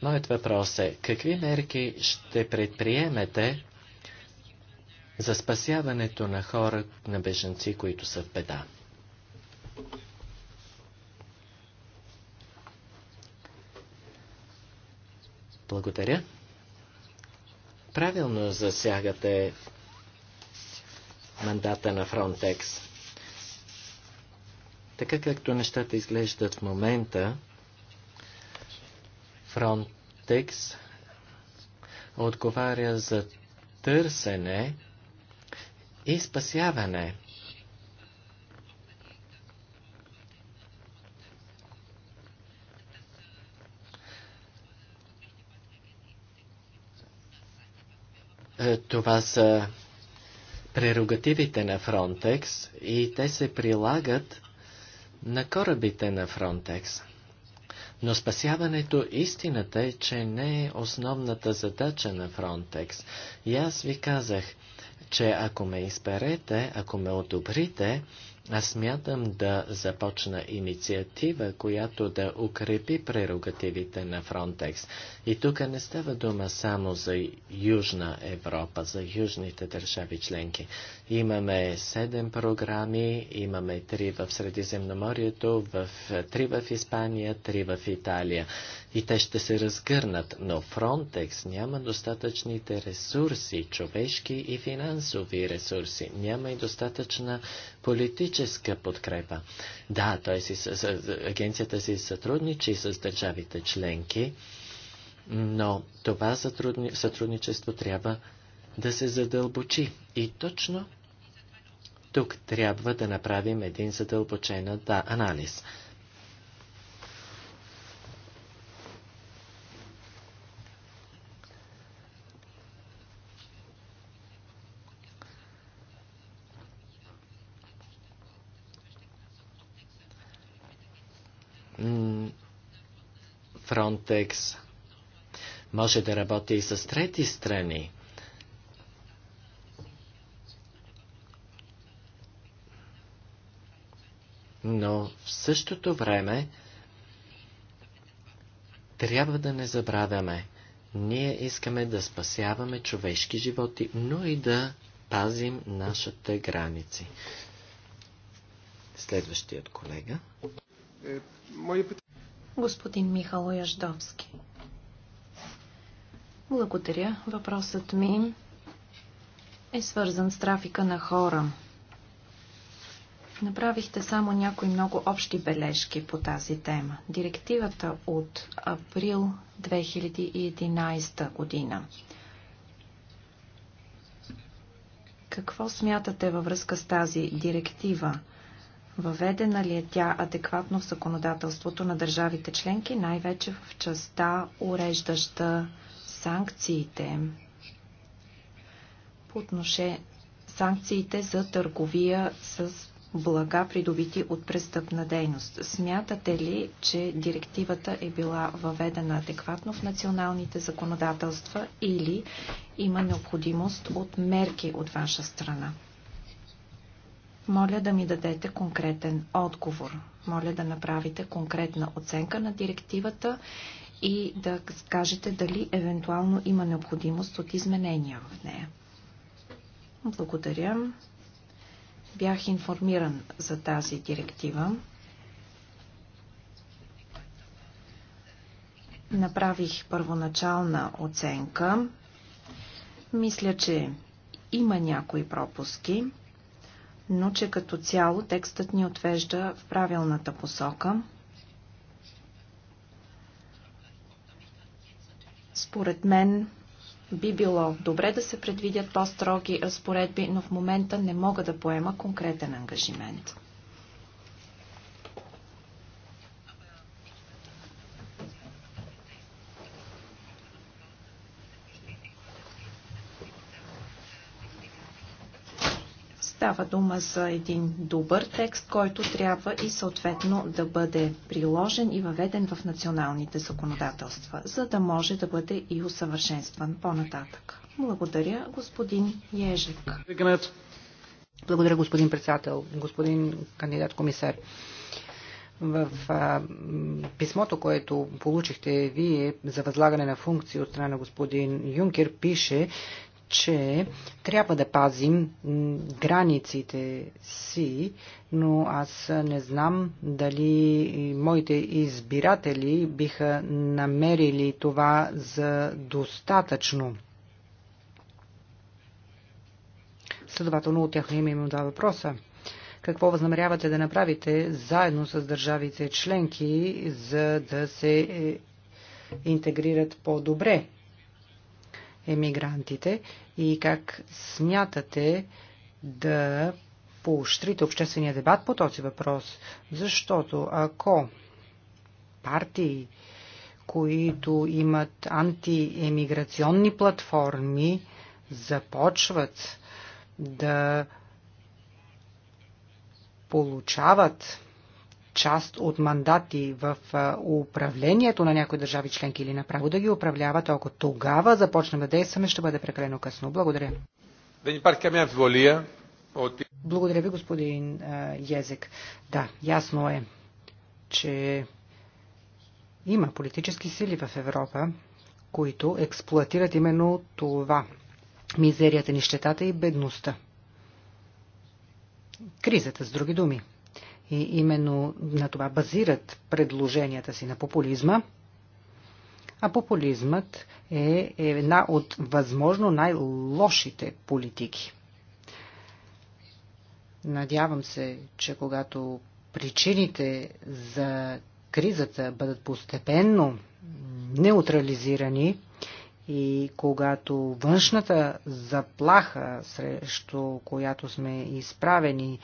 Моят въпрос е, какви мерки ще предприемете за спасяването на хора, на беженци, които са в беда? Благодаря. Правилно засягате мандата на Фронтекс. Така както нещата изглеждат в момента, Фронтекс отговаря за търсене и спасяване Е, това са прерогативите на Фронтекс и те се прилагат на корабите на Фронтекс. Но спасяването истината е, че не е основната задача на Фронтекс. И аз ви казах, че ако ме изберете, ако ме одобрите, аз смятам да започна инициатива, която да укрепи прерогативите на Фронтекс. И тук не става дума само за Южна Европа, за южните държави членки. Имаме седем програми, имаме три в Средиземноморието, в три в Испания, три в Италия. И те ще се разгърнат, но Фронтекс няма достатъчните ресурси, човешки и финансови ресурси. Няма и достатъчна политическа подкрепа. Да, той си, агенцията си сътрудничи с държавите членки, но това сътрудничество трябва да се задълбочи. И точно тук трябва да направим един задълбочен да, анализ. Фронтекс може да работи и с трети страни. но в същото време трябва да не забравяме. Ние искаме да спасяваме човешки животи, но и да пазим нашите граници. Следващият колега. Господин Михало Яждовски. Благодаря. Въпросът ми е свързан с трафика на хора. Направихте само някои много общи бележки по тази тема. Директивата от април 2011 година. Какво смятате във връзка с тази директива? Въведена ли е тя адекватно в законодателството на държавите членки, най-вече в частта уреждаща санкциите по отношение санкциите за търговия с блага, придобити от престъпна дейност. Смятате ли, че директивата е била въведена адекватно в националните законодателства или има необходимост от мерки от ваша страна? Моля да ми дадете конкретен отговор. Моля да направите конкретна оценка на директивата и да кажете дали евентуално има необходимост от изменения в нея. Благодаря бях информиран за тази директива. Направих първоначална оценка. Мисля, че има някои пропуски, но че като цяло текстът ни отвежда в правилната посока. Според мен би било добре да се предвидят по-строги разпоредби, но в момента не мога да поема конкретен ангажимент. Става дума за един добър текст, който трябва и съответно да бъде приложен и въведен в националните законодателства, за да може да бъде и усъвършенстван по-нататък. Благодаря, господин Ежек. Благодаря, господин председател, господин кандидат комисар. В а, писмото, което получихте вие за възлагане на функции от страна на господин Юнкер, пише, че трябва да пазим границите си, но аз не знам дали моите избиратели биха намерили това за достатъчно. Следователно от тях не имам два въпроса. Какво възнамерявате да направите заедно с държавите членки, за да се е, интегрират по-добре емигрантите и как смятате да поощрите обществения дебат по този въпрос, защото ако партии, които имат антиемиграционни платформи, започват да получават част от мандати в управлението на някои държави членки или направо да ги управляват, ако тогава започнем да действаме, ще бъде прекалено късно. Благодаря. Благодаря ви, господин Язек. Да, ясно е, че има политически сили в Европа, които експлуатират именно това мизерията, нищетата и бедността. Кризата, с други думи. И именно на това базират предложенията си на популизма. А популизмът е, е една от възможно най-лошите политики. Надявам се, че когато причините за кризата бъдат постепенно неутрализирани и когато външната заплаха, срещу която сме изправени,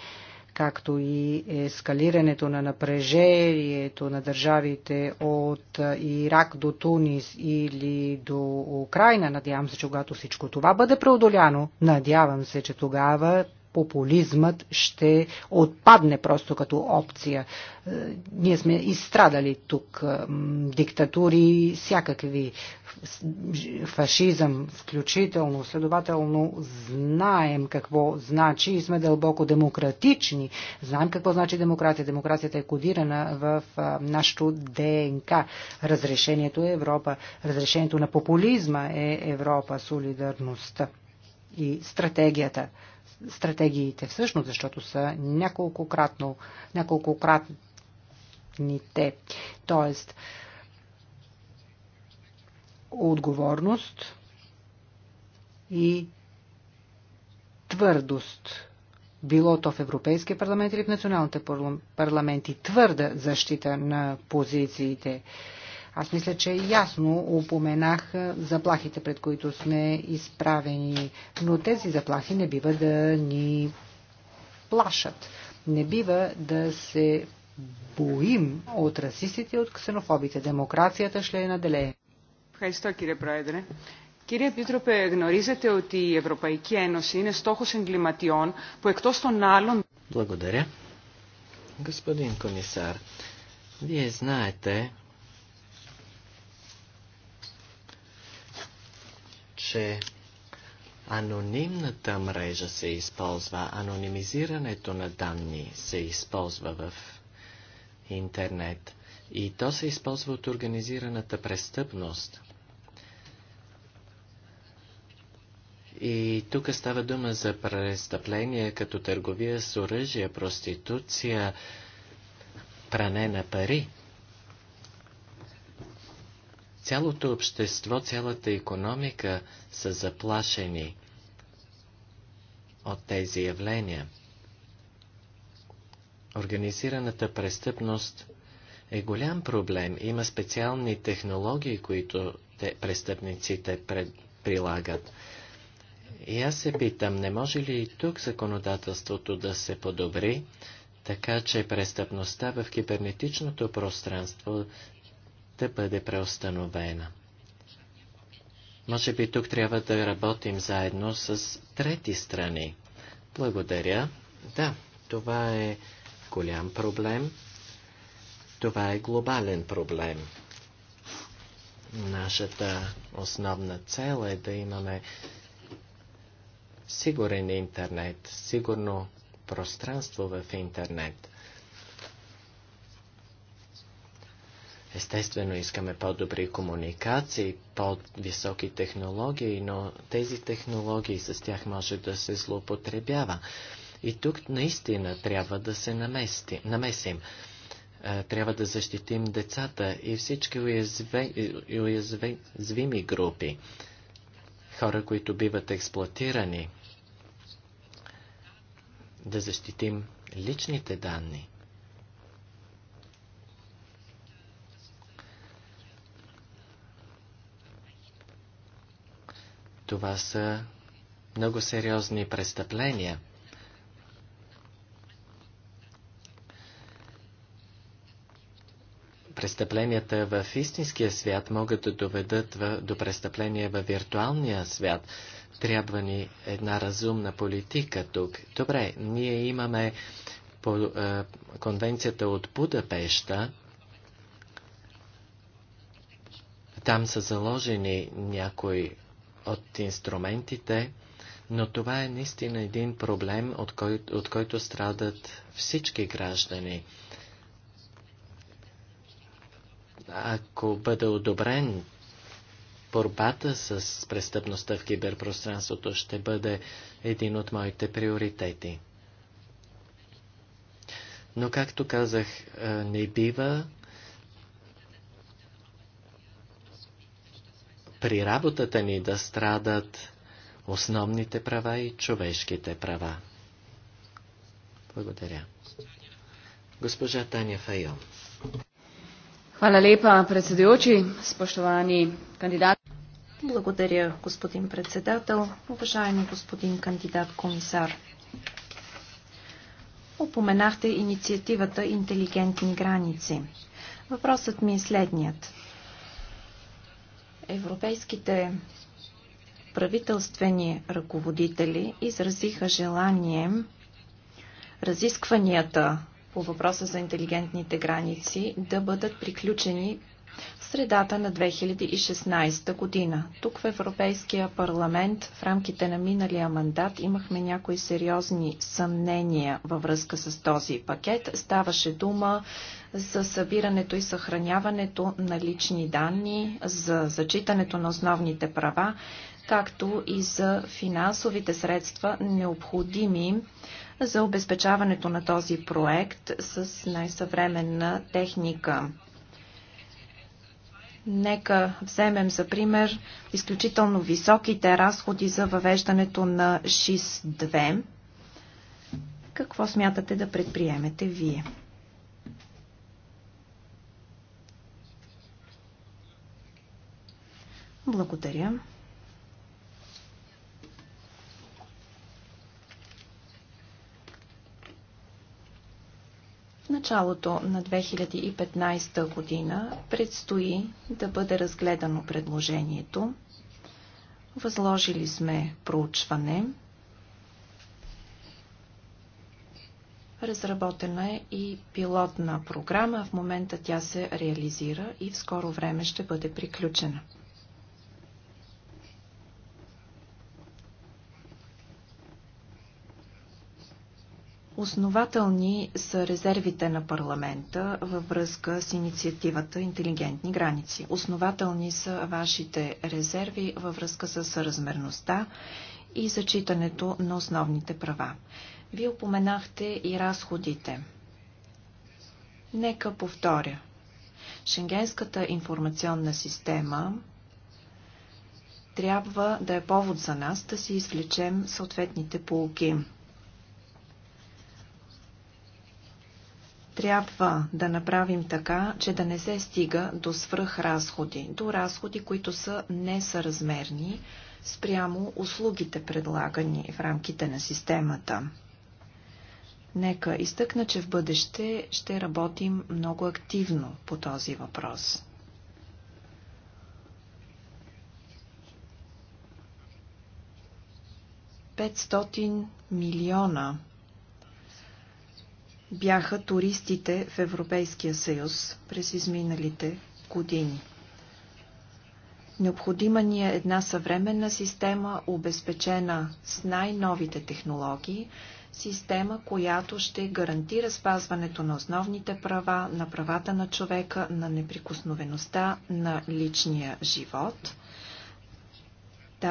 както и ескалирането на напрежението на държавите от Ирак до Тунис или до Украина. Надявам се, че когато всичко това бъде преодоляно, надявам се, че тогава популизмът ще отпадне просто като опция. Е, ние сме изстрадали тук е, диктатури, всякакви фашизъм включително. Следователно знаем какво значи и сме дълбоко демократични. Знаем какво значи демокрация. Демокрацията е кодирана в е, нашото ДНК. Разрешението е Европа. Разрешението на популизма е Европа, солидарността и стратегията стратегиите всъщност, защото са няколкократно, няколкократните. Тоест, отговорност и твърдост било то в Европейския парламент или в националните парламенти, твърда защита на позициите. Аз мисля, че ясно упоменах заплахите, пред които сме изправени, но тези заплахи не бива да ни плашат. Не бива да се боим от расистите и от ксенофобите. Демокрацията ще е наделее. Ευχαριστώ κύριε Πρόεδρε. Κύριε Επίτροπε, γνωρίζετε ότι η Ευρωπαϊκή Ένωση είναι στόχος εγκληματιών που εκτός των άλλων... Благодаря. Господин комисар, вие знаете, че анонимната мрежа се използва, анонимизирането на данни се използва в интернет и то се използва от организираната престъпност. И тук става дума за престъпления като търговия с оръжие, проституция, пране на пари. Цялото общество, цялата економика са заплашени от тези явления. Организираната престъпност е голям проблем. Има специални технологии, които те, престъпниците пред, прилагат. И аз се питам, не може ли и тук законодателството да се подобри, така че престъпността в кибернетичното пространство да бъде преустановена. Може би тук трябва да работим заедно с трети страни. Благодаря. Да, това е голям проблем. Това е глобален проблем. Нашата основна цел е да имаме сигурен интернет, сигурно пространство в интернет. Естествено, искаме по-добри комуникации, по-високи технологии, но тези технологии с тях може да се злоупотребява. И тук наистина трябва да се намести, намесим. Е, трябва да защитим децата и всички уязвими уязве, групи, хора, които биват експлуатирани, да защитим личните данни. Това са много сериозни престъпления. Престъпленията в истинския свят могат да доведат до престъпления във виртуалния свят. Трябва ни една разумна политика тук. Добре, ние имаме по, е, конвенцията от Будапешта. Там са заложени някои от инструментите, но това е наистина един проблем, от, кой, от който страдат всички граждани. Ако бъде одобрен борбата с престъпността в киберпространството ще бъде един от моите приоритети. Но, както казах, е, не бива при работата ни да страдат основните права и човешките права. Благодаря. Госпожа Таня Файон. Hvala lepa, predsedujoči, spoštovani kandidat. Благодаря, господин председател, уважаеми господин кандидат комисар. Опоменахте инициативата Интелигентни граници. Въпросът ми е следният. Европейските правителствени ръководители изразиха желание разискванията по въпроса за интелигентните граници да бъдат приключени в средата на 2016 година. Тук в Европейския парламент в рамките на миналия мандат имахме някои сериозни съмнения във връзка с този пакет. Ставаше дума за събирането и съхраняването на лични данни, за зачитането на основните права, както и за финансовите средства, необходими за обезпечаването на този проект с най-съвременна техника. Нека вземем за пример изключително високите разходи за въвеждането на ШИС-2. Какво смятате да предприемете вие? Благодаря. В началото на 2015 година предстои да бъде разгледано предложението. Възложили сме проучване. Разработена е и пилотна програма. В момента тя се реализира и в скоро време ще бъде приключена. Основателни са резервите на парламента във връзка с инициативата Интелигентни граници. Основателни са вашите резерви във връзка с размерността и зачитането на основните права. Вие упоменахте и разходите. Нека повторя. Шенгенската информационна система трябва да е повод за нас да си извлечем съответните полки. Трябва да направим така, че да не се стига до свръхразходи, до разходи, които са несъразмерни спрямо услугите предлагани в рамките на системата. Нека изтъкна, че в бъдеще ще работим много активно по този въпрос. Петстотин милиона бяха туристите в Европейския съюз през изминалите години. Необходима ни е една съвременна система, обезпечена с най-новите технологии, система, която ще гарантира спазването на основните права, на правата на човека, на неприкосновеността, на личния живот –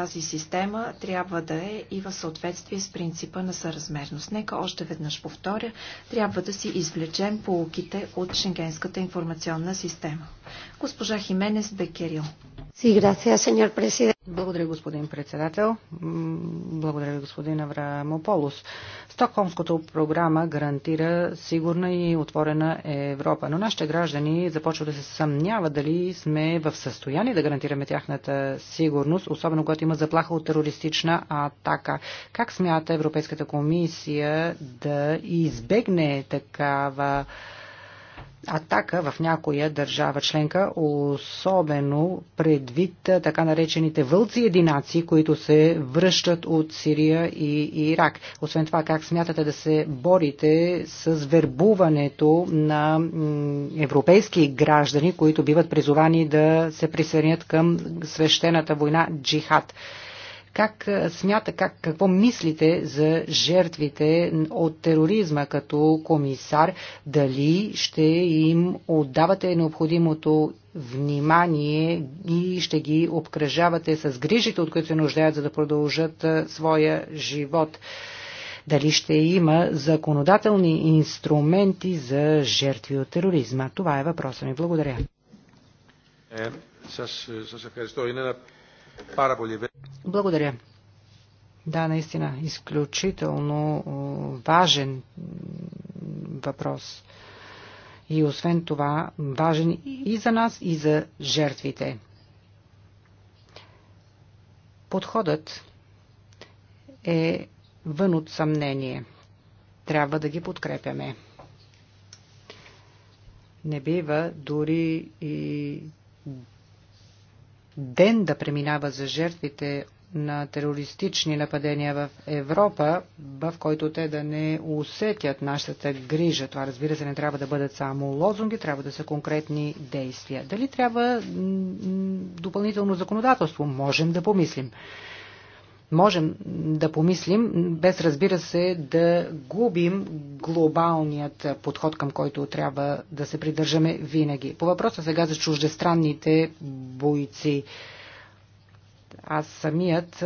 тази система трябва да е и в съответствие с принципа на съразмерност. Нека още веднъж повторя, трябва да си извлечем полуките от Шенгенската информационна система. Госпожа Хименес Бекерил. Благодаря, господин председател. Благодаря господин Аврамополос. Стокхолмското програма гарантира сигурна и отворена Европа, но нашите граждани започват да се съмняват дали сме в състояние да гарантираме тяхната сигурност, особено когато има заплаха от терористична атака. Как смята Европейската комисия да избегне такава атака в някоя държава членка, особено предвид така наречените вълци единаци, които се връщат от Сирия и Ирак. Освен това, как смятате да се борите с вербуването на европейски граждани, които биват призовани да се присъединят към свещената война джихад? Как смята, как, какво мислите за жертвите от тероризма като комисар? Дали ще им отдавате необходимото внимание и ще ги обкръжавате с грижите, от които се нуждаят, за да продължат своя живот? дали ще има законодателни инструменти за жертви от тероризма. Това е въпросът ми. Благодаря. Е, с, с, с, благодаря. Да, наистина, изключително важен въпрос. И освен това, важен и за нас, и за жертвите. Подходът е вън от съмнение. Трябва да ги подкрепяме. Не бива дори и ден да преминава за жертвите на терористични нападения в Европа, в който те да не усетят нашата грижа. Това разбира се не трябва да бъдат само лозунги, трябва да са конкретни действия. Дали трябва допълнително законодателство? Можем да помислим. Можем да помислим, без разбира се да губим глобалният подход, към който трябва да се придържаме винаги. По въпроса сега за чуждестранните бойци. Аз самият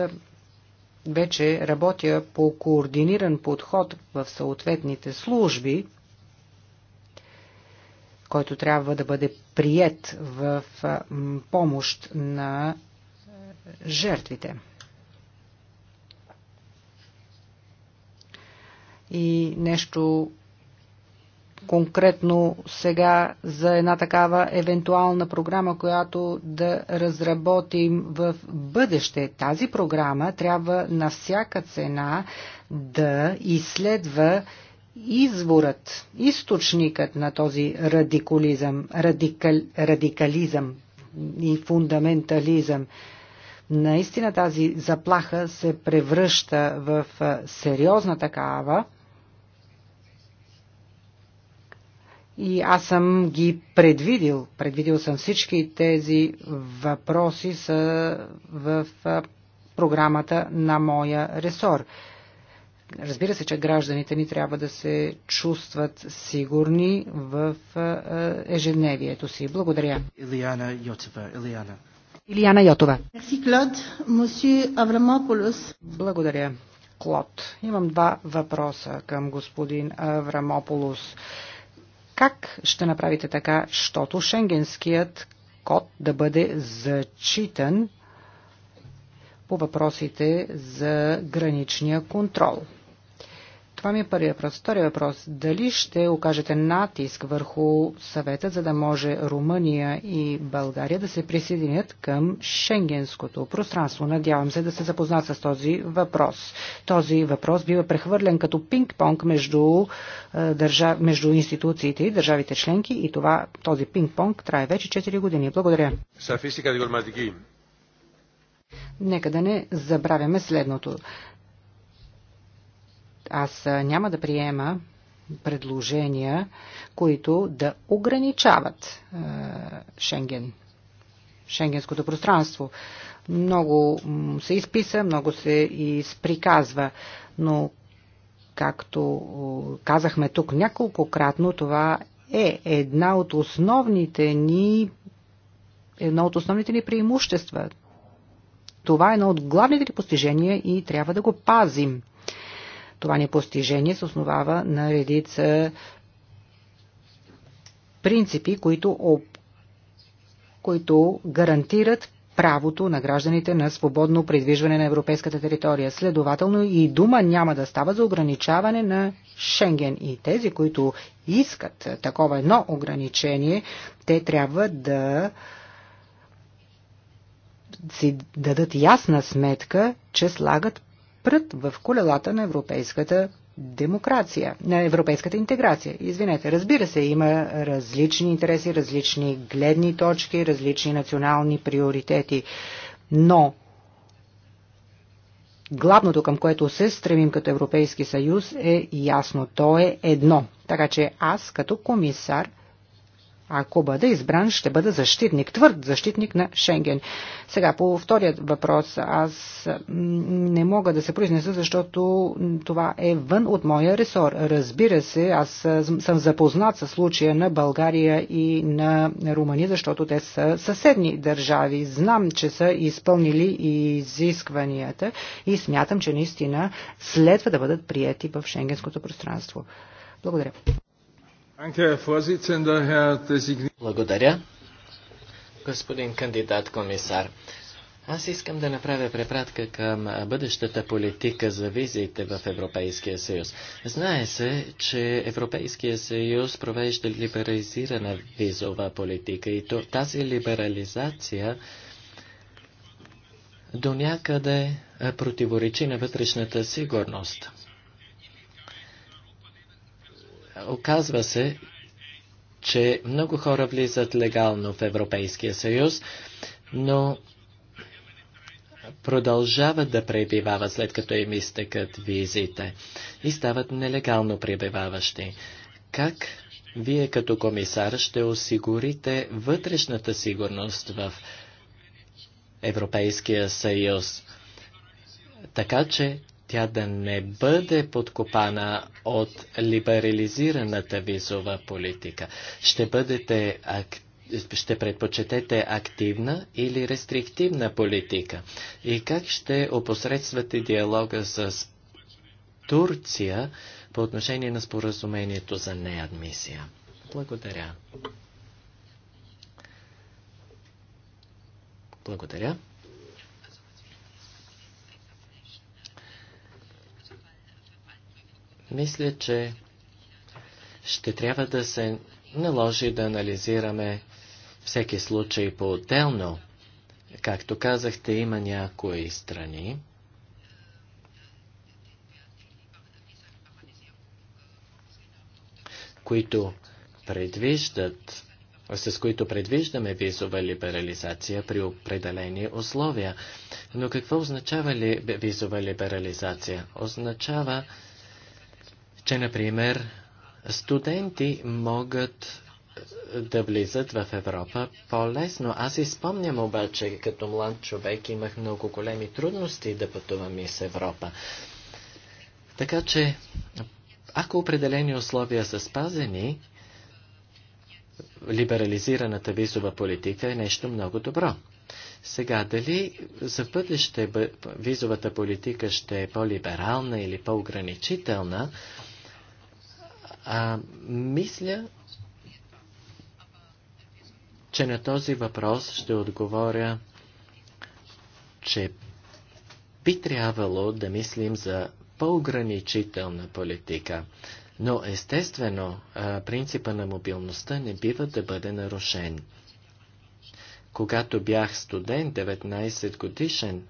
вече работя по координиран подход в съответните служби, който трябва да бъде прият в помощ на е, жертвите. и нещо конкретно сега за една такава евентуална програма, която да разработим в бъдеще. Тази програма трябва на всяка цена да изследва изворът, източникът на този радикализъм, радикал, радикализъм и фундаментализъм. Наистина тази заплаха се превръща в сериозна такава И аз съм ги предвидил. Предвидил съм всички тези въпроси са в програмата на моя ресор. Разбира се, че гражданите ни трябва да се чувстват сигурни в ежедневието си. Благодаря. Илияна Йотова. Илияна. Илияна Йотова. Мерси, Клод. Аврамополос. Благодаря, Клод. Имам два въпроса към господин Аврамополос. Как ще направите така, щото шенгенският код да бъде зачитан по въпросите за граничния контрол? Това ми е първият въпрос. Втория въпрос. Дали ще окажете натиск върху съвета, за да може Румъния и България да се присъединят към шенгенското пространство? Надявам се да се запознат с този въпрос. Този въпрос бива прехвърлен като пинг-понг между, е, между институциите и държавите членки и това, този пинг-понг трае вече 4 години. Благодаря. Нека да не забравяме следното. Аз няма да приема предложения, които да ограничават е, Шенген, шенгенското пространство. Много се изписа, много се изприказва, но както казахме тук няколкократно, това е една от основните ни едно от основните ни преимущества. Това е едно от главните ни постижения и трябва да го пазим. Това ни постижение се основава на редица принципи, които, об... които гарантират правото на гражданите на свободно придвижване на европейската територия. Следователно и дума няма да става за ограничаване на Шенген. И тези, които искат такова едно ограничение, те трябва да си дадат ясна сметка, че слагат прът в колелата на европейската демокрация, на европейската интеграция. Извинете, разбира се, има различни интереси, различни гледни точки, различни национални приоритети, но главното, към което се стремим като Европейски съюз е ясно, то е едно. Така че аз като комисар – ако бъда избран, ще бъда защитник, твърд защитник на Шенген. Сега, по вторият въпрос, аз не мога да се произнеса, защото това е вън от моя ресор. Разбира се, аз съм запознат с случая на България и на Румъния, защото те са съседни държави. Знам, че са изпълнили изискванията и смятам, че наистина следва да бъдат прияти в шенгенското пространство. Благодаря. Благодаря. Господин кандидат комисар, аз искам да направя препратка към бъдещата политика за визиите в Европейския съюз. Знае се, че Европейския съюз провежда либерализирана визова политика и тази либерализация до някъде противоречи на вътрешната сигурност. Оказва се, че много хора влизат легално в Европейския съюз, но продължават да пребивават след като им изтекат визите и стават нелегално пребиваващи. Как вие като комисар ще осигурите вътрешната сигурност в Европейския съюз, така че тя да не бъде подкопана от либерализираната визова политика? Ще бъдете активни ще предпочетете активна или рестриктивна политика? И как ще опосредствате диалога с Турция по отношение на споразумението за неадмисия? Благодаря. Благодаря. Мисля, че ще трябва да се наложи да анализираме всеки случай по-отделно. Както казахте, има някои страни, които предвиждат, с които предвиждаме визова либерализация при определени условия. Но какво означава ли визова либерализация? Означава, че, например, студенти могат да влизат в Европа по-лесно. Аз изпомням обаче, като млад човек имах много големи трудности да пътувам из Европа. Така че, ако определени условия са спазени, либерализираната визова политика е нещо много добро. Сега, дали за бъдеще визовата политика ще е по-либерална или по-ограничителна, а, мисля, че на този въпрос ще отговоря, че би трябвало да мислим за по-ограничителна политика. Но естествено, принципа на мобилността не бива да бъде нарушен. Когато бях студент, 19 годишен,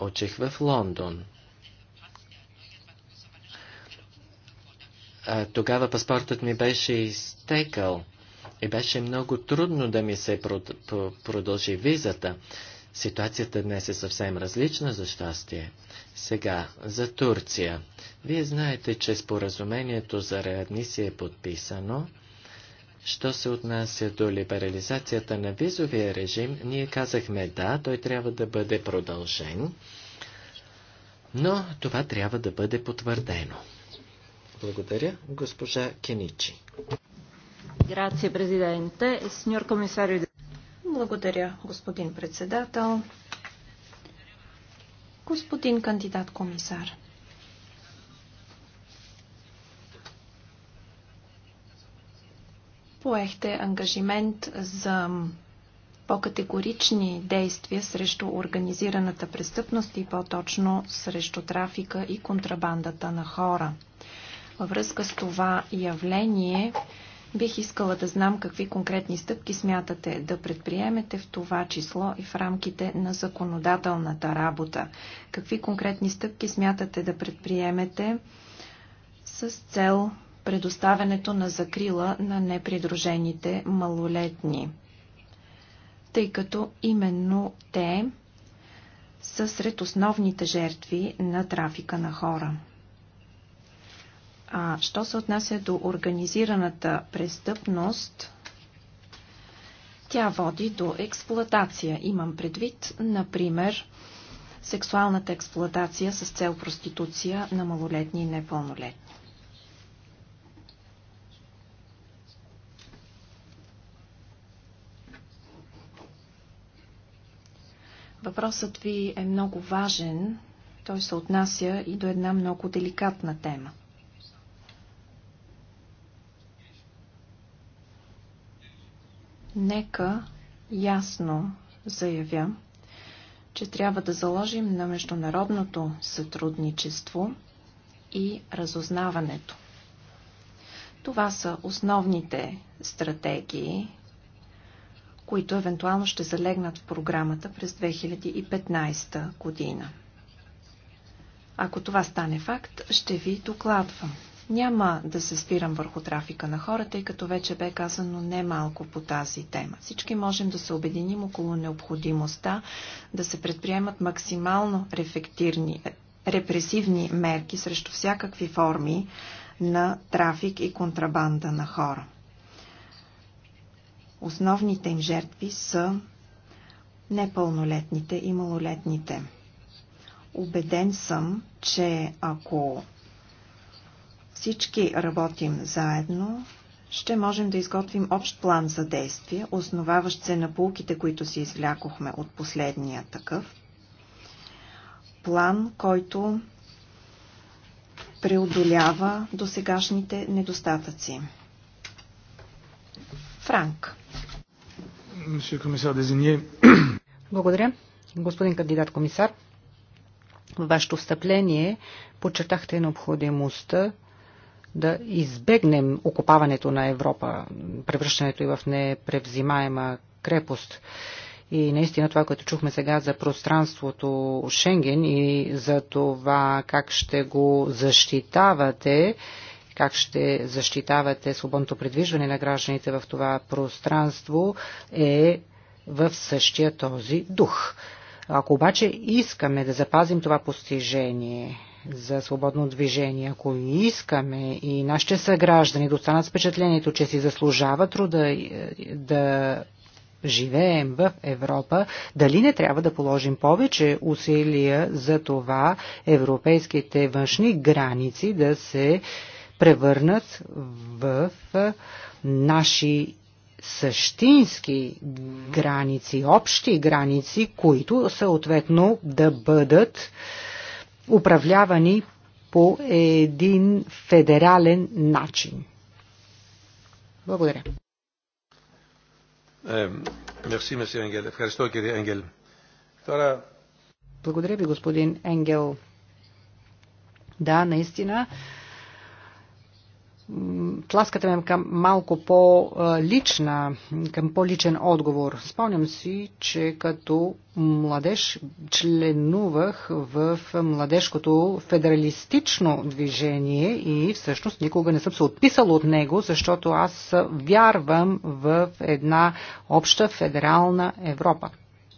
очих в Лондон. тогава паспортът ми беше изтекал и беше много трудно да ми се продължи визата. Ситуацията днес е съвсем различна за щастие. Сега, за Турция. Вие знаете, че споразумението за реадмисия е подписано. Що се отнася до либерализацията на визовия режим, ние казахме да, той трябва да бъде продължен, но това трябва да бъде потвърдено. Благодаря, госпожа Кеничи. Грация, президенте. Сеньор комисар Благодаря, господин председател. Господин кандидат комисар. Поехте ангажимент за по-категорични действия срещу организираната престъпност и по-точно срещу трафика и контрабандата на хора – във връзка с това явление бих искала да знам какви конкретни стъпки смятате да предприемете в това число и в рамките на законодателната работа. Какви конкретни стъпки смятате да предприемете с цел предоставянето на закрила на непридружените малолетни, тъй като именно те са сред основните жертви на трафика на хора. А що се отнася до организираната престъпност, тя води до експлоатация. Имам предвид, например, сексуалната експлоатация с цел проституция на малолетни и непълнолетни. Въпросът ви е много важен. Той се отнася и до една много деликатна тема – Нека ясно заявя, че трябва да заложим на международното сътрудничество и разузнаването. Това са основните стратегии, които евентуално ще залегнат в програмата през 2015 година. Ако това стане факт, ще ви докладвам. Няма да се спирам върху трафика на хората, тъй като вече бе казано не малко по тази тема. Всички можем да се обединим около необходимостта да се предприемат максимално рефектирни, репресивни мерки срещу всякакви форми на трафик и контрабанда на хора. Основните им жертви са непълнолетните и малолетните. Убеден съм, че ако всички работим заедно, ще можем да изготвим общ план за действие, основаващ се на полките, които си извлякохме от последния такъв. План, който преодолява досегашните недостатъци. Франк. Благодаря. Господин кандидат комисар, във вашето встъпление подчертахте необходимостта да избегнем окупаването на Европа, превръщането и в непревзимаема крепост. И наистина това, което чухме сега за пространството Шенген и за това как ще го защитавате, как ще защитавате свободното предвижване на гражданите в това пространство, е в същия този дух. Ако обаче искаме да запазим това постижение, за свободно движение. Ако искаме и нашите съграждани да останат с впечатлението, че си заслужава труда е, да живеем в Европа, дали не трябва да положим повече усилия за това европейските външни граници да се превърнат в е, наши същински граници, общи граници, които съответно да бъдат управлявани по един федерален начин. Благодаря. Е, мерси, Енгел. Енгел. кири Благодаря ви, господин Енгел. Да, наистина Тласката ме към малко по-лична, към по-личен отговор. Спомням си, че като младеж членувах в младежкото федералистично движение и всъщност никога не съм се отписал от него, защото аз вярвам в една обща федерална Европа,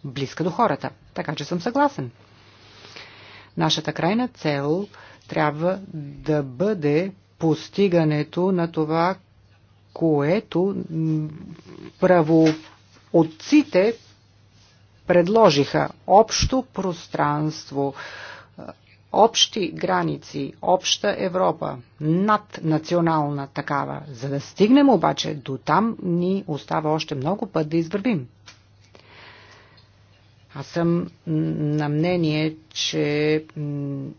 близка до хората. Така че съм съгласен. Нашата крайна цел трябва да бъде постигането на това, което правоотците предложиха общо пространство, общи граници, обща Европа, наднационална такава. За да стигнем обаче до там, ни остава още много път да извървим. Аз съм на мнение, че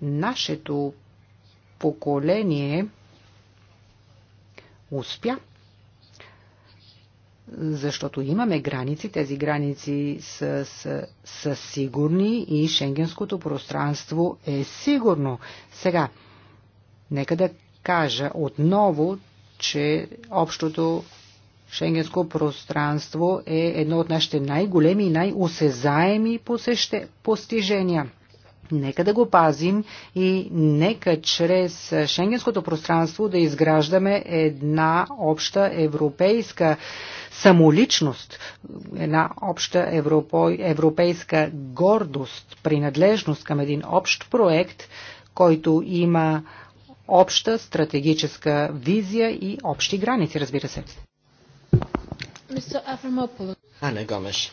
нашето поколение – успя. Защото имаме граници, тези граници са, са, са сигурни и шенгенското пространство е сигурно. Сега, нека да кажа отново, че общото Шенгенско пространство е едно от нашите най-големи и най-осезаеми постижения. Нека да го пазим и нека чрез шенгенското пространство да изграждаме една обща европейска самоличност, една обща европейска гордост, принадлежност към един общ проект, който има обща стратегическа визия и общи граници, разбира се. Ана Гомеш.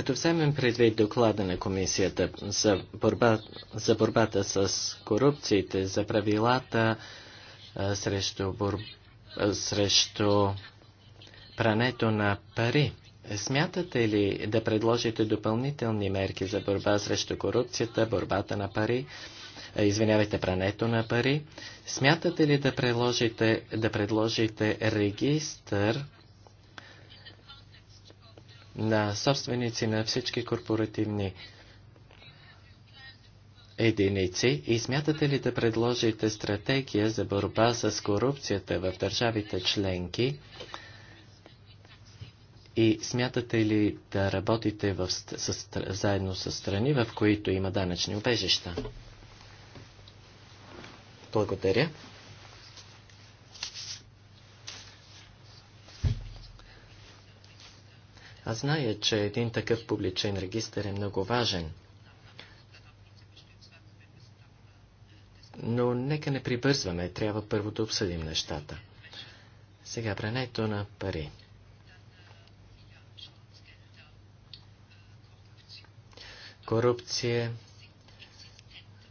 Като вземем предвид доклада на комисията за, борба, за борбата с корупциите, за правилата а, срещу, бор, а, срещу прането на пари, смятате ли да предложите допълнителни мерки за борба срещу корупцията, борбата на пари? извинявайте, прането на пари. Смятате ли да предложите, да предложите регистър на собственици на всички корпоративни единици и смятате ли да предложите стратегия за борба с корупцията в държавите членки и смятате ли да работите в, с, заедно с страни, в които има данъчни убежища? Благодаря. Аз зная, че един такъв публичен регистр е много важен. Но нека не прибързваме, трябва първо да обсъдим нещата. Сега прането на пари. Корупция,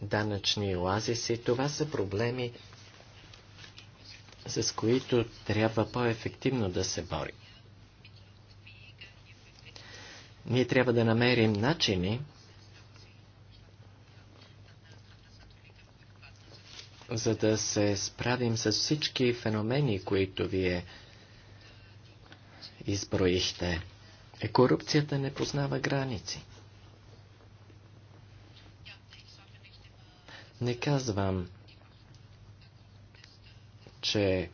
данъчни оазиси, това са проблеми, с които трябва по-ефективно да се борим. Ние трябва да намерим начини за да се справим с всички феномени, които вие изброихте. Е, корупцията не познава граници. Не казвам, че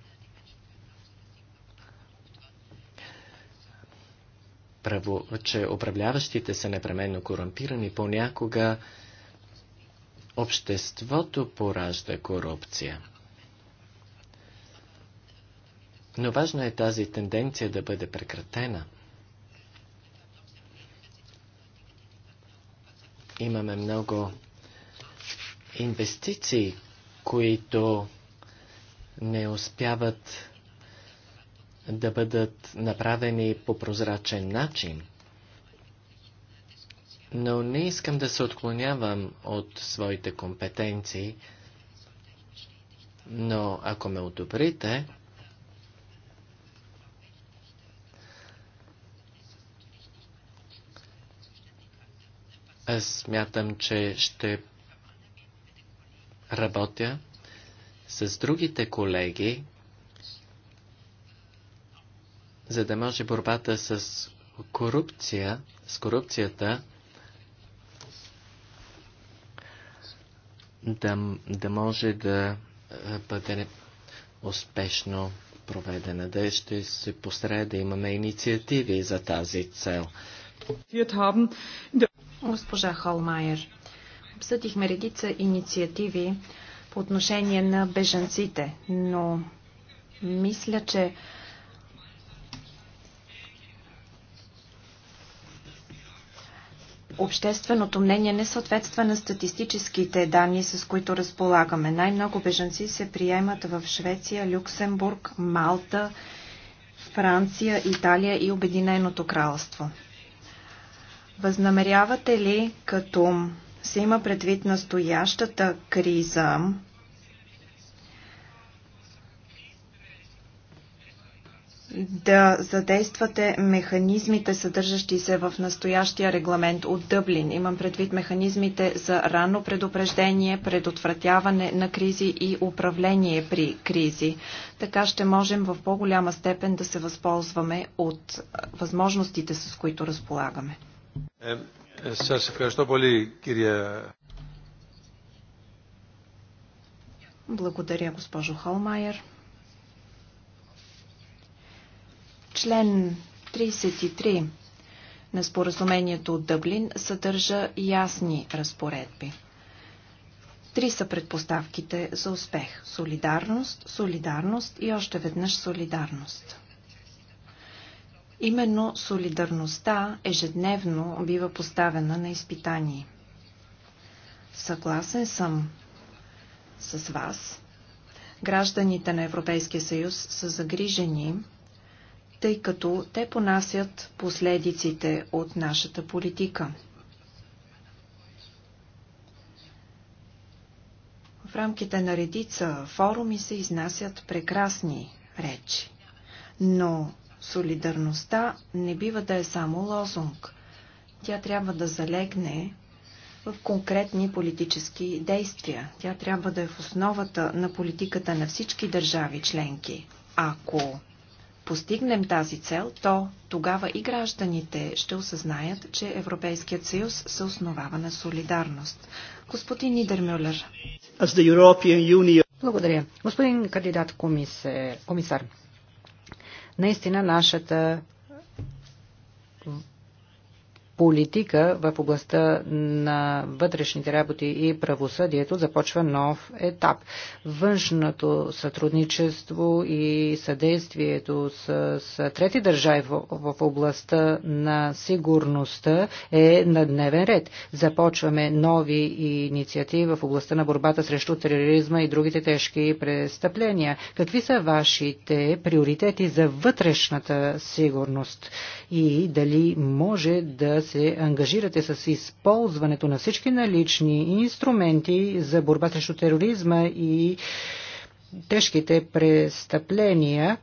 право, че управляващите са непременно корумпирани, понякога обществото поражда корупция. Но важно е тази тенденция да бъде прекратена. Имаме много инвестиции, които не успяват да бъдат направени по прозрачен начин. Но не искам да се отклонявам от своите компетенции, но ако ме одобрите, аз смятам, че ще работя с другите колеги, за да може борбата с корупция, с корупцията да, да може да бъде успешно проведена. Да ще се постарая да имаме инициативи за тази цел. Госпожа Холмайер, обсъдихме редица инициативи по отношение на бежанците, но мисля, че общественото мнение не съответства на статистическите данни, с които разполагаме. Най-много бежанци се приемат в Швеция, Люксембург, Малта, Франция, Италия и Обединеното кралство. Възнамерявате ли, като се има предвид настоящата криза, да задействате механизмите, съдържащи се в настоящия регламент от Дъблин. Имам предвид механизмите за ранно предупреждение, предотвратяване на кризи и управление при кризи. Така ще можем в по-голяма степен да се възползваме от възможностите, с които разполагаме. Е, е, Благодаря, госпожо Холмайер. Член 33 на споразумението от Дъблин съдържа ясни разпоредби. Три са предпоставките за успех – солидарност, солидарност и още веднъж солидарност. Именно солидарността ежедневно бива поставена на изпитание. Съгласен съм с вас. Гражданите на Европейския съюз са загрижени – тъй като те понасят последиците от нашата политика. В рамките на редица форуми се изнасят прекрасни речи. Но солидарността не бива да е само лозунг. Тя трябва да залегне в конкретни политически действия. Тя трябва да е в основата на политиката на всички държави членки. Ако постигнем тази цел, то тогава и гражданите ще осъзнаят, че Европейският съюз се основава на солидарност. Господин Нидермюлер. Благодаря. Господин кандидат комисар, наистина нашата политика в областта на вътрешните работи и правосъдието започва нов етап. Външното сътрудничество и съдействието с, с трети държави в, в областта на сигурността е на дневен ред. Започваме нови инициативи в областта на борбата срещу тероризма и другите тежки престъпления. Какви са вашите приоритети за вътрешната сигурност и дали може да се ангажирате с използването на всички налични инструменти за борба срещу тероризма и тежките престъпления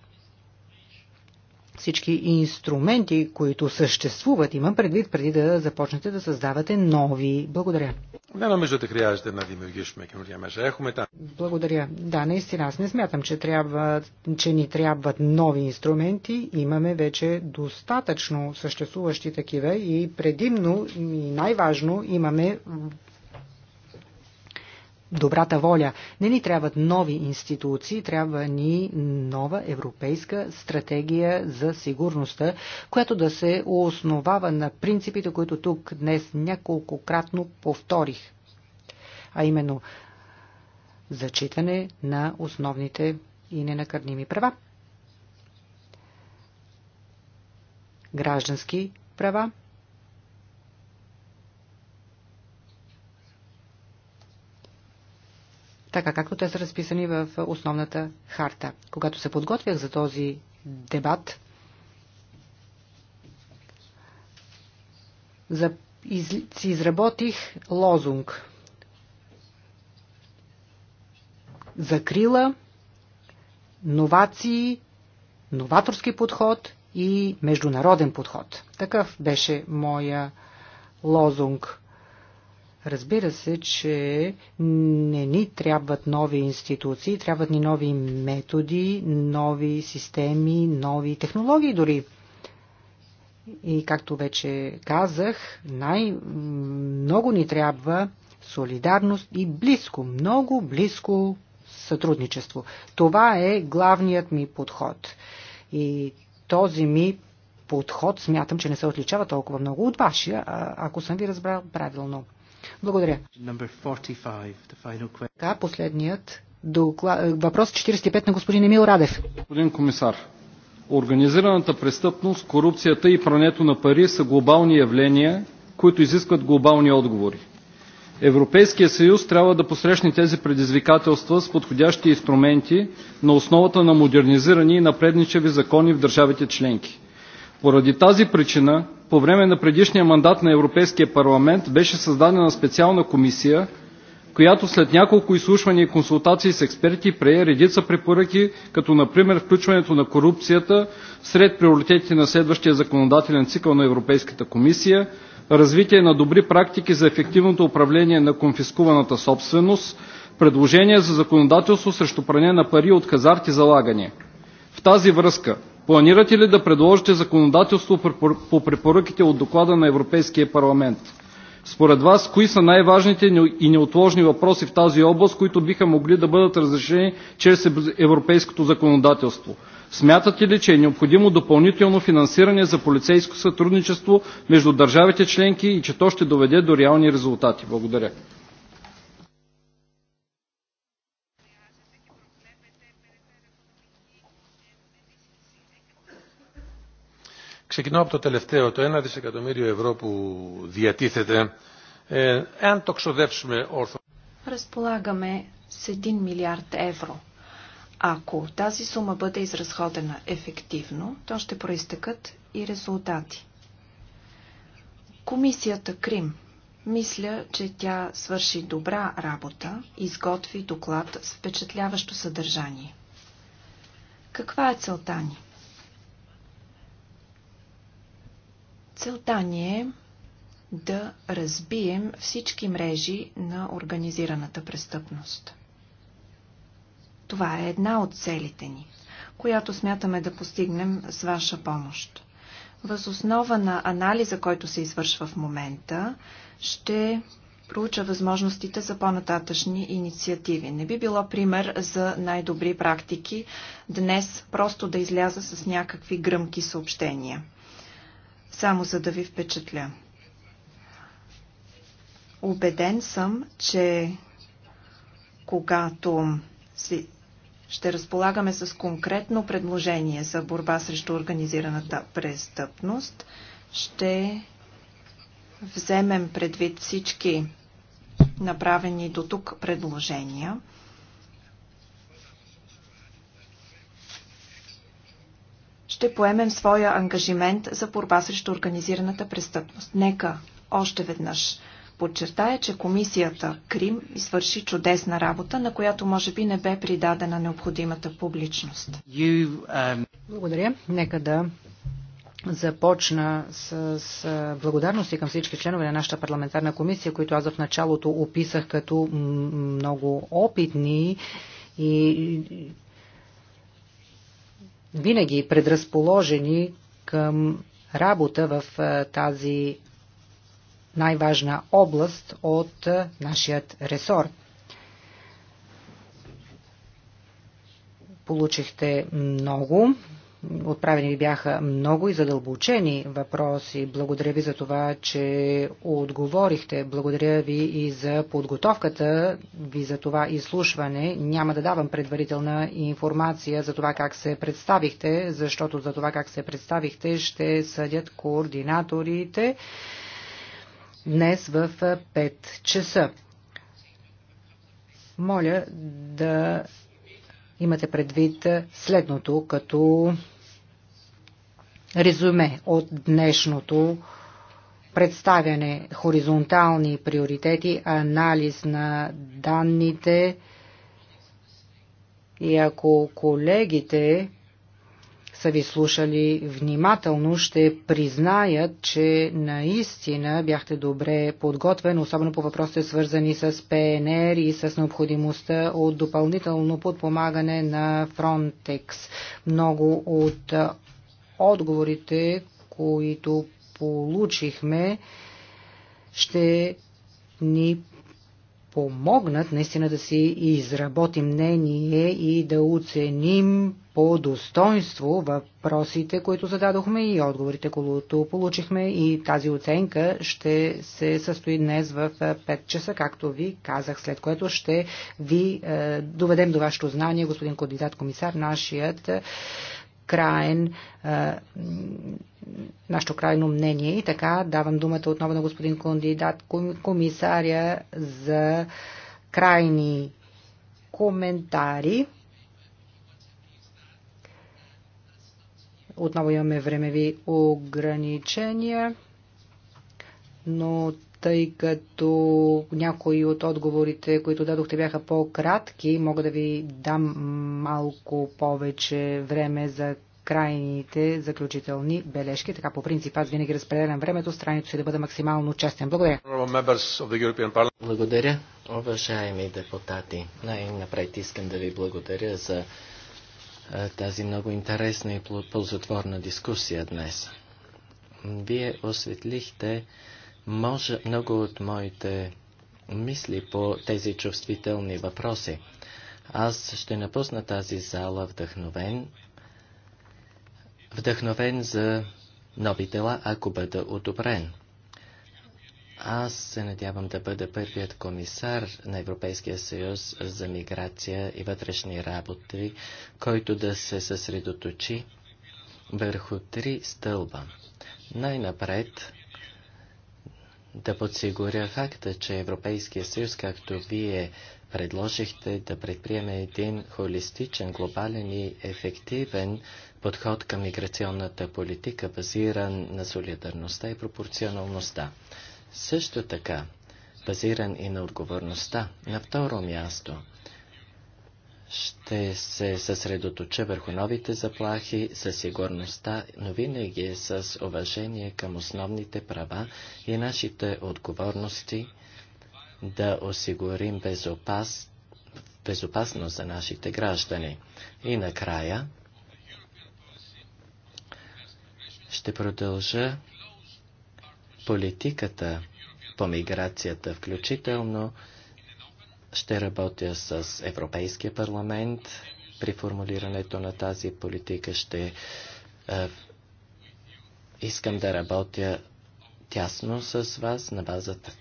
всички инструменти, които съществуват, имам предвид, преди да започнете да създавате нови. Благодаря. Е е Благодаря. Да, наистина, аз не смятам, че, трябва, че ни трябват нови инструменти. Имаме вече достатъчно съществуващи такива и предимно и най-важно имаме добрата воля. Не ни трябват нови институции, трябва ни нова европейска стратегия за сигурността, която да се основава на принципите, които тук днес няколкократно повторих. А именно зачитане на основните и ненакърними права, граждански права, така както те са разписани в основната харта. Когато се подготвях за този дебат, за, из, си изработих лозунг закрила, новации, новаторски подход и международен подход. Такъв беше моя лозунг – Разбира се, че не ни трябват нови институции, трябват ни нови методи, нови системи, нови технологии дори. И както вече казах, най-много ни трябва солидарност и близко, много близко сътрудничество. Това е главният ми подход. И този ми подход смятам, че не се отличава толкова много от вашия, ако съм ви разбрал правилно. Благодаря. Така, последният докла... Е, въпрос 45 на господин Емил Радев. Господин комисар, организираната престъпност, корупцията и прането на пари са глобални явления, които изискват глобални отговори. Европейския съюз трябва да посрещне тези предизвикателства с подходящи инструменти на основата на модернизирани и напредничеви закони в държавите членки – поради тази причина по време на предишния мандат на Европейския парламент беше създадена специална комисия, която след няколко изслушвания и консултации с експерти прие редица препоръки, като например включването на корупцията сред приоритетите на следващия законодателен цикъл на Европейската комисия, развитие на добри практики за ефективното управление на конфискуваната собственост, предложения за законодателство срещу пране на пари от хазарт и залагане. В тази връзка Планирате ли да предложите законодателство по препоръките от Доклада на Европейския парламент? Според Вас кои са най-важните и неотложни въпроси в тази област, които биха могли да бъдат разрешени чрез европейското законодателство? Смятате ли, че е необходимо допълнително финансиране за полицейско сътрудничество между държавите членки и че то ще доведе до реални резултати? Благодаря. Ξεκινώ από το τελευταίο, το 1 δισεκατομμύριο ευρώ που διατίθεται. Ε, εάν το ξοδέψουμε όρθο... Разполагаме σε 1 μιλιάρτ ευρώ. Ако тази сума бъде изразходена ефективно, то ще проистъкат и резултати. Комисията Крим. Мисля, че тя свърши добра работа, и изготви доклад с впечатляващо съдържание. Каква е целта ни? Целта ни е да разбием всички мрежи на организираната престъпност. Това е една от целите ни, която смятаме да постигнем с ваша помощ. Възоснова на анализа, който се извършва в момента, ще проуча възможностите за по-нататъчни инициативи. Не би било пример за най-добри практики днес просто да изляза с някакви гръмки съобщения само за да ви впечатля. Обеден съм, че когато си ще разполагаме с конкретно предложение за борба срещу организираната престъпност, ще вземем предвид всички направени до тук предложения. ще поемем своя ангажимент за борба срещу организираната престъпност. Нека още веднъж подчертая, че комисията Крим извърши чудесна работа, на която може би не бе придадена необходимата публичност. You, um... Благодаря. Нека да започна с, с благодарности към всички членове на нашата парламентарна комисия, които аз в началото описах като много опитни и винаги предразположени към работа в тази най-важна област от нашият ресор. Получихте много Отправени ви бяха много и задълбочени въпроси. Благодаря ви за това, че отговорихте. Благодаря ви и за подготовката ви за това изслушване. Няма да давам предварителна информация за това как се представихте, защото за това как се представихте ще съдят координаторите днес в 5 часа. Моля да имате предвид следното като резюме от днешното представяне, хоризонтални приоритети, анализ на данните и ако колегите са ви слушали внимателно, ще признаят, че наистина бяхте добре подготвен, особено по въпросите свързани с ПНР и с необходимостта от допълнително подпомагане на Frontex. Много от отговорите, които получихме, ще ни помогнат наистина да си изработим мнение и да оценим по достоинство въпросите, които зададохме и отговорите, които получихме и тази оценка ще се състои днес в 5 е, часа, както ви казах, след което ще ви е, доведем до вашето знание, господин кандидат комисар, нашият е, краен, нашето крайно мнение. И така давам думата отново на господин кандидат комисаря за крайни коментари. Отново имаме времеви ограничения, но тъй като някои от отговорите, които дадохте, бяха по-кратки. Мога да ви дам малко повече време за крайните заключителни бележки. Така по принцип аз винаги разпределям времето, страните си да бъда максимално честен. Благодаря. Благодаря, уважаеми депутати. Най-напред искам да ви благодаря за тази много интересна и ползотворна дискусия днес. Вие осветлихте може много от моите мисли по тези чувствителни въпроси. Аз ще напусна тази зала вдъхновен, вдъхновен за нови дела, ако бъда одобрен. Аз се надявам да бъда първият комисар на Европейския съюз за миграция и вътрешни работи, който да се съсредоточи върху три стълба. Най-напред да подсигуря факта, че Европейския съюз, както вие предложихте, да предприеме един холистичен, глобален и ефективен подход към миграционната политика, базиран на солидарността и пропорционалността. Също така, базиран и на отговорността. На второ място, ще се съсредоточа върху новите заплахи със сигурността, но винаги е с уважение към основните права и нашите отговорности да осигурим безопас, безопасност за нашите граждани. И накрая ще продължа политиката по миграцията, включително ще работя с Европейския парламент. При формулирането на тази политика ще е, искам да работя тясно с вас на базата,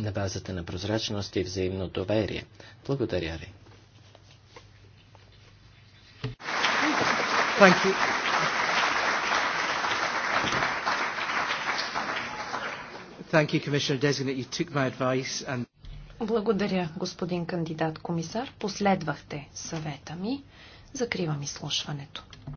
на базата на прозрачност и взаимно доверие. Благодаря ви. Thank you. Thank you, Commissioner Designate. You took my advice and благодаря, господин кандидат комисар. Последвахте съвета ми. Закривам изслушването.